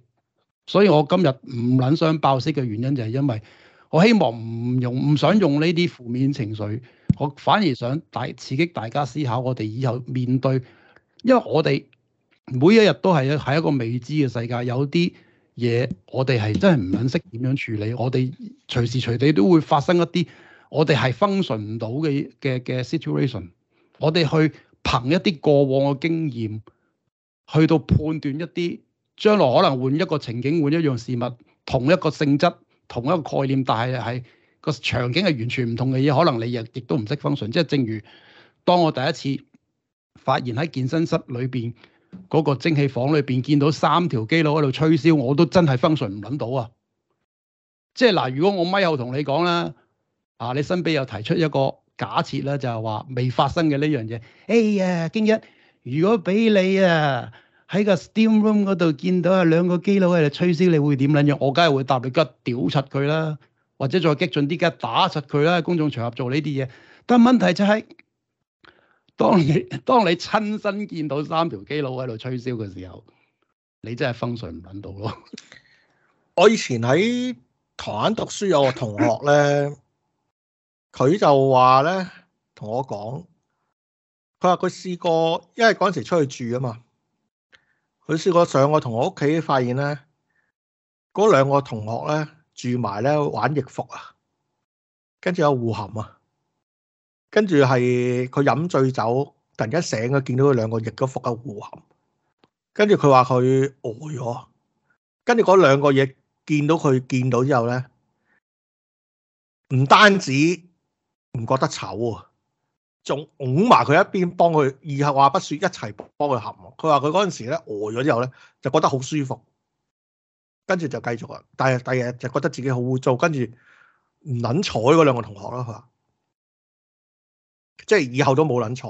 所以我今日唔捻想爆息嘅原因就係因為我希望唔用唔想用呢啲負面情緒，我反而想大刺激大家思考我哋以後面對，因為我哋每一日都係喺一個未知嘅世界，有啲嘢我哋係真係唔捻識點樣處理，我哋隨時隨地都會發生一啲我哋係 function 唔到嘅嘅嘅 situation，我哋去憑一啲過往嘅經驗去到判斷一啲。將來可能換一個情景，換一樣事物，同一個性質，同一個概念，但係係個場景係完全唔同嘅嘢，可能你亦亦都唔識 function。即係正如當我第一次發現喺健身室裏邊嗰個蒸氣房裏邊見到三條基佬喺度吹簫，我都真係 function 唔諗到啊！即係嗱，如果我咪又同你講啦，啊，你身邊又提出一個假設啦，就係話未發生嘅呢樣嘢。哎呀，經一，如果俾你啊～喺個 Steam Room 嗰度見到啊兩個基佬喺度吹簫，你會點撚樣？我梗係會搭你腳屌柒佢啦，或者再激進啲，梗係打柒佢啦！公眾場合做呢啲嘢，但係問題就係，當你當你親身見到三條基佬喺度吹簫嘅時候，你真係風水唔撚到咯。
我以前喺台灣讀書有個同學咧，佢 <laughs> 就話咧同我講，佢話佢試過，因為嗰陣時出去住啊嘛。佢試過上我同學屋企發現咧，嗰兩個同學咧住埋咧玩易服啊，跟住有互含啊，跟住係佢飲醉酒突然間醒啊，見到佢兩個易服嘅有互含，跟住佢話佢呆咗，跟住嗰兩個嘢見到佢見到之後咧，唔單止唔覺得醜。仲擁埋佢一邊幫佢，二話不說一齊幫佢含。佢話佢嗰陣時咧呆咗之後咧，就覺得好舒服，跟住就繼續啦。但係第二日就覺得自己好污糟，跟住唔撚睬嗰兩個同學啦。佢話即係以後都冇撚睬。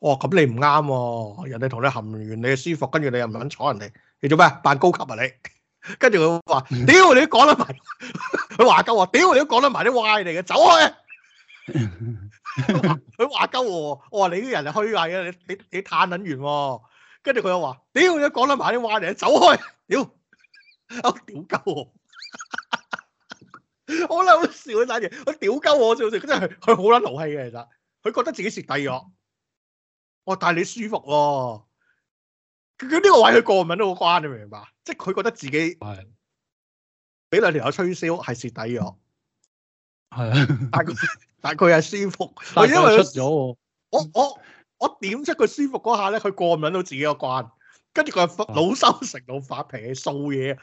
哦，我話咁你唔啱喎，人哋同你含完你舒服，跟住你又唔撚睬人哋，你做咩扮高級啊你？跟住佢話屌你都講得埋，佢話鳩我屌你都講得埋啲壞嚟嘅，走開。佢話鳩我，我話、 <laughs> <laughs> <laughs> 哦、你啲人係虛偽啊，你你你歎撚完，跟住佢又話屌，你講得埋啲話嚟，走開，屌、哎，我屌鳩我，好捻好笑佢打住，我屌鳩我，笑死， <laughs> 佢真係佢好捻勞氣嘅其實，佢覺得自己蝕底咗，我、哦、但係你舒服、啊，佢呢個位佢過敏都好關，你明唔明白？即係佢覺得自己係俾兩條友吹簫係蝕底咗。係啊，但佢但佢係舒服，但係因為出咗我我我點出佢舒服嗰下咧，佢過唔到自己個關，跟住佢老羞成怒發脾氣掃嘢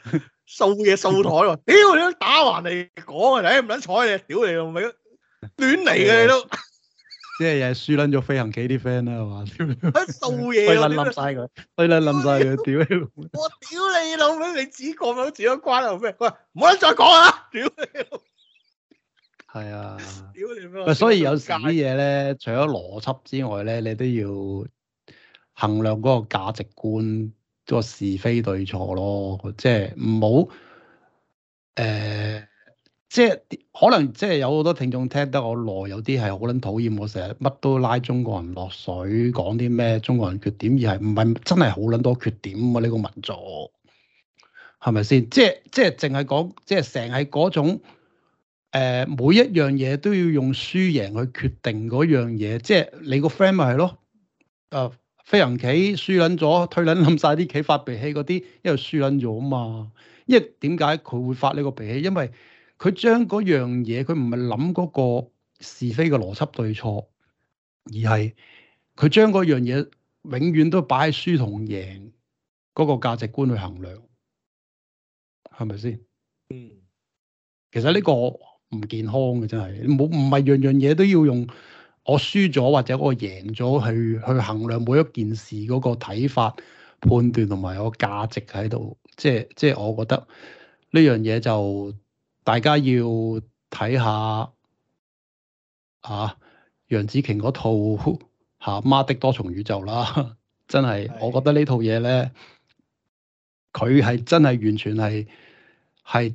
掃嘢掃台喎，屌你打橫嚟講啊，你唔撚睬你，屌你老味，亂嚟嘅你都
即係又係輸捻咗飛行棋啲 friend 啦係嘛，
掃嘢，飛捻冧晒佢，
飛捻冧晒佢，屌你老，
屌你老味，你只過唔到自己個關又咩？喂，唔好再講啊，屌你老！係啊， <laughs> 所以有時
啲嘢咧， <laughs> 除咗邏輯之外咧，你都要衡量嗰個價值觀，嗰個是非對錯咯。即係唔好誒，即係可能即係有好多聽眾聽得我耐，有啲係好捻討厭我成日乜都拉中國人落水，講啲咩中國人缺點，而係唔係真係好捻多缺點啊？呢個民族係咪先？即係即係淨係講，即係成日係嗰種。誒，每一樣嘢都要用輸贏去決定嗰樣嘢，即係你個 friend 咪係咯？誒、呃，飛行棋輸撚咗，推撚冧晒啲棋發脾氣嗰啲，因為輸撚咗啊嘛。因為點解佢會發呢個脾氣？因為佢將嗰樣嘢，佢唔係諗嗰個是非嘅邏輯對錯，而係佢將嗰樣嘢永遠都擺喺輸同贏嗰個價值觀去衡量，係咪先？嗯，其實呢、這個。唔健康嘅，真係冇，唔係樣樣嘢都要用我輸咗或者我贏咗去去衡量每一件事嗰個睇法、判斷同埋個價值喺度，即係即係我覺得呢樣嘢就大家要睇下嚇楊紫瓊嗰套吓《媽的多重宇宙》啦，真係的我覺得呢套嘢咧，佢係真係完全係係。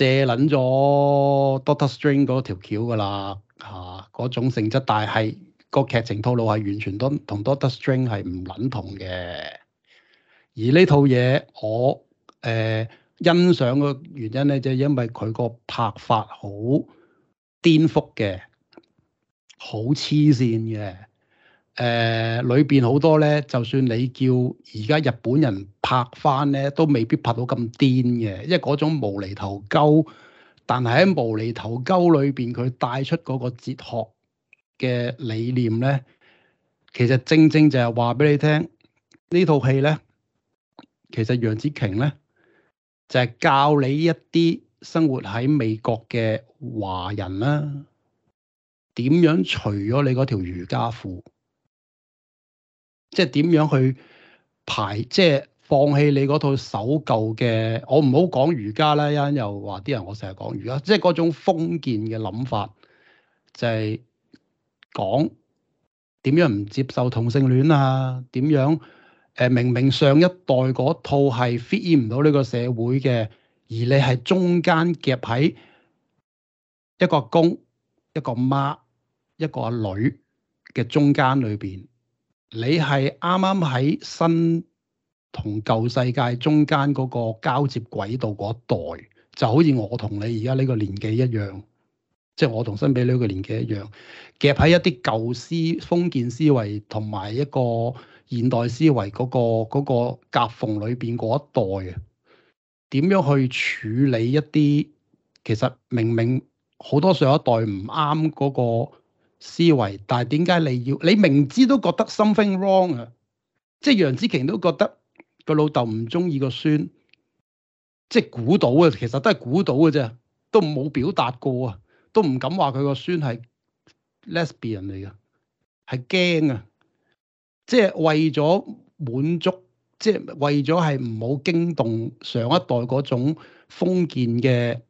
借撚咗 Doctor Strange 嗰條橋㗎喇吓，嗰、啊、種性質，但係、個劇情套路係完全都同 Doctor Strange 係唔撚同嘅。而呢套嘢我誒、呃、欣賞嘅原因咧，就係、因為佢個拍法好顛覆嘅，好黐線嘅。誒裏邊好多咧，就算你叫而家日本人拍返咧，都未必拍到咁癲嘅，因為嗰種無厘頭鳩，但係喺無厘頭鳩裏邊，佢帶出嗰個哲學嘅理念咧，其實正正就係話俾你聽，呢套戲咧，其實楊紫瓊咧就係、是、教你一啲生活喺美國嘅華人啦，點樣除咗你嗰條瑜伽褲。即係點樣去排？即係放棄你嗰套守舊嘅，我唔好講儒家啦。一陣又話啲人我成日講儒家，即係嗰種封建嘅諗法，就係講點樣唔接受同性戀啊？點樣誒、呃？明明上一代嗰套係 fit 唔到呢個社會嘅，而你係中間夾喺一個阿公、一個媽、一個女嘅中間裏邊。你係啱啱喺新同舊世界中間嗰個交接軌道嗰一代，就好似我同你而家呢個年紀一樣，即、就、係、係、我同新比呢個年紀一樣，夾喺一啲舊思封建思維同埋一個現代思維嗰、嗰個嗰、嗰個夾縫裏邊嗰一代啊，點樣去處理一啲其實明明好多上一代唔啱嗰個思維，但係點解你要？你明知都覺得 something wrong 啊！即係楊紫瓊都覺得個老豆唔中意個孫，即係估到啊！其實都係估到嘅啫，都冇表達過啊，都唔敢話佢個孫係 lesbian 嚟噶，係驚啊！即係為咗滿足，即係為咗係唔好驚動上一代嗰種封建嘅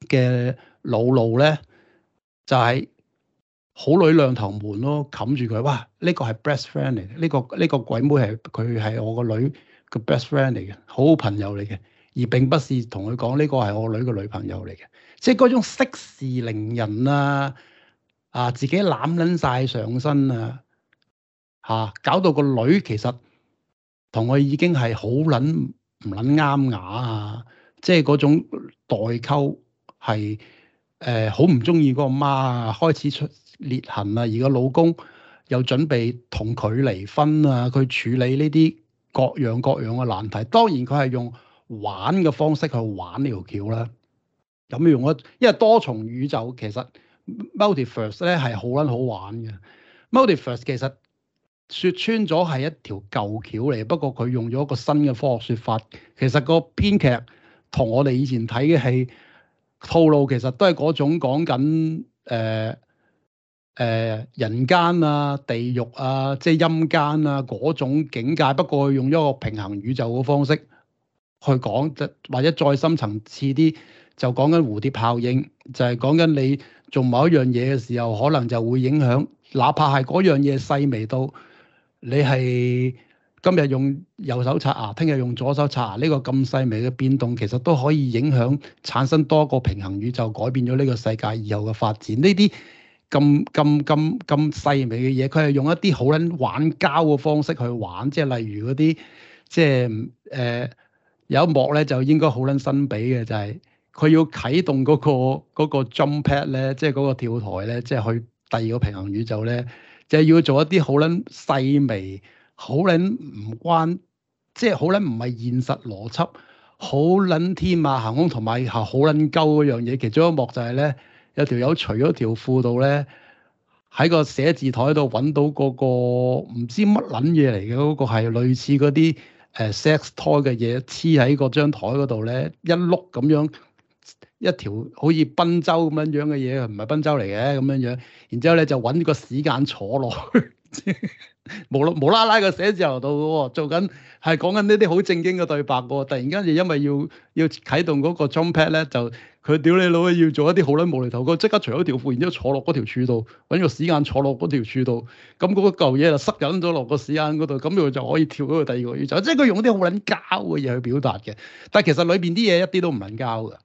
嘅老路咧，就係。好女兩頭門咯、啊，冚住佢。哇！呢、這個係 best friend 嚟，呢、這個呢、這個鬼妹係佢係我個女個 best friend 嚟嘅，好，好朋友嚟嘅，而並不是同佢講呢個係我女嘅女朋友嚟嘅。即係嗰種息事寧人啊，啊，自己攬撚晒上身啊，嚇、啊，搞到個女其實同佢已經係好撚唔撚啱牙啊，即係嗰種代溝係誒好唔中意嗰個媽，媽啊，開始出。裂痕啊！而個老公又準備同佢離婚啊！佢處理呢啲各樣各樣嘅難題，當然佢係用玩嘅方式去玩呢條橋啦。咁用咗，因為多重宇宙其實 Multiverse 咧係好撚好玩嘅。Multiverse 其實説穿咗係一條舊橋嚟，不過佢用咗一個新嘅科學説法。其實個編劇同我哋以前睇嘅戲套路其實都係嗰種講緊誒誒、呃、人間啊、地獄啊、即係陰間啊嗰種境界，不過用一個平行宇宙嘅方式去講，或者再深層次啲，就講緊蝴蝶效應，就係、是、講緊你做某一樣嘢嘅時候，可能就會影響，哪怕係嗰樣嘢細微到你係今日用右手刷牙，聽日用左手刷牙，呢、這個咁細微嘅變動，其實都可以影響產生多個平行宇宙，改變咗呢個世界以後嘅發展，呢啲。咁咁咁咁細微嘅嘢，佢係用一啲好撚玩膠嘅方式去玩，即係例如嗰啲即係誒、呃、有一幕咧，就應該好撚新比嘅，就係、是、佢要啟動、嗰個嗰個 jump pad 咧，即係嗰個跳台咧，即係去第二個平衡宇宙咧，就係要做一啲好撚細微、好撚唔關，即係好撚唔係現實邏輯好撚天馬行空同埋係好撚鳩嗰樣嘢。其中一幕就係咧。有條友除咗條褲度咧，喺個寫字台度揾到嗰個唔知乜撚嘢嚟嘅，嗰個係類似嗰啲誒 sex toy 嘅嘢黐喺嗰張台嗰度咧，一碌咁樣一條好似賓州咁樣嘅嘢，唔係賓州嚟嘅咁樣樣，然之後咧就揾個屎眼坐落去，無啦無啦啦個寫字台度喎，做緊係講緊呢啲好正經嘅對白喎，突然間就因為要要啟動嗰個 jump pad 咧就。佢屌你老味，要做一啲好撚無厘頭，佢即刻除咗條褲，然之後坐落嗰條柱度，揾個屎眼坐落嗰條柱度，咁、那、嗰嚿嘢就塞緊咗落個屎眼嗰度，咁佢就可以跳嗰個第二個宇宙。即係佢用啲好撚膠嘅嘢去表達嘅，但係其實裏邊啲嘢一啲都唔係膠㗎。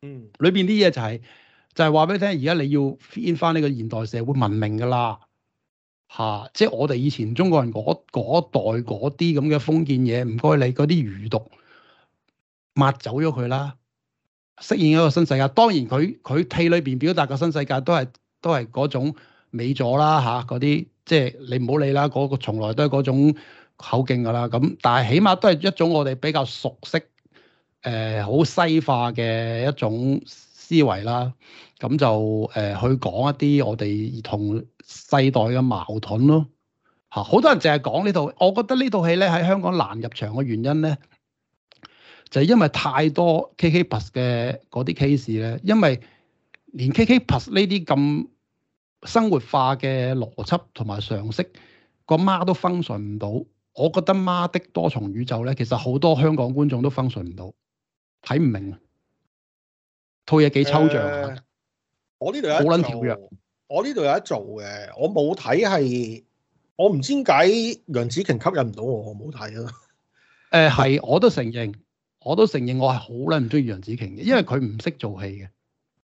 嗯、就是，裏邊啲嘢就係就係話俾你聽，而家你要 fit 翻呢個現代社會文明㗎啦。嚇、啊！即係我哋以前中國人嗰代嗰啲咁嘅封建嘢，唔該你嗰啲餘毒抹走咗佢啦。適應一個新世界，當然佢佢戲裏邊表達個新世界都係都係嗰種美咗啦嚇，嗰啲即係你唔好理啦，嗰、啊嗰個從來都係嗰種口徑噶啦。咁但係起碼都係一種我哋比較熟悉，誒、呃、好西化嘅一種思維啦。咁就誒、呃、去講一啲我哋同世代嘅矛盾咯。嚇、啊，好多人淨係講呢套，我覺得戲呢套戲咧喺香港難入場嘅原因咧。就係因為太多 KK Plus 嘅嗰啲 case 咧，因為連 KK Plus 呢啲咁生活化嘅邏輯同埋常識，個媽，媽都 function 唔到。我覺得媽，媽的多重宇宙咧，其實好多香港觀眾都 function 唔到，睇唔明啊！套嘢幾抽象、呃、
我呢度有好撚條約，我呢度有得做嘅。我冇睇係，我唔知點解楊紫瓊吸引唔到我，我冇睇啦。
誒係、呃但，我都承認。
我都承認我係好撚唔中意楊紫
瓊嘅，因為佢唔識做戲嘅。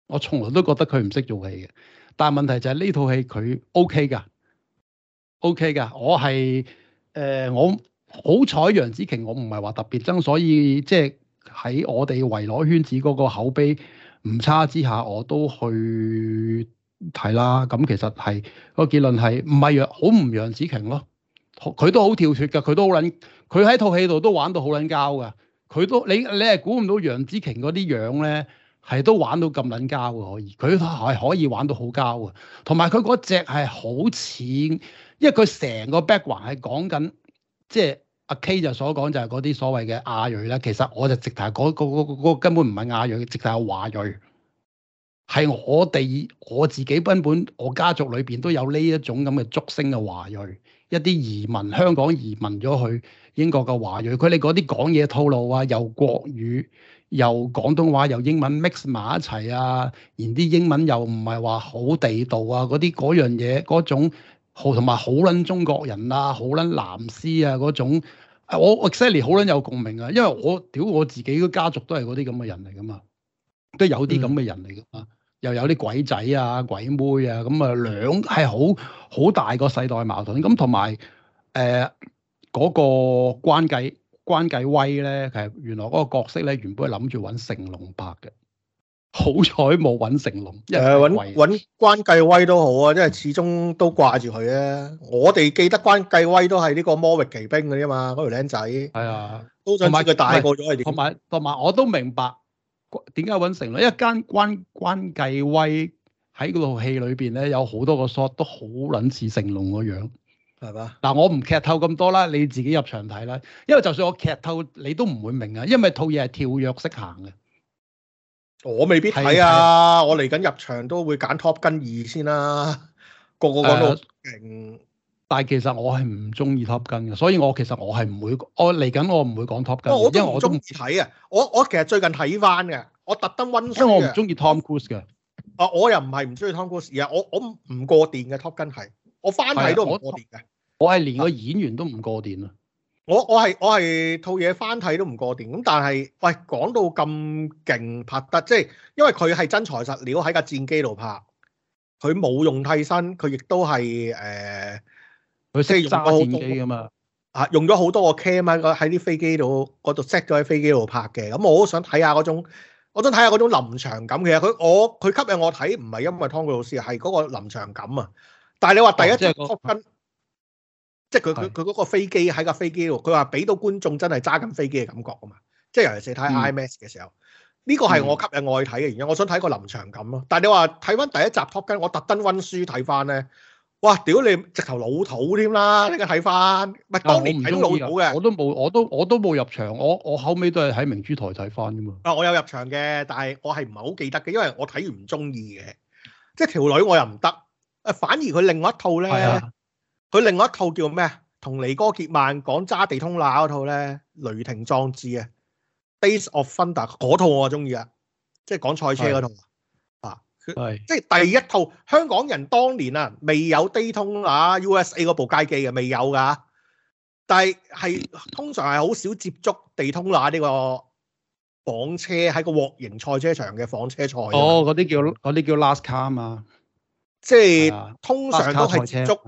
我從來都覺得佢唔識做戲嘅。但係問題就係呢套戲佢 O K 㗎，O K 㗎。我係誒、呃，我好彩楊紫瓊，我唔係話特別憎，所以即係喺我哋圍攞圈子嗰個口碑唔差之下，我都去睇啦。咁其實係、個結論係唔係好唔楊紫瓊咯？佢都好跳脫㗎，佢都好撚，佢喺套戲度都玩到好撚交㗎。佢都你你係估唔到楊紫瓊嗰啲樣咧，係都玩到咁撚膠嘅可以，佢係可以玩到好膠嘅，同埋佢嗰隻係好似，因為佢成個 background 係講緊，即係阿 K 就所講就係嗰啲所謂嘅亞裔啦。其實我就直頭嗰個個個根本唔係亞裔，直頭係華裔，係我哋我自己根本，本我家族裏邊都有呢一種咁嘅竹升嘅華裔。一啲移民香港移民咗去英國嘅華裔，佢哋嗰啲講嘢套路啊，又國語又廣東話又英文 mix 埋一齊啊，而啲英文又唔係話好地道啊，嗰啲嗰樣嘢嗰種好同埋好撚中國人啊、好撚藍絲啊嗰種，我我 exactly 好撚有共鳴啊，因為我屌我自己家族都係嗰啲咁嘅人嚟噶嘛，都有啲咁嘅人嚟㗎嘛。嗯又有啲鬼仔啊、鬼妹啊，咁、嗯、啊兩係好好大個世代矛盾。咁同埋誒嗰個關繼關繼威咧，其實原來嗰個角色咧原本係諗住揾成龍
拍嘅，好彩冇揾成龍。誒揾揾關繼威都好啊，因為始終都掛住佢啊。我哋記得關繼威都係呢個魔域奇兵嘅啫嘛，嗰條靚仔。係啊、哎呀，都想知佢大過咗
係點。同埋同埋我都明白。點解搵成龍？一間關關繼威喺套戲裏邊咧，有好多個 shot 都好撚似成龍個樣，
係
嘛吧？嗱，我唔劇透咁多啦，你自己入場睇啦。因為就算我劇透，你都唔會明啊，因為套嘢係跳躍式行嘅。
我未必睇啊，我嚟緊入場都會揀 Top 跟二先啦。個個講到勁。但係其實我係唔中意 Top Gun 嘅，所以我其實我
係唔會，我嚟緊我唔會講 Top Gun，因為我都唔中意
睇啊！我我其實最近睇翻嘅，我特登温水我唔中意 Tom Cruise 嘅。啊，我又唔係唔中意 Tom Cruise 嘅，我我唔過電嘅 Top Gun 係，我翻睇都唔過電嘅。我係連個演員都唔過電啊！我我係我係套嘢翻睇都唔過電，咁但係喂講到咁勁拍得，即係因為佢係真材實料喺架戰機度拍，佢冇用替身，佢亦都係誒。呃佢識用機啊嘛，啊用咗好多個 cam 喺啲飛機度嗰度 set 咗喺飛機度拍嘅，咁我好想睇下嗰種，我都睇下種臨場感嘅。佢我佢吸引我睇唔係因為湯谷老師，係嗰個臨場感啊。但係你話第一集 Top Gun，哦就是那個、即係佢佢佢嗰個飛機喺架飛機度，佢話俾到觀眾真係揸緊飛機嘅感覺啊嘛。即、就、係、是、尤其是睇 IMAX 嘅時候，呢、嗯、個係我吸引我去睇嘅原因。嗯、我想睇個臨場感咯。但係你話睇翻第一集 Top Gun 我特登温書睇翻咧。哇！屌你，直頭老土添啦！依家睇翻，咪當年睇老土嘅，我都冇，我都我都冇入場，我我後尾都係喺明珠台睇翻啫嘛。啊，我有入場嘅，但係我係唔係好記得嘅，因為我睇完唔中意嘅，即係條女我又唔得。誒，反而佢另外一套咧，佢另外一套叫咩？同尼哥傑曼講揸地通鬧嗰套咧，《雷霆壯志》啊，《Days of Thunder》嗰套我中意啊，即係講賽車嗰套。係，即係第一套香港人當年啊，未有低通拿 USA 嗰部街機嘅，未有噶。但係係通常係好少接觸地通拿呢個房車喺個鑊型賽車場嘅房車賽。哦，嗰
啲叫啲
叫 Last Car 啊，即係通常都係接觸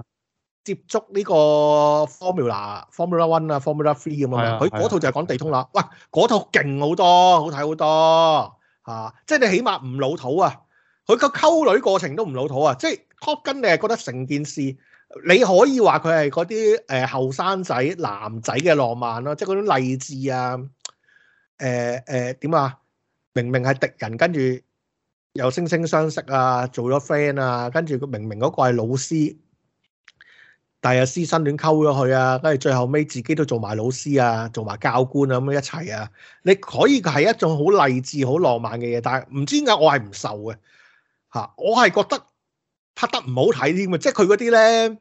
接觸呢個 Formula Formula One 啊 Formula Three 咁啊。佢嗰套就係講地通拿，喂，嗰套勁好多，好睇好多吓。即係你起碼唔老土啊。佢個溝女過程都唔老土啊，即係 Top，跟你係覺得成件事，你可以話佢係嗰啲誒後生仔男仔嘅浪漫咯、啊，即係嗰種勵志啊，誒誒點啊？明明係敵人，跟住又惺惺相惜啊，做咗 friend 啊，跟住佢明明嗰個係老師，但係又師生戀溝咗佢啊，跟住最後尾自己都做埋老師啊，做埋教官啊咁樣一齊啊，你可以係一種好勵志、好浪漫嘅嘢，但係唔知點解我係唔受嘅。吓！我係覺得拍得唔好睇添啊！即係佢嗰啲咧，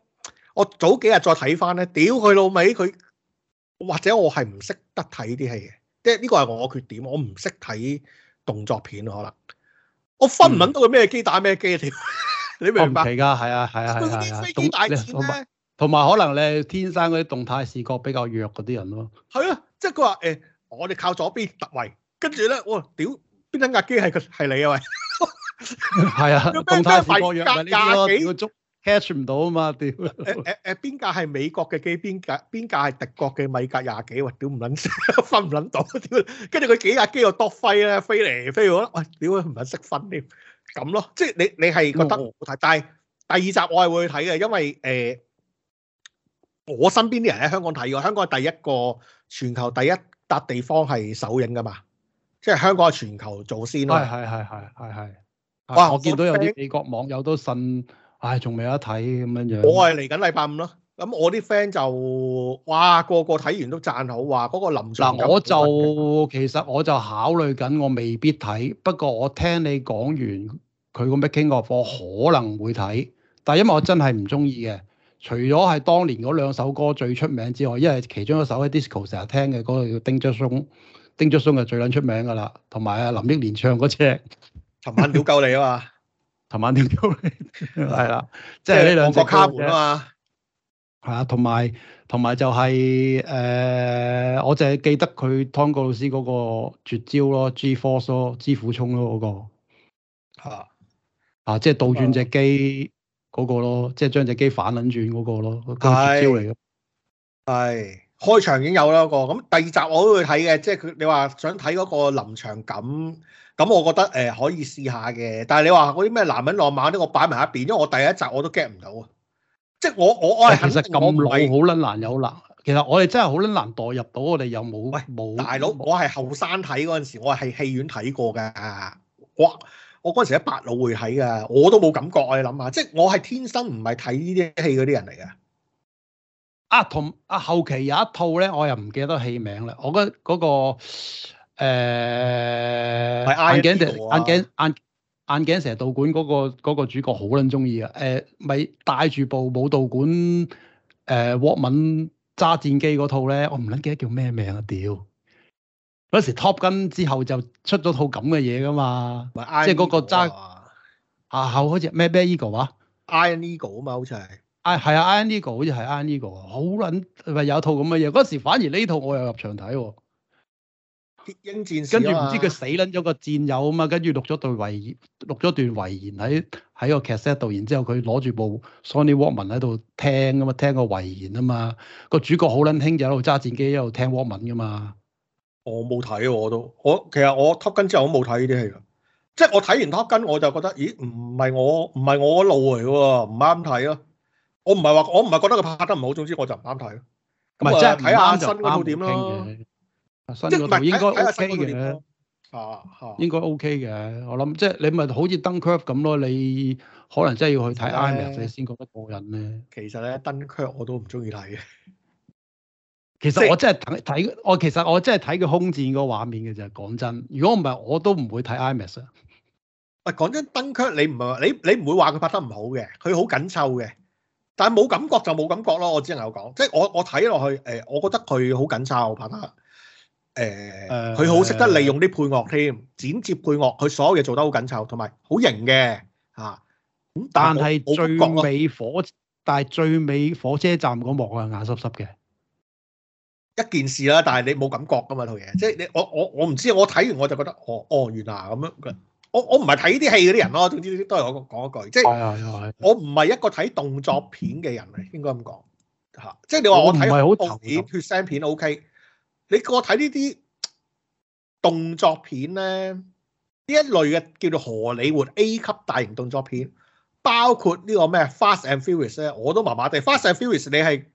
我早幾日再睇翻咧，屌佢老尾佢，或者我係唔識得睇啲戲嘅，即係呢個係我嘅缺點，我唔識睇動作片可能，我分唔到佢咩機打咩機啊！嗯、 <laughs> 你明白？係啊係啊
係啊！同埋、啊啊啊啊啊啊啊、可能咧，天生嗰啲動態視覺比較弱嗰啲人咯。
係、嗯、啊，即係佢話誒，我哋靠左邊突圍，跟住咧，哇、哦！屌邊撚架機係佢係你啊喂！係啊，動態合約幾個鐘 catch 唔到啊嘛，屌！誒誒誒，邊架係美國嘅機，邊架邊架係敵國嘅米格廿幾，喂，屌唔捻分唔捻到，屌！跟住佢幾架機又多飛啦，飛嚟飛去，喂，屌啊，唔捻識分添，咁咯，即係你你係覺得，但係第二集我係會去睇嘅，因為誒我身邊啲人喺香港睇嘅，香港係第一個全球第一笪地方係首映噶嘛，即係香港係全球做先咯，係
係係係係。哇！我見到有啲美
國網友都信，唉、哎，仲
未有得睇咁樣樣。我係
嚟緊禮拜五咯，咁我啲 friend 就哇個個睇完都讚好，話嗰個林俊。嗱，我
就其實我就考慮緊，我未必睇，不過我聽你講完佢個 making of，可能會睇，但係因為我真係唔中意嘅，除咗係當年嗰兩首歌最出名之外，因為其中一首喺 disco 成日聽嘅嗰、嗰個叫丁卓松，丁卓松就最捻出名噶啦，同埋阿林憶蓮唱嗰隻。琴 <laughs> 晚屌鳩你啊嘛，琴晚屌鳩你係啦，即係呢兩隻卡門啊嘛，係啊，同埋同埋就係、是、誒、呃，我淨係記得佢湯哥老師嗰個絕招咯，G force 支付充咯嗰、嗰個，啊，啊，即係倒轉隻機嗰個
咯，即係將隻機反撚轉嗰個咯，嗰
個絕招嚟嘅。係、哎。
哎開場已經有啦個，咁第二集我都會睇嘅，即係佢你話想睇嗰個臨場感，咁我覺得誒、呃、可以試下嘅。但係你話嗰啲咩男人浪漫啲，我擺埋一邊，因為我第一集我都 get 唔到啊！即係我我我係其實咁耐好撚難有難，其實我哋真係好撚難代入到我有有，我哋又冇喂冇。大佬，我係後生睇嗰陣時，我係喺戲院睇過㗎，哇！我嗰陣時喺百老匯睇㗎，我都冇感覺。我諗下，即係我係天生唔係睇呢啲戲嗰啲人嚟嘅。啊，同啊，後期有一套咧，我
又唔記得戲名啦。我覺得嗰、嗰個誒眼鏡，眼鏡眼眼鏡蛇道館嗰個嗰、嗰個主角好撚中意啊。誒咪戴住部武道館誒沃敏揸戰機嗰套咧，我唔撚記得叫咩名啊？屌、呃、嗰時 Top Gun 之後就出咗套咁嘅嘢噶嘛，是 I 即係嗰個揸啊後好似咩咩呢個話 Iron Eagle 啊嘛，好似係。啊，係 a 啱呢個，好似係啱呢個，好卵唔有套咁嘅嘢。嗰時反而呢套我又入場睇
鐵鷹戰士，啊，跟住唔知佢
死捻咗個戰友啊嘛，跟住錄咗段遺錄咗段遺言喺喺個劇 set 度，然之後佢攞住部 Sony Walkman 喺度聽啊嘛，聽個遺言啊嘛。個主角好卵輕就喺度揸戰機，
一路聽 Walkman 噶嘛。我冇睇我都我其實我 cut 跟之後我冇睇呢啲嘅，即係我睇完 cut 跟我就覺得咦唔係我唔係我路嚟嘅，唔啱睇咯。我唔係話我唔係覺得佢拍得唔好，總之我就唔啱睇咯。唔係即係睇下新嗰套點咯，即係唔係睇下新嗰套
點咯。啊吓，啊應該 OK 嘅。我諗即係你咪好似《登 curve》咁咯，你可能真係要去睇 IMAX 先
覺得過癮咧。其實咧，《登 curve》我都唔中意睇嘅。
其實我真係睇、就係、我其實我真係睇佢空戰個畫面嘅就啫。講真，如果唔係我都唔會睇
IMAX。喂，講真，《登 curve》你唔係你你唔會話佢拍得唔好嘅，佢好緊湊嘅。但係冇感覺就冇感覺咯，我只能有講，即係我我睇落去，誒，我覺得佢好緊湊，誒，佢好識得利用啲配樂添，剪接、配樂，佢所有嘢做得好緊湊，同埋好型嘅，吓。咁但係最尾火，但係最尾火車站嗰幕啊，眼濕濕嘅一件事啦，但係你冇感覺㗎嘛套嘢，即係你我我我唔知，我睇完我就覺得，哦哦，原來咁樣。我我唔係睇呢啲戲嗰啲人咯，總之都係我講一句，即係、哎哎、我唔係一個睇動作片嘅人嚟，應該咁講嚇。即係你話我唔係好動作片、血腥片 OK。你個睇呢啲動作片咧，呢一類嘅叫做荷里活 A 級大型動作片，包括呢個咩 Fast and Furious 咧，我都麻麻地。Fast and Furious Fur 你係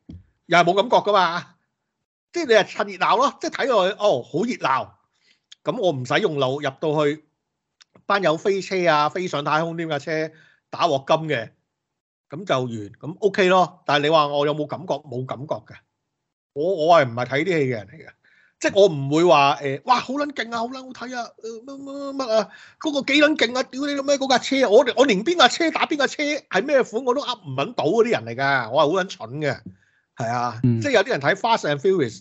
又係冇感覺噶嘛？即係你係趁熱鬧咯，即係睇落去哦，好熱鬧，咁我唔使用，用腦入到去。班有飛車啊，飛上太空呢架車打鑊金嘅，咁就完，咁 OK 咯。但係你話我有冇感覺？冇感覺嘅。我我係唔係睇啲戲嘅人嚟嘅，即係我唔會話誒、欸，哇好撚勁啊，好撚好睇啊，乜乜乜啊，嗰、嗰個幾撚勁啊，屌你咩嗰架車？我我連邊架車打邊架車係咩款我都噏唔撚到嗰啲人嚟㗎。我係好撚蠢嘅，係啊，即係有啲人睇《Fast and Furious》，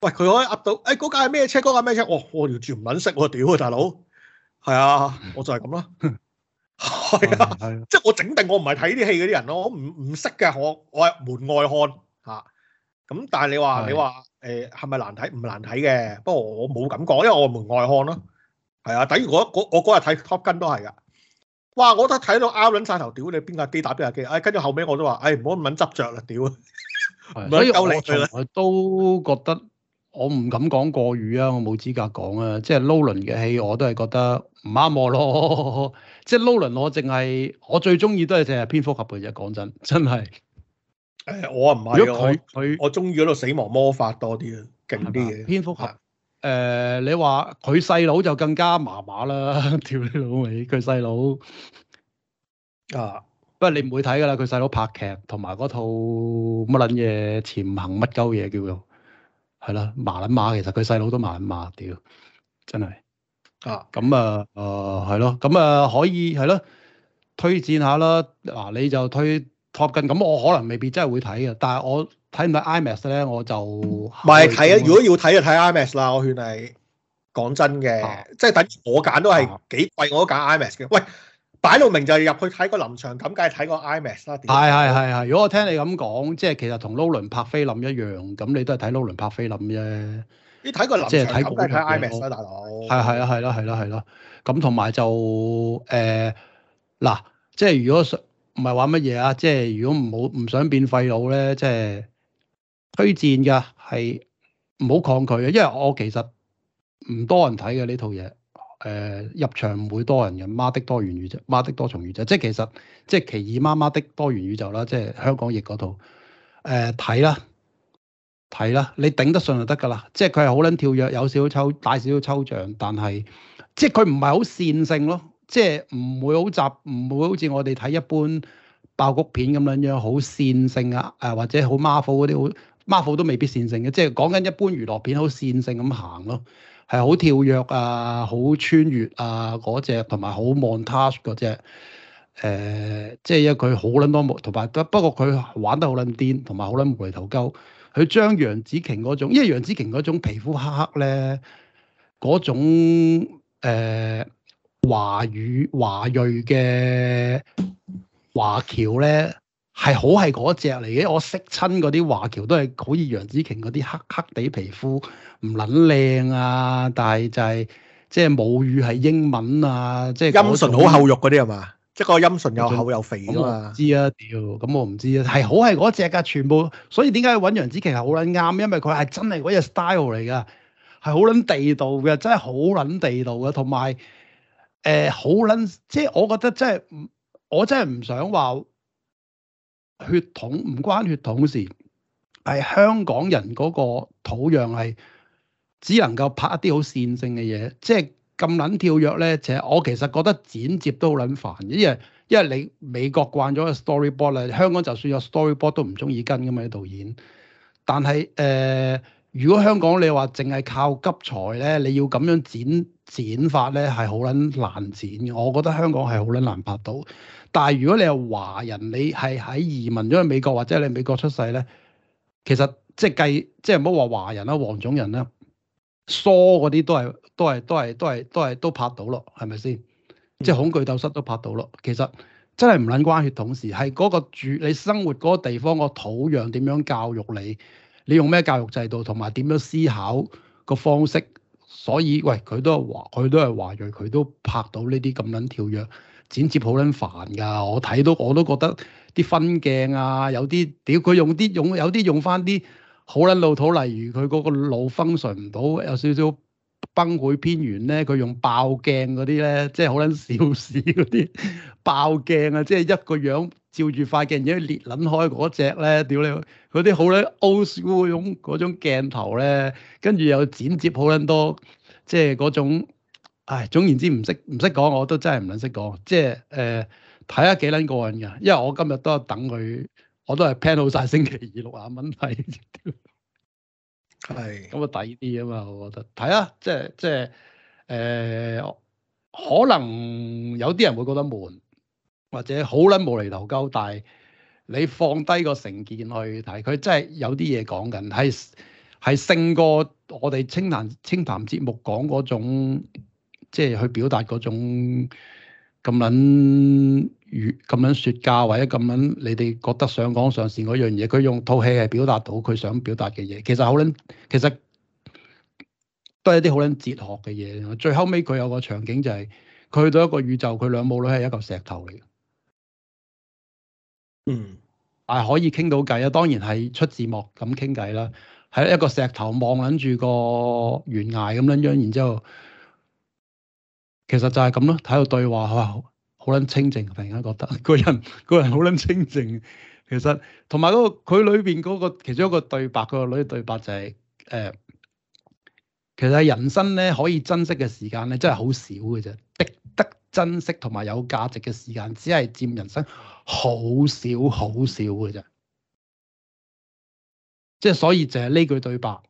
喂佢可以噏到，誒嗰架係咩車？嗰架咩車？我我完全唔撚識我屌佢大佬！係啊，我就係咁咯。係 <laughs> 啊，啊啊即係我整定我唔係睇啲戲嗰啲人咯，我唔唔識嘅，我我係門外漢吓。咁、啊、但係你話、啊、你話誒係咪難睇？唔難睇嘅，不過我冇咁講，因為我門外漢咯。係啊，等於嗰我嗰日睇 Top Gun 都係噶。哇！我都睇到啱捻晒頭，屌你邊架機打邊架機。哎，跟住後尾我都話，哎唔好咁捻執着啦，屌，唔可、啊、以夠力嘅，都覺得。
我唔敢講過語啊，我冇資格講啊。即係 Low 輪嘅戲，我都係覺得唔啱我咯。即係 Low 輪，我淨係我最中意都係淨係蝙蝠俠嘅啫。講真，真係。
誒，我唔係。如果佢佢他，我中意嗰度死亡魔法多啲啊，勁啲嘢。蝙蝠俠。誒 Yeah.、
呃，你話佢細佬就更加麻麻啦， <laughs> 弟弟 <laughs> 啊、你老味。佢細佬。啊！不過你唔會睇噶啦，佢細佬拍劇同埋嗰套乜撚嘢？潛行乜鳩嘢叫做？係啦，麻捻馬，其實佢細佬都麻捻馬，屌，真係。啊，咁啊，誒、呃，係咯，咁啊，可以係咯，推薦下啦。嗱、啊，你就推 Top Gun，咁我可能未必真係會睇嘅，但係我睇唔睇 IMAX 咧，我就咪睇啊。如果
要睇就睇 IMAX 啦，我勸你。講真嘅，啊、即係等於我揀都係幾、啊、貴，我都揀 IMAX 嘅。喂。擺到明就係入去睇個林場咁，梗係睇個 IMAX 啦。係係係
係，如果我聽你咁講，即係其實同勞倫柏菲林一樣，咁你都係睇勞倫柏菲林啫。你
睇個林場咁，梗係睇 IMAX 啦，大佬。係係啦，係
啦，係啦，係啦。咁同埋就誒，嗱，即係如果唔係話乜嘢啊？即係如果唔好唔想變廢佬咧，即係推薦嘅，係唔好抗拒啊！因為我其實唔多人睇嘅呢套嘢。誒、呃、入場唔會多人嘅，媽的多元宇宙，媽的多重宇宙，即係其實即係奇異媽媽的多元宇宙、呃、啦，即係香港譯嗰套睇啦，睇啦，你頂得順就得㗎啦，即係佢係好撚跳躍，有少少抽，大少少抽象，但係即係佢唔係好線性咯，即係唔會，會好雜，唔會好似我哋睇一般爆谷片咁樣樣好線性啊，誒、呃、或者好 Marvel 嗰啲好 Marvel 都未必線性嘅，即係講緊一般娛樂片好線性咁行咯。係好跳躍啊，好穿越啊嗰隻，同埋好 montage 嗰隻，誒、呃，即係因為佢好撚多，同埋不不過佢玩得好撚癲，同埋好撚無厘頭鳩，佢將楊紫瓊嗰種，因為楊紫瓊嗰種皮膚黑黑咧，嗰種誒、呃、華語華裔嘅華僑咧。係好係嗰隻嚟嘅，我識親嗰啲華僑都係好似楊紫瓊嗰啲黑黑哋皮膚唔撚靚啊，但係就係、係、即係母語係英文啊，
即係陰唇好厚肉嗰啲係嘛？
即、那、係個陰唇又厚又肥啊嘛？知啊，屌咁我唔知啊，係好係嗰隻㗎，全部，所以點解要揾楊紫瓊係好撚啱？因為佢係真係嗰隻 style 嚟㗎，係好撚地道嘅，真係好撚地道嘅，同埋誒好撚即係我覺得即係我真係唔想話。血統唔關血統事，係香港人嗰個土壤係只能夠拍一啲好線性嘅嘢，即係咁撚跳躍咧。就我其實覺得剪接都好撚煩，因為因為你美國慣咗個 storyboard 啦，香港就算有 storyboard 都唔中意跟噶嘛啲導演，但係誒。呃如果香港你話淨係靠急才咧，你要咁樣剪剪法咧係好撚難剪嘅，我覺得香港係好撚難拍到。但係如果你係華人，你係喺移民咗去美國或者你美國出世咧，其實即係計即係唔好話華人啦，黃種人啦，疏嗰啲都係都係都係都係都係都拍到咯，係咪先？即係恐懼鬥室都拍到咯。其實真係唔撚關血統事，係嗰個住你生活嗰個地方個土壤點樣教育你。你用咩教育制度同埋點樣思考個方式？所以喂，佢都係華，佢都係華裔，佢都拍到呢啲咁撚跳躍剪接好撚煩㗎。我睇到我都覺得啲分鏡啊，有啲屌佢用啲用有啲用返啲好撚老土，例如佢嗰個腦分純唔到，有少少。崩潰邊緣咧，佢用爆鏡嗰啲咧，即係好撚小事嗰啲爆鏡啊！即係一個樣照住塊鏡，然後裂撚開嗰隻咧，屌你！嗰啲好撚 Old School 嗰種嗰種鏡頭咧，跟住又剪接好撚多，即係嗰種。唉，總言之唔識唔識講，我都真係唔撚識講。即係誒，睇、呃、下幾撚過癮㗎。因為我今日都等佢，我都係 plan 好晒星期二六廿蚊睇。 <laughs> 係咁啊，抵啲啊嘛，我覺得睇啊，即係即係，誒、呃，可能有啲人會覺得悶，或者好撚無厘頭鳩，但係你放低個成件去睇，佢真係有啲嘢講緊，係係勝過我哋清談清談節目講嗰種，即係去表達嗰種咁撚。如咁樣説教，或者咁樣你哋覺得想講上市嗰樣嘢，佢用套戲係表達到佢想表達嘅嘢。其實好撚，其實都係啲好撚哲學嘅嘢。最後尾佢有個場景就係佢去到一個宇宙，佢兩母女係一個石頭嚟嘅。嗯，係可以傾到偈啊！當然係出字幕咁傾偈啦。係一個石頭望撚住個懸崖咁樣，然之後其實就係咁咯，睇到對話係嘛？好撚清靜，突然間覺得個人個人好撚清靜。其實同埋，嗰個佢裏邊嗰個其中一個對白，個女對白就係、是、誒、呃，其實人生咧可以珍惜嘅時間咧，真係好少嘅啫。值得珍惜同埋有價值嘅時間，只係占人生好少好少嘅啫。即係所以就係呢句對白。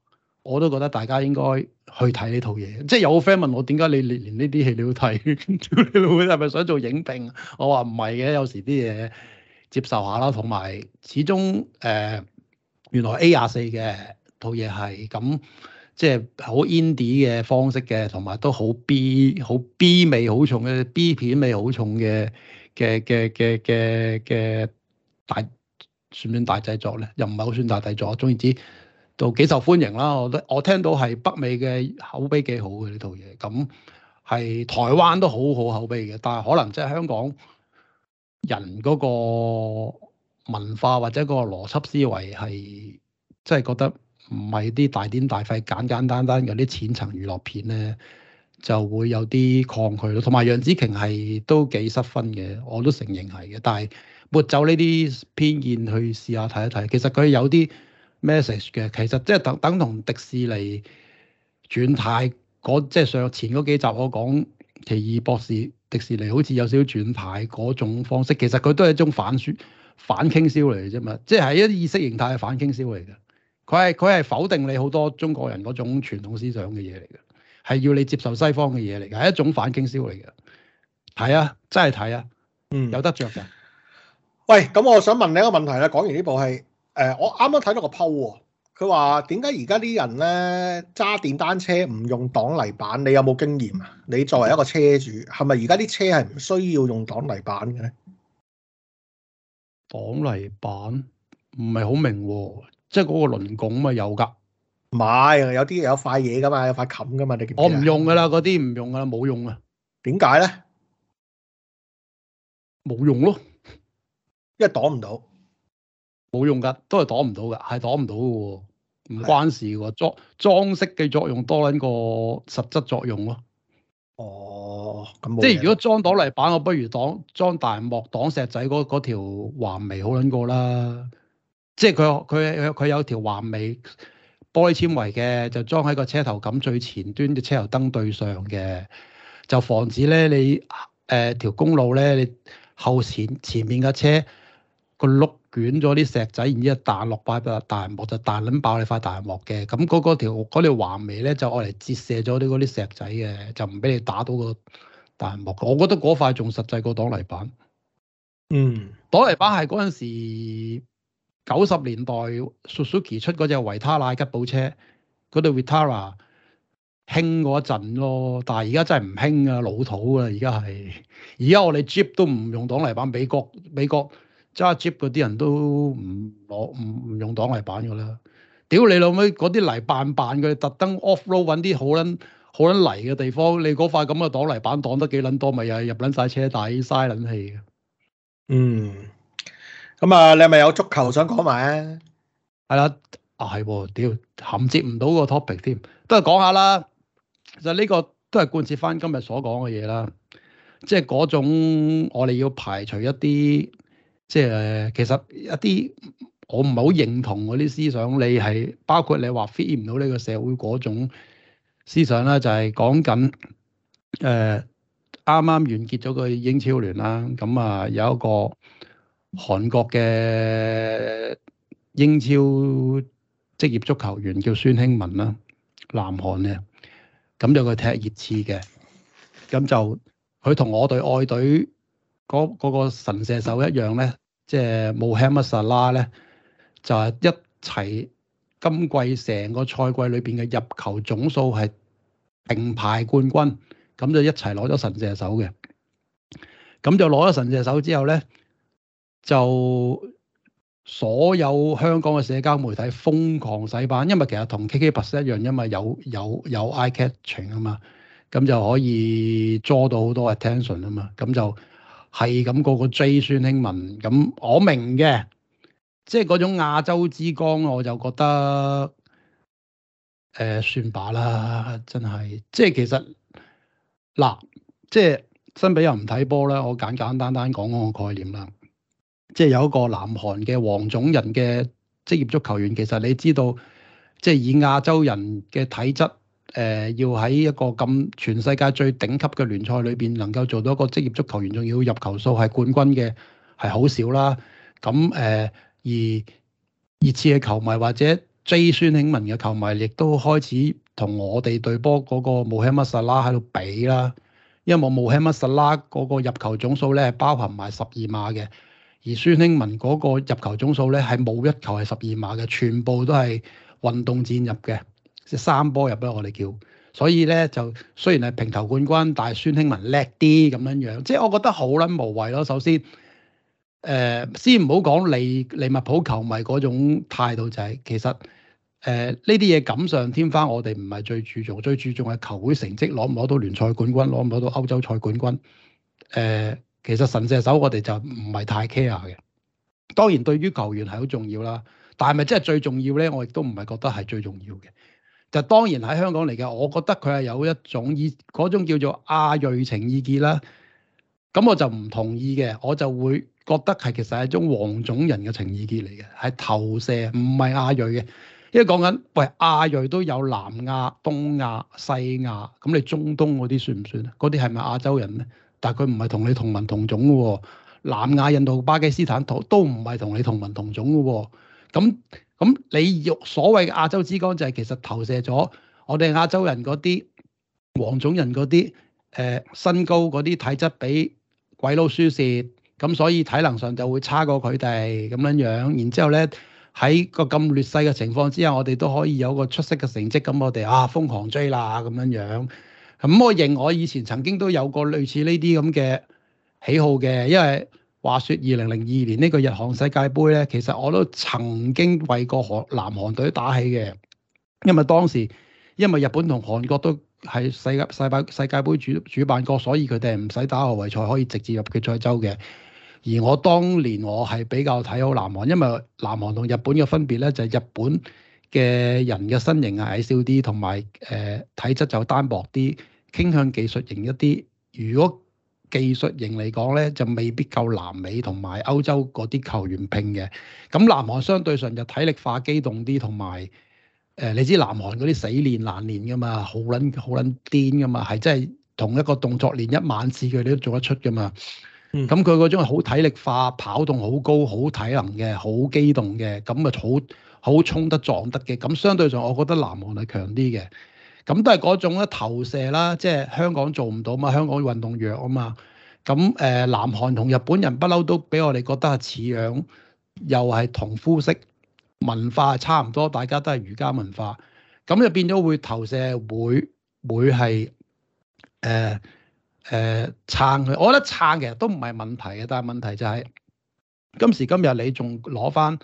我都覺得大家應該去睇呢套嘢，即係有個 friend 問我點解你連連呢啲戲都 <laughs> 你都睇，係咪想做影評？我話唔係嘅，有時啲嘢接受下啦。同埋始終誒、呃，原來 A 廿四嘅套嘢係咁，即係好 indie 嘅方式嘅，同埋都好 B 好 B 味好重嘅 B 片味好重嘅嘅嘅嘅嘅嘅大算唔算大製作咧？又唔係好算大製作，總之。都幾受歡迎啦！我覺得我聽到係北美嘅口碑幾好嘅呢套嘢，咁係台灣都好好口碑嘅，但係可能即係香港人嗰個文化或者個邏輯思維，係即係覺得唔係啲大癲大廢，簡簡單單有啲淺層娛樂片咧，就會有啲抗拒咯。同埋楊紫瓊係都幾失分嘅，我都承認係嘅，但係抹走呢啲偏見去試下睇一睇，其實佢有啲。message 嘅，其實即係等等同迪士尼轉態嗰即係上前嗰幾集，我講奇異博士，迪士尼好似有少少轉態嗰種方式，其實佢都係一種反宣、反傾銷嚟嘅啫嘛。即係一啲意識形態嘅反傾銷嚟嘅，佢係佢係否定你好多中國人嗰種傳統思想嘅嘢嚟嘅，係要你接受西方嘅嘢嚟嘅，係一種反傾銷嚟嘅。
係啊，真係睇啊，嗯，有得着㗎。喂，咁我想問你一個問題啦，講完呢部戲。誒、呃，我啱啱睇到個 post 喎，佢話點解而家啲人咧揸電單車唔用擋泥板？你有冇經驗啊？你作為一個車主，係咪而家啲車係唔需要用擋泥板嘅咧？擋泥板唔係好明喎，即係嗰個輪拱嘛，有㗎。唔係啊，有啲有塊嘢㗎嘛，有塊冚㗎嘛。你我唔用
㗎啦，嗰啲唔用㗎啦，冇用啊。點解咧？冇用咯，因為擋唔到。冇用噶，都係擋唔到噶，係擋唔到嘅，唔關事嘅，裝裝飾嘅作用多捻過實質作用咯。哦，咁即係如果裝擋泥板，我不如擋裝大幕擋石仔嗰嗰條橫眉好捻過啦。即係佢佢佢有條橫眉玻璃纖維嘅，就裝喺個車頭咁最前端嘅車頭燈對上嘅，就防止咧你誒條、呃、公路咧你後前前面嘅車。佢碌捲咗啲石仔，然之後彈落塊大彈幕就彈撚爆你塊彈幕嘅。咁嗰嗰條嗰條橫眉咧就用嚟折射咗啲嗰啲石仔嘅，就唔俾你打到個彈幕。我覺得嗰塊仲實際過擋泥板。
嗯，
擋泥板係嗰陣時九十年代 Suzuki 出嗰隻維他奶吉普車嗰度 Vitara 興過一陣咯，但係而家真係唔興啊，老土啊，而家係而家我哋 Jeep 都唔用擋泥板，美國美國。揸 jeep 嗰啲人都唔攞唔唔用擋泥板噶啦，屌你老母嗰啲泥板板佢特登 off road 揾啲好卵好卵泥嘅地方，你嗰塊咁嘅擋泥板擋得幾卵多咪又入卵晒車底，嘥卵氣嘅。
嗯，咁啊，你
係咪有足球想講埋啊？係啦，啊係，屌銜接唔到個 topic 添，都係講下啦。其實呢個都係貫徹翻今日所講嘅嘢啦，即係嗰種我哋要排除一啲。即係其實一啲我唔係好認同嗰啲思想，你係包括你話 feel 唔到呢個社會嗰種思想啦，就係講緊誒啱啱完結咗個英超聯啦，咁啊有一個韓國嘅英超職業足球員叫孫興民啦，南韓嘅，咁有個踢熱刺嘅，咁就佢同我對愛隊嗰個神射手一樣咧。即係 Mo Salah 咧，就係、是、一齊今季成個賽季裏邊嘅入球總數係並排冠軍，咁就一齊攞咗神射手嘅。咁就攞咗神射手之後咧，就所有香港嘅社交媒體瘋狂洗版，因為其實同 KK 巴士一樣，因為有有有 eye catching 啊嘛，咁就可以捉到好多 attention 啊嘛，咁就。係咁，個個追孫興慜咁、啊，我明嘅，即係嗰種亞洲之光，我就覺得誒、呃、算把啦，真係，即係其實嗱，即係新比又唔睇波啦，我簡簡單單講嗰個概念啦，即係有一個南韓嘅黃種人嘅職業足球員，其實你知道，即係以亞洲人嘅體質。誒、呃、要喺一個咁全世界最頂級嘅聯賽裏邊，能夠做到一個職業足球員，仲要入球數係冠軍嘅，係好少啦。咁誒、呃、而熱刺嘅球迷或者 J. 孫興文嘅球迷，亦都開始同我哋對波嗰個穆希馬沙拉喺度比啦。因為我穆希馬沙拉嗰個入球總數咧，包含埋十二碼嘅；而孫興文嗰個入球總數咧，係冇一球係十二碼嘅，全部都係運動戰入嘅。即三波入啦，我哋叫，所以咧就雖然係平頭冠軍，但係孫興慜叻啲咁樣樣，即係我覺得好撚無謂咯。首先，誒、呃、先唔好講利利物浦球迷嗰種態度就係、是，其實誒呢啲嘢錦上添花，我哋唔係最注重，最注重係球會成績攞唔攞到聯賽冠軍，攞唔攞到歐洲賽冠軍。誒、呃，其實神射手我哋就唔係太 care 嘅。當然對於球員係好重要啦，但係咪真係最重要咧？我亦都唔係覺得係最重要嘅。就當然喺香港嚟嘅，我覺得佢係有一種意嗰種叫做亞裔情意結啦。咁我就唔同意嘅，我就會覺得係其實係一種黃種人嘅情意結嚟嘅，係投射，唔係亞裔嘅。因為講緊喂亞裔都有南亞、東亞、西亞，咁你中東嗰啲算唔算啊？嗰啲係咪亞洲人咧？但係佢唔係同你同民同種嘅喎、哦。南亞印度、巴基斯坦都都唔係同你同文同種嘅喎、哦。咁咁你要所謂嘅亞洲之光，就係其實投射咗我哋亞洲人嗰啲黃種人嗰啲誒身高嗰啲體質比鬼佬輸蝕，咁所以體能上就會差過佢哋咁樣樣。然之後咧喺個咁劣勢嘅情況之下，我哋都可以有個出色嘅成績。咁我哋啊瘋狂追啦咁樣樣。咁我認我以前曾經都有過類似呢啲咁嘅喜好嘅，因為。話説二零零二年呢個日韓世界盃咧，其實我都曾經為過韓南韓隊打氣嘅，因為當時因為日本同韓國都係世界世界世界盃主主辦國，所以佢哋唔使打外圍賽可以直接入決賽周嘅。而我當年我係比較睇好南韓，因為南韓同日本嘅分別咧，就係、是、日本嘅人嘅身形係矮少啲，同埋誒體質就單薄啲，傾向技術型一啲。如果技術型嚟講咧，就未必夠南美同埋歐洲嗰啲球員拼嘅。咁南韓相對上就體力化、機動啲，同埋誒你知南韓嗰啲死練、難練噶嘛，好撚好撚癲噶嘛，係真係同一個動作練一萬次佢哋都做得出噶嘛。咁佢嗰種好體力化、跑動好高、好體能嘅、好機動嘅，咁啊好好衝得撞得嘅。咁相對上我覺得南韓係強啲嘅。咁都係嗰種咧投射啦，即係香港做唔到嘛，香港運動弱啊嘛。咁誒、呃，南韓同日本人不嬲都俾我哋覺得係似樣，又係同膚色文化差唔多，大家都係儒家文化。咁就變咗會投射會，會會係誒誒撐佢。我覺得撐其實都唔係問題嘅，但係問題就係、係、今時今日你仲攞翻，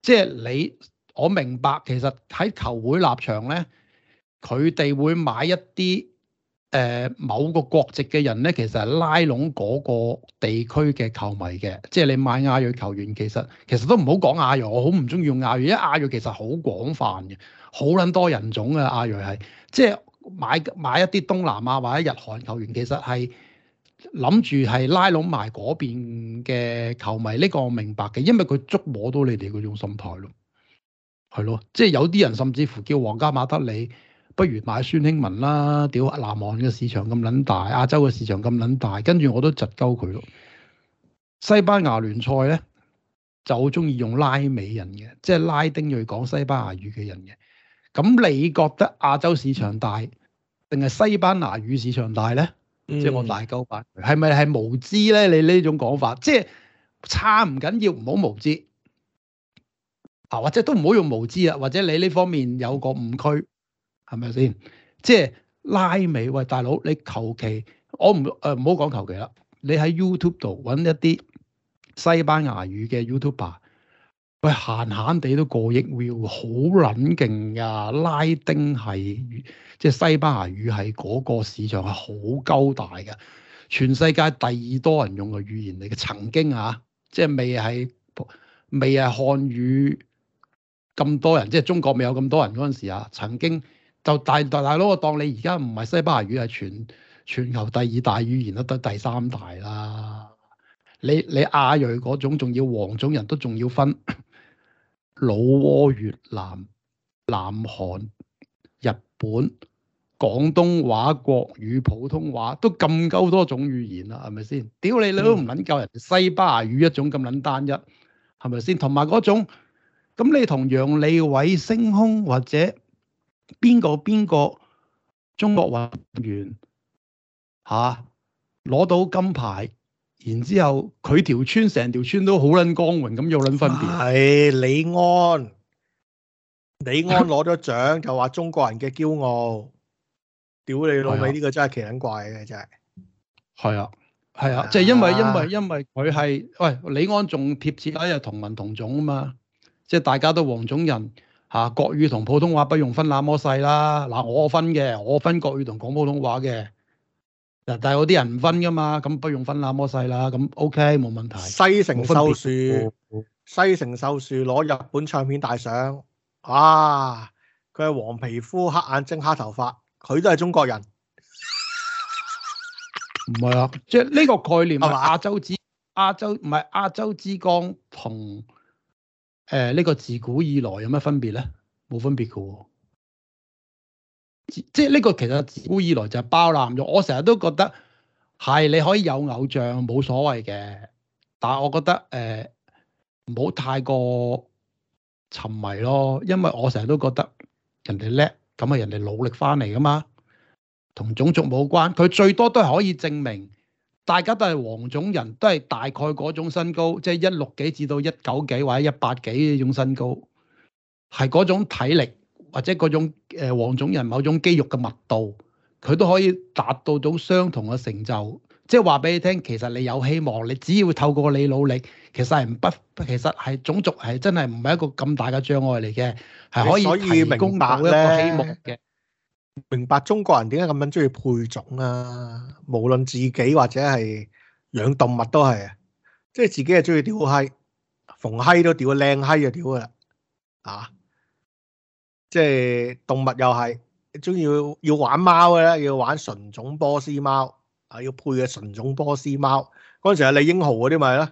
即係你我明白其實喺球會立場咧。佢哋會買一啲誒、呃、某個國籍嘅人咧，其實係拉攏嗰個地區嘅球迷嘅。即係你買亞裔球員，其實其實都唔好講亞裔，我好唔中意用亞裔，因為亞裔其實好廣泛嘅，好撚多人種嘅亞裔係。即係買買一啲東南亞或者日韓球員，其實係諗住係拉攏埋嗰邊嘅球迷。呢個我明白嘅，因為佢捉摸到你哋嗰種心態咯。係咯，即係有啲人甚至乎叫皇家馬德里。不如買孫興文啦！屌南韓嘅市場咁撚大，亞洲嘅市場咁撚大，跟住我都窒鳩佢咯。西班牙聯賽咧就好中意用拉美人嘅，即係拉丁裔講西班牙語嘅人嘅。咁你覺得亞洲市場大定係西班牙語市場大咧、嗯？即係我大鳩版係咪係無知咧？你呢種講法即係差唔緊要，唔好無知啊，或者都唔好用無知啊，或者你呢方面有個誤區。係咪先？即係拉美喂，大佬你求其，我唔誒唔好講求其啦。你喺 YouTube 度揾一啲西班牙語嘅 YouTuber，喂，閒閒地都過億 view，會好撚勁㗎。拉丁係即係西班牙語係嗰個市場係好鳩大嘅，全世界第二多人用嘅語言嚟嘅。曾經啊，即係未係未係漢語咁多人，即係中國未有咁多人嗰陣時啊，曾經。就大大大佬，我當你而家唔係西班牙語係全全球第二大語言都得，第三大啦。你你亞裔嗰種仲要黃種人，都仲要分老撾、越南、南韓、日本、廣東話、國語、普通話，都咁鳩多種語言啦，係咪先？屌你，你都唔撚夠人，西班牙語一種咁撚單一，係咪先？同埋嗰種咁，你同楊利偉、升空或者？邊個邊個中國運動員吓攞、啊、到金牌，然之後佢條村成條村都好捻光榮咁有捻分別。係、
哎、李安，李安攞咗獎就話中國人嘅驕傲。屌你老味呢、啊、個真係奇捻怪嘅真係。係啊係啊，
即係、啊啊、因為因為因為佢係喂李安仲貼切，係啊同文同種啊嘛，即、就、係、是、大家都黃種人。嚇、啊，國語同普通話不用分那麼細啦。嗱、啊，我分嘅，我分國語同講普通話嘅。嗱，但係有啲人唔分㗎嘛，
咁不用分那麼細啦。咁 OK，冇問題。西城秀，秀樹，西城秀樹攞日本唱片大賞。啊，佢係黃皮膚、黑眼睛、黑頭髮，佢都係中國人。
唔係啊，即係呢個概念係亞洲之是是、啊、亞洲，唔係亞洲之光同。誒呢、呃這個自古以來有咩分別咧？冇分別嘅喎，即係呢個其實自古以來就係包男用。我成日都覺得係你可以有偶像冇所謂嘅，但係我覺得誒唔好太過沉迷咯，因為我成日都覺得人哋叻咁啊，人哋努力翻嚟噶嘛，同種族冇關，佢最多都係可以證明。大家都係黃種人，都係大概嗰種身高，即係一六幾至到一九幾或者一八幾呢種身高，係嗰種體力或者嗰種誒、呃、黃種人某種肌肉嘅密度，佢都可以達到到相同嘅成就。即係話俾你聽，其實你有希望，你只要透過你努力，其實係唔，其實係種族係真係唔係一個咁大嘅障礙嚟嘅，
係可以提供一個希望嘅。所以所以
明白中國人點解咁樣中意配種啊？無論自己或者係養動物都係啊，即係自己係中意屌閪，逢閪都屌，靚閪就屌噶啦，啊！即係動物又係中意要玩貓咧，要玩純種波斯貓啊，要配嘅純種波斯貓嗰陣時係，李英豪嗰啲咪咯，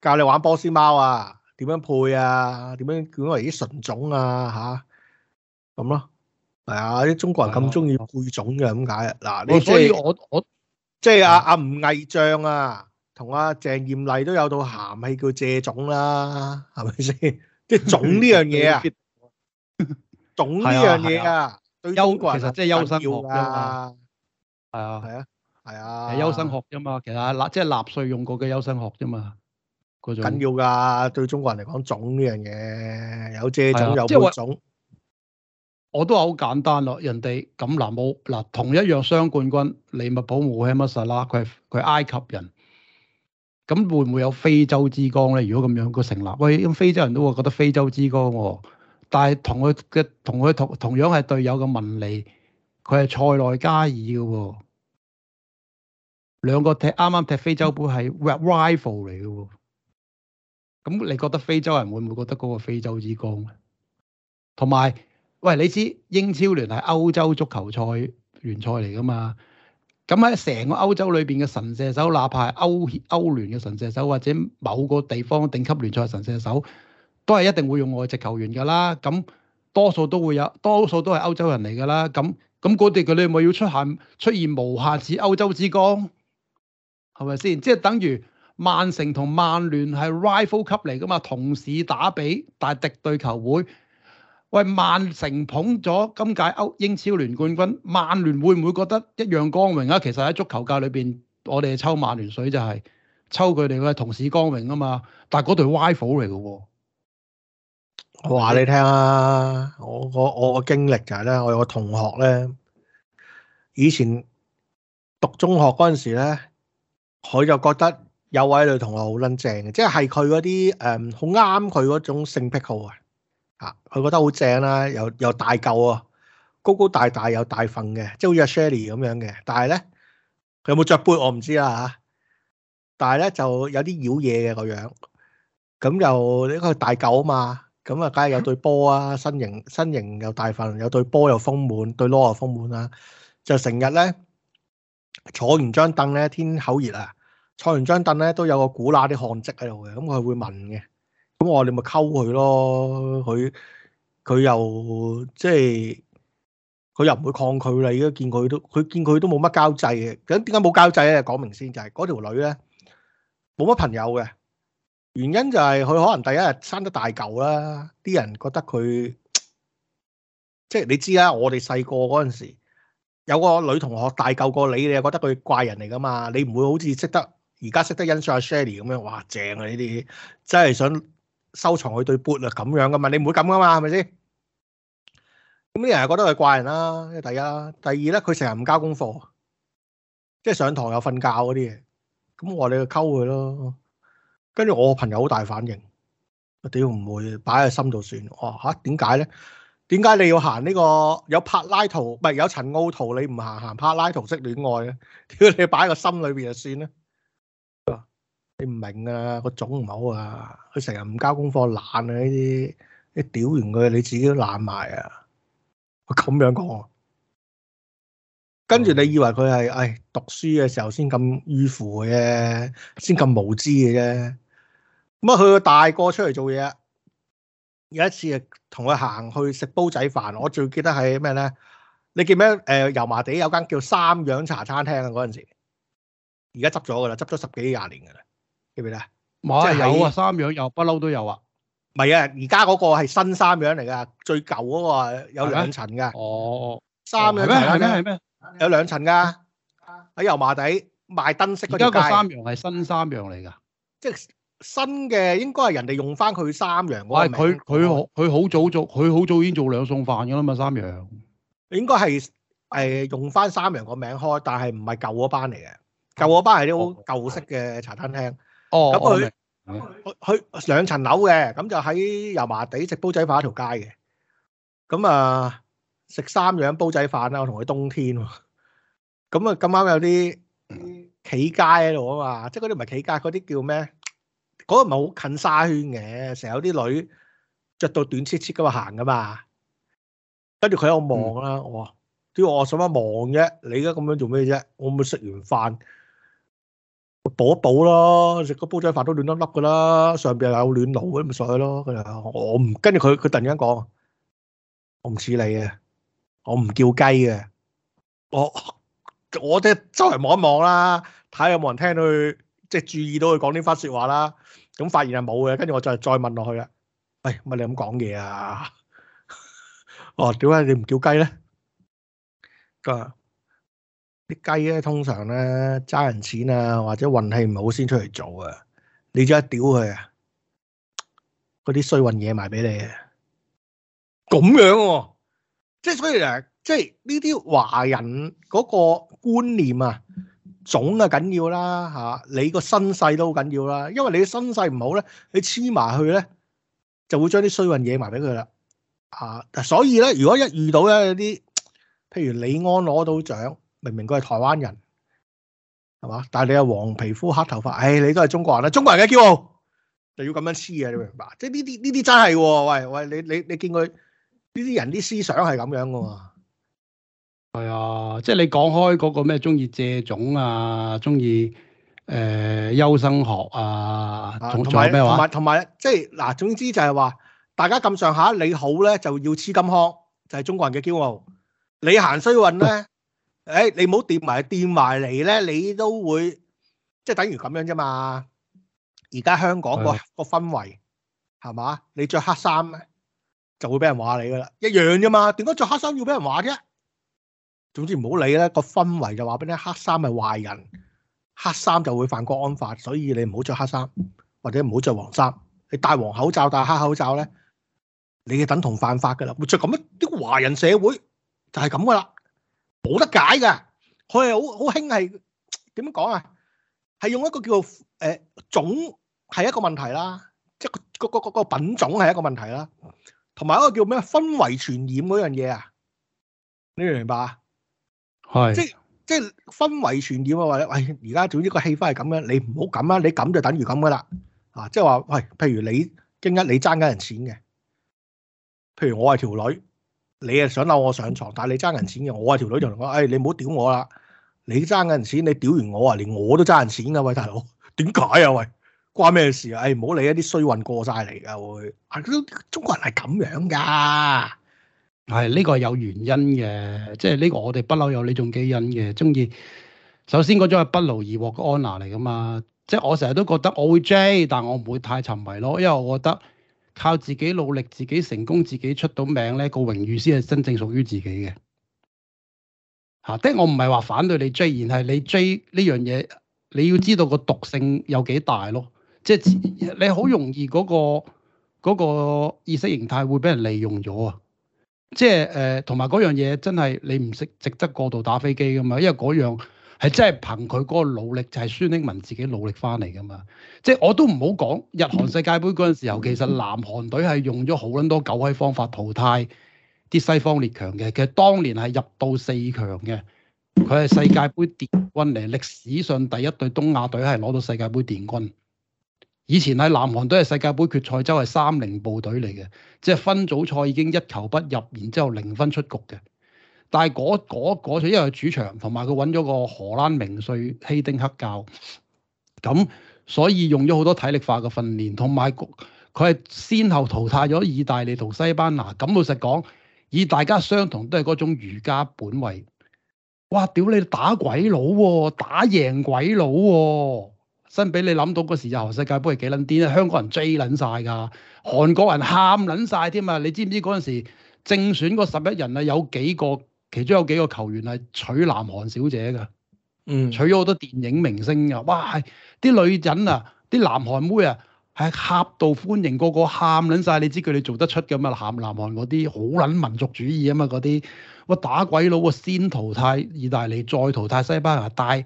教你玩波斯貓啊，點樣配啊，點樣攞嚟啲純種啊吓，咁啊咯。係啊，啲中國人咁中意背種嘅，咁解？嗱，你即係我我即係阿阿吳毅將啊，同阿鄭艷麗都有套鹹戲叫借種啦，係咪先？即係種呢樣嘢啊，種呢樣嘢啊，
對
中國人其實即係優生學㗎，係啊，係啊，係啊，係優生學啫嘛，其實納即係納粹用過嘅優生學啫嘛，嗰
種緊要噶，對中國人嚟講，種呢樣嘢有借種有背種。
我都係好簡單咯，人哋咁南冇嗱同一樣雙冠軍，利物浦冇係乜事啦。佢佢埃及人咁會唔會有非洲之光咧？如果咁樣個成立，喂，咁非洲人都會覺得非洲之光喎、哦。但係同佢嘅同佢同同樣係隊友嘅文尼，佢係塞內加爾嘅喎，兩個踢啱啱踢非洲杯係 rival 嚟嘅喎、哦。咁你覺得非洲人會唔會覺得嗰個非洲之光咧？同埋。喂，你知英超聯係歐洲足球賽聯賽嚟噶嘛？咁喺成個歐洲裏邊嘅神射手，哪怕係歐歐聯嘅神射手，或者某個地方頂級聯賽神射手，都係一定會用外籍球員噶啦。咁多數都會有多數都係歐洲人嚟噶啦。咁咁嗰啲佢哋咪要出限出現無限次歐洲之光，係咪先？即係等於曼城同曼聯係 rival 級嚟噶嘛，同時打比但係敵對球會。喂，曼城捧咗今屆歐英超聯冠軍，曼聯會唔會覺得一樣光榮啊？其實喺足球界裏邊，我哋抽曼聯水就係、是、抽佢哋嘅同時光榮啊嘛。但係嗰隊歪虎嚟嘅喎。
話你聽啊，
我我我個經歷就係咧，我有個同學咧，以前讀中學嗰陣時咧，佢就覺得有位女同學好捻正，即係佢嗰啲誒好啱佢嗰種性癖好啊。啊！佢覺得好正啦、啊，又又大嚿啊，高高大大又大份嘅，即係好似阿 Sherry 咁樣嘅。但係咧，佢有冇着杯我唔知啦嚇、啊。但係咧就有啲妖嘢嘅個樣，咁又因為大嚿啊嘛，咁啊梗係有對波啊，身形身形又大份，有對波又豐滿，對囉又豐滿啦、啊。就成日咧坐完張凳咧，天口熱啊，坐完張凳咧都有個古喇啲汗跡喺度嘅，咁佢會聞嘅。咁我哋咪溝佢咯，佢佢又即係佢又唔會抗拒你。而家見佢都，佢見佢都冇乜交際嘅。咁點解冇交際咧？講明先就係嗰條女咧冇乜朋友嘅原因就係佢可能第一日生得大舊啦，啲人覺得佢即係你知啦。我哋細個嗰陣時有個女同學大舊過你，你又覺得佢怪人嚟噶嘛？你唔會好似識得而家識得欣賞阿 Shirley 咁樣，哇正啊！呢啲真係想。收藏佢對 boot 啊咁樣噶嘛，你唔會咁噶嘛，係咪先？咁啲人係覺得佢怪人啦，第一啦，第二咧佢成日唔交功課，即係上堂又瞓覺嗰啲嘢。咁我話你去溝佢咯。跟住我朋友好大反應，屌唔會，擺喺心度算。我嚇點解咧？點解你要行呢、呢個有柏拉圖唔係有陳奧圖你唔行行柏拉圖式戀愛嘅？屌你擺喺個心裏邊就算咧。你唔明啊，個種唔好啊，佢成日唔交功課，懶啊呢啲，你屌完佢，你自己都懶埋啊，佢咁樣講、啊，跟住你以為佢係誒讀書嘅時候先咁迂腐嘅先咁無知嘅啫，咁啊，佢大個出嚟做嘢，有一次啊，同佢行去食煲仔飯，我最記得係咩咧？你記唔記得誒油麻地有間叫三養茶餐廳啊？嗰陣時，而家執咗噶啦，執咗十幾廿年噶啦。記唔記得？冇啊，有啊、哦，三洋有，不嬲都有啊。唔係啊，而家嗰個係新三洋嚟噶，最舊嗰個有兩層噶。哦，三洋係咩嗎？係咩？有兩層噶，喺油麻地賣燈飾嗰條街。而家個三洋係新三洋嚟噶，即係新嘅，應該係人哋用翻佢三洋嗰個名。佢佢佢好早做，佢好早已經做兩餸飯噶啦嘛。三洋應該係係、呃、用翻三洋個名開，但係唔係舊嗰班嚟嘅。舊嗰班係啲好舊式嘅茶餐廳。哦哦哦，
咁
佢佢兩層樓嘅，咁就喺油麻地食煲仔飯一條街嘅，咁啊食三樣煲仔飯啦，我同佢冬天，咁啊咁啱有啲企街喺度啊嘛，即係嗰啲唔係企街，嗰啲叫咩？嗰、嗰度唔係好近沙圈嘅，成日有啲女着到短切切咁嘛，行噶嘛，跟住佢喺度望啦，我點我做乜望啫？你而家咁樣做咩啫？我咪食完飯。補一補咯，食個煲仔飯都暖粒粒噶啦，上邊又有暖爐，咁咪上去咯。佢又話：我唔跟住佢，佢突然間講，我唔似你嘅，我唔叫雞嘅，我我即係周圍望一望啦，睇下有冇人聽到佢，即係注意到佢講啲番説話啦。咁發現係冇嘅，跟住我再再問落去啦。喂，乜你咁講嘢啊？哦，點解你唔叫雞咧？
咁啊？
啲雞咧、啊，通常咧揸人錢啊，或者運氣唔好先出嚟做一啊。你而家屌佢啊，嗰啲衰運嘢埋俾你啊。咁樣，即係所以誒，即係呢啲華人嗰個觀念啊，總啊緊要啦吓、啊，你個身世都好緊要啦。因為你身世唔好咧，你黐埋去咧，就會將啲衰運嘢埋俾佢啦啊。所以咧，如果一遇到咧啲，譬如李安攞到獎。明明佢係台灣人，係嘛？但係你有黃皮膚黑頭髮，唉、哎，你都係中國人啦！中國人嘅驕傲就要咁樣黐啊！你明白？即係呢啲呢啲真係，喂喂，你你你見佢呢啲人啲思想係咁樣噶？
係啊，即係你講開嗰個咩中意借種啊，中意誒優生學
啊，仲仲咩話？同埋同埋即係嗱，總之就係、是、話大家咁上下，你好咧就要黐金殼，就係、是、中國人嘅驕傲。你行衰運咧？嗯誒、哎，你唔好掂埋，掂埋嚟咧，你都會即係等於咁樣啫嘛。而家香港個個氛圍係嘛？你着黑衫就會俾人話你噶啦，一樣啫嘛。點解着黑衫要俾人話啫？總之唔好理啦，個氛圍就話俾你黑衫係壞人，黑衫就會犯國安法，所以你唔好着黑衫，或者唔好着黃衫。你戴黃口罩、戴黑口罩咧，你就等同犯法噶啦。著咁啊！啲華人社會就係咁噶啦。冇得解㗎，佢係好好興係點樣講啊？係用一個叫做誒種係一個問題啦，即係個個個個品種係一個問題啦，同埋一個叫咩分圍傳染嗰樣嘢啊？你明唔明白啊？
係即
即分圍傳染啊！或者喂，而家總之個氣氛係咁樣，你唔好咁啦，你咁就等於咁噶啦啊！即係話喂，譬如你驚一，你爭緊人錢嘅，譬如我係條女。你啊，想摟我上床，但係你爭人錢嘅，我係條女同你講，誒你唔好屌我啦，你爭人錢，你屌完我啊，連我都爭人錢啦喂，大佬點解啊喂，關咩事啊？誒唔好理一啲衰運過晒嚟噶喂，啊中國人係咁樣噶。啊，係呢，呢個有原因嘅，
即係呢個我哋不嬲有呢種基因嘅，中意首先嗰種係不勞而獲嘅安娜嚟噶嘛，即係我成日都覺得我會追，但我唔會太沉迷咯，因為我覺得。靠自己努力，自己成功，自己出到名咧，個榮譽先係真正屬於自己嘅。嚇、啊，即係我唔係話反對你追，而係你追呢樣嘢，你要知道個毒性有幾大咯。即係你好容易嗰、嗰個嗰個意識形態會俾人利用咗啊！即係誒，同埋嗰樣嘢真係你唔值直得過度打飛機噶嘛，因為嗰樣。係真係憑佢嗰個努力，就係、是、孫興慜自己努力翻嚟㗎嘛。即係我都唔好講日韓世界盃嗰陣時候，其實南韓隊係用咗好撚多狗閪方法淘汰啲西方列強嘅。其實當年係入到四強嘅，佢係世界盃殿軍嚟，歷史上第一隊東亞隊係攞到世界盃殿軍。以前喺南韓隊係世界盃決賽周係三零部隊嚟嘅，即係分組賽已經一球不入，然之後零分出局嘅。但係嗰嗰因為係主場，同埋佢揾咗個荷蘭名帥希丁克教，咁所以用咗好多體力化嘅訓練，同埋佢係先後淘汰咗意大利同西班牙。咁老實講，以大家相同都係嗰種儒家本位，哇！屌你打鬼佬喎、啊，打贏鬼佬喎、啊，真俾你諗到嗰時就世界盃係幾撚癲啊！香港人追撚晒㗎，韓國人喊撚晒添啊！你知唔知嗰陣時正選嗰十一人啊有幾個？其中有幾個球員係娶南韓小姐嘅，嗯，娶咗好多電影明星嘅，哇！啲女人啊，啲南韓妹啊，係夾道歡迎，個個喊撚晒。你知佢哋做得出嘅嘛？喊南韓嗰啲好撚民族主義啊嘛，嗰啲，哇！打鬼佬啊，先淘汰意大利，再淘汰西班牙，但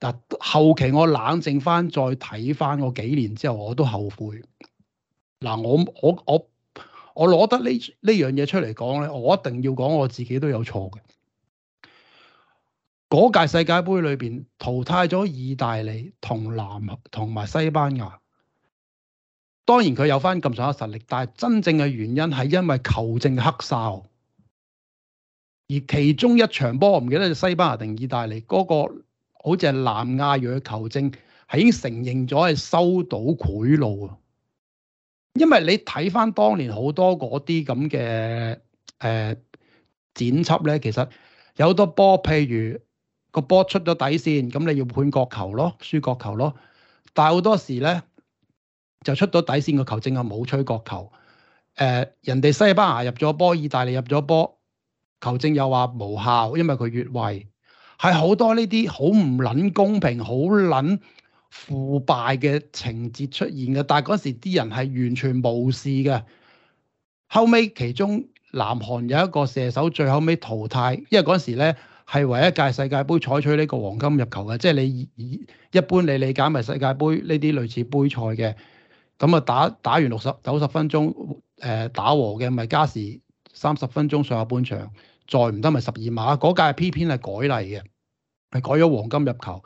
嗱、啊、後期我冷靜翻，再睇翻我幾年之後，我都後悔。嗱、啊，我我我。我我攞得呢呢樣嘢出嚟講咧，我一定要講我自己都有錯嘅。嗰屆世界盃裏邊淘汰咗意大利同南同埋西班牙，當然佢有翻咁上嘅實力，但係真正嘅原因係因為球證黑哨。而其中一場波，我唔記得係西班牙定意大利嗰個，好似係南亞裔嘅球證，係已經承認咗係收到賄賂啊！因為你睇翻當年好多嗰啲咁嘅，誒、剪輯咧，其實有好多波，譬如個波出咗底線，咁你要判角球咯，輸角球咯。但係好多時咧就出咗底線，個球證又冇吹角球，誒、呃，人哋西班牙入咗波，意大利入咗波，球證又話無效，因為佢越位。係好多呢啲好唔捻，公平，好捻。腐敗嘅情節出現嘅，但係嗰時啲人係完全無視嘅。後尾其中南韓有一個射手最後尾淘汰，因為嗰時咧係唯一屆世界盃採取呢個黃金入球嘅，即係你一般你理解咪世界盃呢啲類似杯賽嘅，咁啊打打完六十九十分鐘，誒、呃、打和嘅咪加時三十分鐘上下半場，再唔得咪十二碼。嗰屆偏偏係改例嘅，係改咗黃金入球，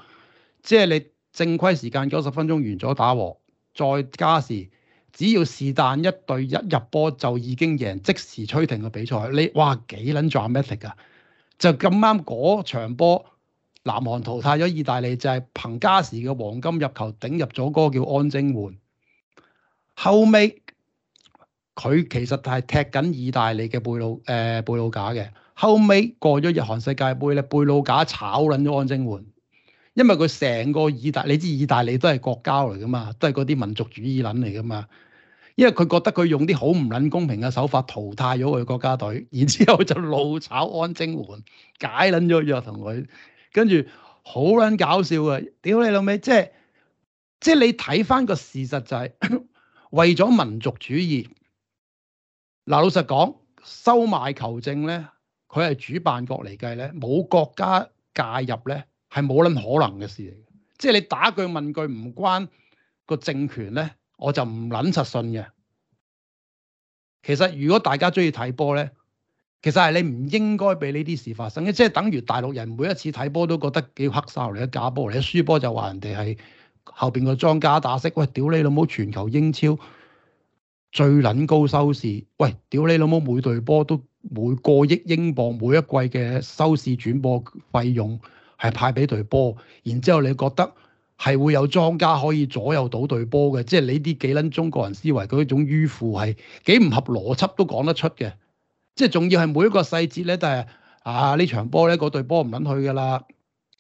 即係你。正規時間九十分鐘完咗打和，再加時，只要是但一對一入波就已經贏，即時吹停嘅比賽。你哇，幾撚 dramatic 啊，就咁啱嗰場波，南韓淘汰咗意大利，就係憑加時嘅黃金入球頂入咗個叫安貞煥。後尾佢其實係踢緊意大利嘅貝魯誒貝魯賈嘅。後尾過咗日韓世界盃咧，貝魯賈炒撚咗安貞煥。因為佢成個意大利，你知意大利都係國家嚟噶嘛，都係嗰啲民族主義撚嚟噶嘛。因為佢覺得佢用啲好唔撚公平嘅手法淘汰咗佢國家隊，然之後就怒炒安貞煥，解撚咗約同佢，跟住好撚搞笑嘅。屌你老味，即係即係你睇翻個事實就係、是， <coughs> 為咗民族主義，嗱，老實講，收買球證咧，佢係主辦國嚟計咧，冇國家介入咧。係冇撚可能嘅事嚟嘅，即係你打句問句唔關個政權咧，我就唔撚實信嘅。其實如果大家鍾意睇波咧，其實係你唔應該俾呢啲事發生嘅，即係等於大陸人每一次睇波都覺得幾黑哨嚟，一假波嚟，一輸波就話人哋係後邊個莊家打色。喂，屌你老母！全球英超最撚高收視，喂，屌你老母！每隊波都每個億英鎊每一季嘅收視轉播費用。係派俾隊波，然之後你覺得係會有莊家可以左右到隊波嘅，即係呢啲幾撚中國人思維嗰種迂腐係幾唔合邏輯都講得出嘅，即係仲要係每一個細節咧都係啊呢場波咧嗰隊波唔撚去㗎啦，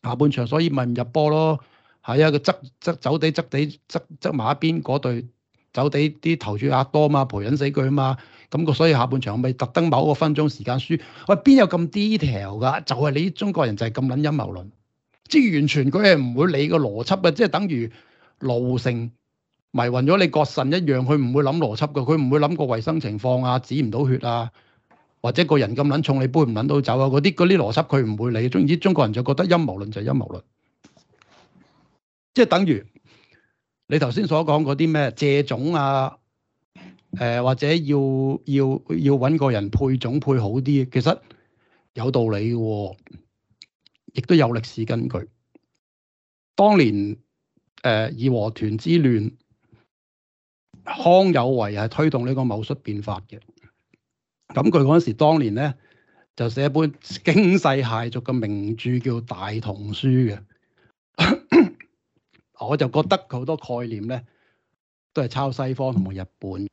下半場所以咪唔入波咯，係呀，佢執執走地、執地、執執埋一邊嗰隊走地啲投注額多嘛，賠撚死佢嘛。咁個所以下半場，咪特登某個分鐘時間輸。喂，邊有咁 detail 㗎？就係你中國人就係咁撚陰謀論，即係完全佢係唔會理個邏輯嘅，即係等於路成迷魂咗你個神一樣，佢唔會諗邏輯嘅，佢唔會諗個衞生情況啊，止唔到血啊，或者個人咁撚重，你杯唔撚到走啊，嗰啲嗰啲邏輯佢唔會理。總之中國人就覺得陰謀論就係陰謀論，即係等於你頭先所講嗰啲咩借種啊。誒、呃、或者要要要揾個人配種配好啲，其實有道理嘅喎、哦，亦都有歷史根據。當年誒、呃、義和團之亂，康有為係推動呢個某術變法嘅戊戌變法嘅。咁佢嗰陣時，當年咧就寫一本驚世駭俗嘅名著叫《大同書》嘅。 <coughs> 我就覺得佢好多概念咧，都係抄西方同埋日本。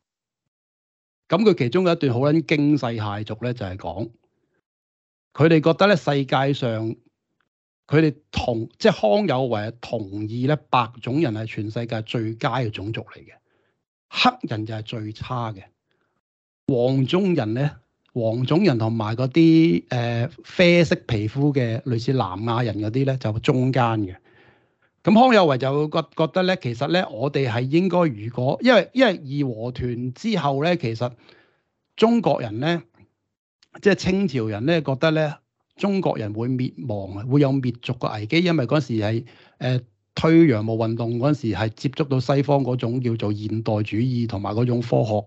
咁佢其中嘅一段好撚驚世駭俗咧，就係講佢哋覺得咧，世界上佢哋同即係康有為同意咧，白種人係全世界最佳嘅種族嚟嘅，黑人就係最差嘅，黃種人咧，黃種人同埋嗰啲誒啡色皮膚嘅類似南亞人嗰啲咧，就中間嘅。咁康有為就覺覺得咧，其實咧，我哋係應該，如果因為因為義和團之後咧，其實中國人咧，即係清朝人咧，覺得咧，中國人會滅亡啊，會有滅族嘅危機，因為嗰時係誒、呃、推洋務運動嗰時係接觸到西方嗰種叫做現代主義同埋嗰種科學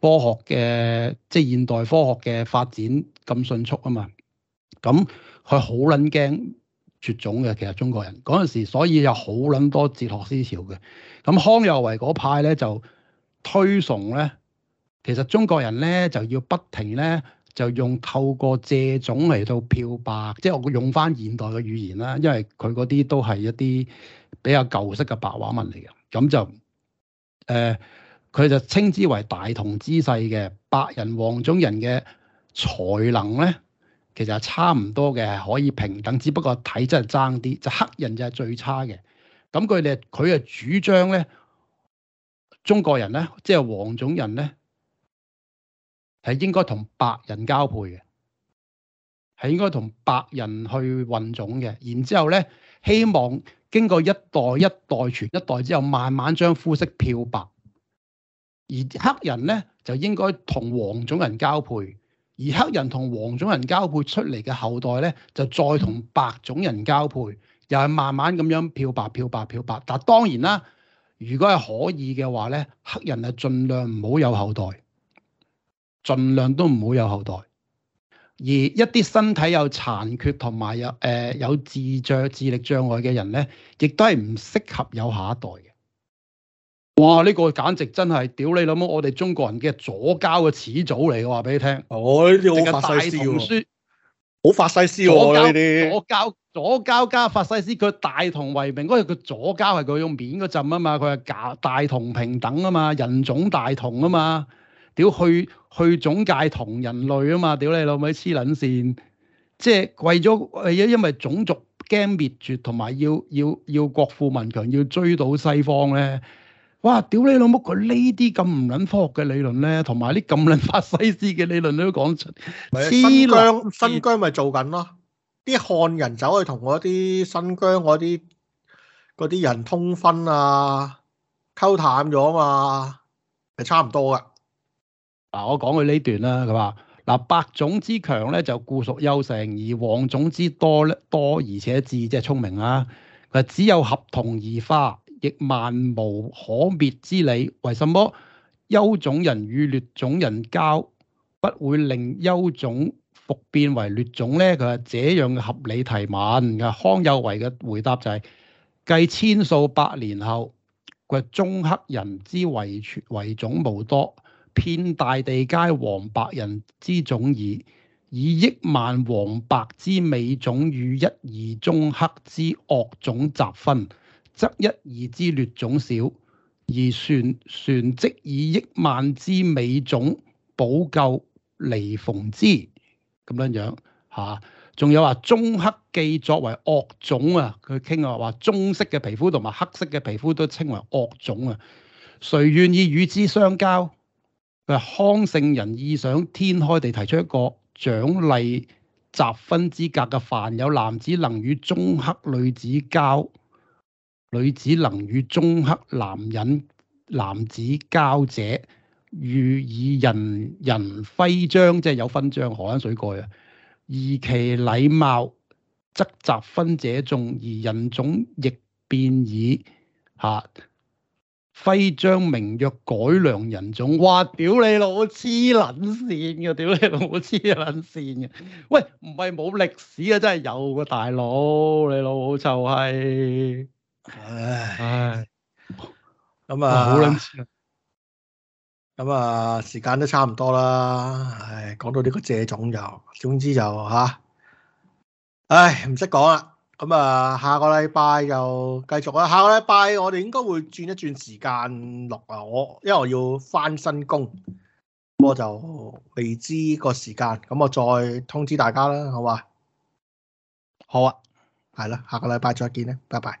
科學嘅即係現代科學嘅發展咁迅速啊嘛，咁佢好撚驚。絕種嘅，其實中國人嗰陣時，所以有好撚多哲學思潮嘅。咁康有為嗰派咧就推崇咧，其實中國人咧就要不停咧就用透過借種嚟到漂白，即係我用翻現代嘅語言啦，因為佢嗰啲都係一啲比較舊式嘅白話文嚟嘅。咁就誒佢、呃、就稱之為大同之世嘅白人黃種人嘅才能咧，其實係差唔多嘅，可以平等，只不過體質係爭啲。就黑人就係最差嘅。咁佢哋佢嘅主張咧，中國人咧即係黃種人咧係應該同白人交配嘅，係應該同白人去混種嘅。然之後咧，希望經過一代一代傳一代之後，慢慢將膚色漂白，而黑人咧就應該同黃種人交配。而黑人同黃種人交配出嚟嘅後代咧，就再同白種人交配，又係慢慢咁樣漂白、漂白、漂白。但當然啦，如果係可以嘅話咧，黑人係盡量唔好有後代，盡量都唔好有後代。而一啲身體有殘缺同埋有誒、呃、有智障智力障礙嘅人咧，亦都係唔適合有下一代嘅。哇！呢、呢個簡直真係屌你諗我哋中國人嘅左膠嘅始祖嚟，我話俾你聽。我呢啲好法西斯，
好法西斯
喎，呢啲左膠左膠，加法西斯，佢大同為名。嗰日佢左膠係佢用面嗰陣啊嘛，佢係假大同平等啊嘛，人種大同啊嘛。屌去去種界同人類啊嘛。屌你老味黐撚線，即係為咗因為種族驚滅絕同埋要要要國富民強要追到西方咧。哇！屌你老母，佢呢啲咁唔撚科學嘅理論咧，同埋啲咁撚法西斯嘅理論咧，都講出。思量是樂新疆
咪做緊咯？啲漢人走去同嗰啲新疆嗰啲啲人通婚啊，溝淡咗啊嘛，係差唔多噶。
嗱、啊，我講佢呢段啦，佢話嗱，白、啊、種之強咧就固屬優勝，而黃種之多咧多而且智，即係聰明啊。佢只有合同而花。亦萬無可滅之理。為什麼優種人與劣種人交，不會令優種復變為劣種咧？佢係這樣嘅合理提問嘅。康有為嘅回答就係、是：計千數百年後，嘅棕黑人之遺遺種無多，遍大地皆黃白人之種矣。以億萬黃白之美種與一二棕黑之惡種雜分。則一二之劣種少，而旋旋即以億萬之美種補救離逢之咁樣樣嚇。仲、啊、有話棕黑記作為惡種啊，佢傾啊話棕色嘅皮膚同埋黑色嘅皮膚都稱為惡種啊。誰願意與之相交？佢話康聖人異想天開地提出一個獎勵集分之格嘅，凡有男子能與棕黑女子交。女子能與中黑男人男子交者，欲以人人徽章，即係有勳章荷蘭水蓋啊！而其禮貌，則集分者眾，而人種亦變矣。吓、啊、徽章名曰改良人種。哇！屌你老黐撚線嘅，屌你老黐撚線嘅。喂，唔係冇歷史
啊，真係有個，大佬你老母就係。唉，咁啊，好啦，咁啊，時間都差唔多啦。唉，講到呢個謝總就，總之就吓、啊，唉，唔識講啦。咁啊，下個禮拜又繼續啦。下個禮拜我哋應該會轉一轉時間落啊。我因為我要返新工，咁我就未知個時間，咁我再通知大家啦。好嘛？好啊，係啦，下個禮拜再見啦，拜拜。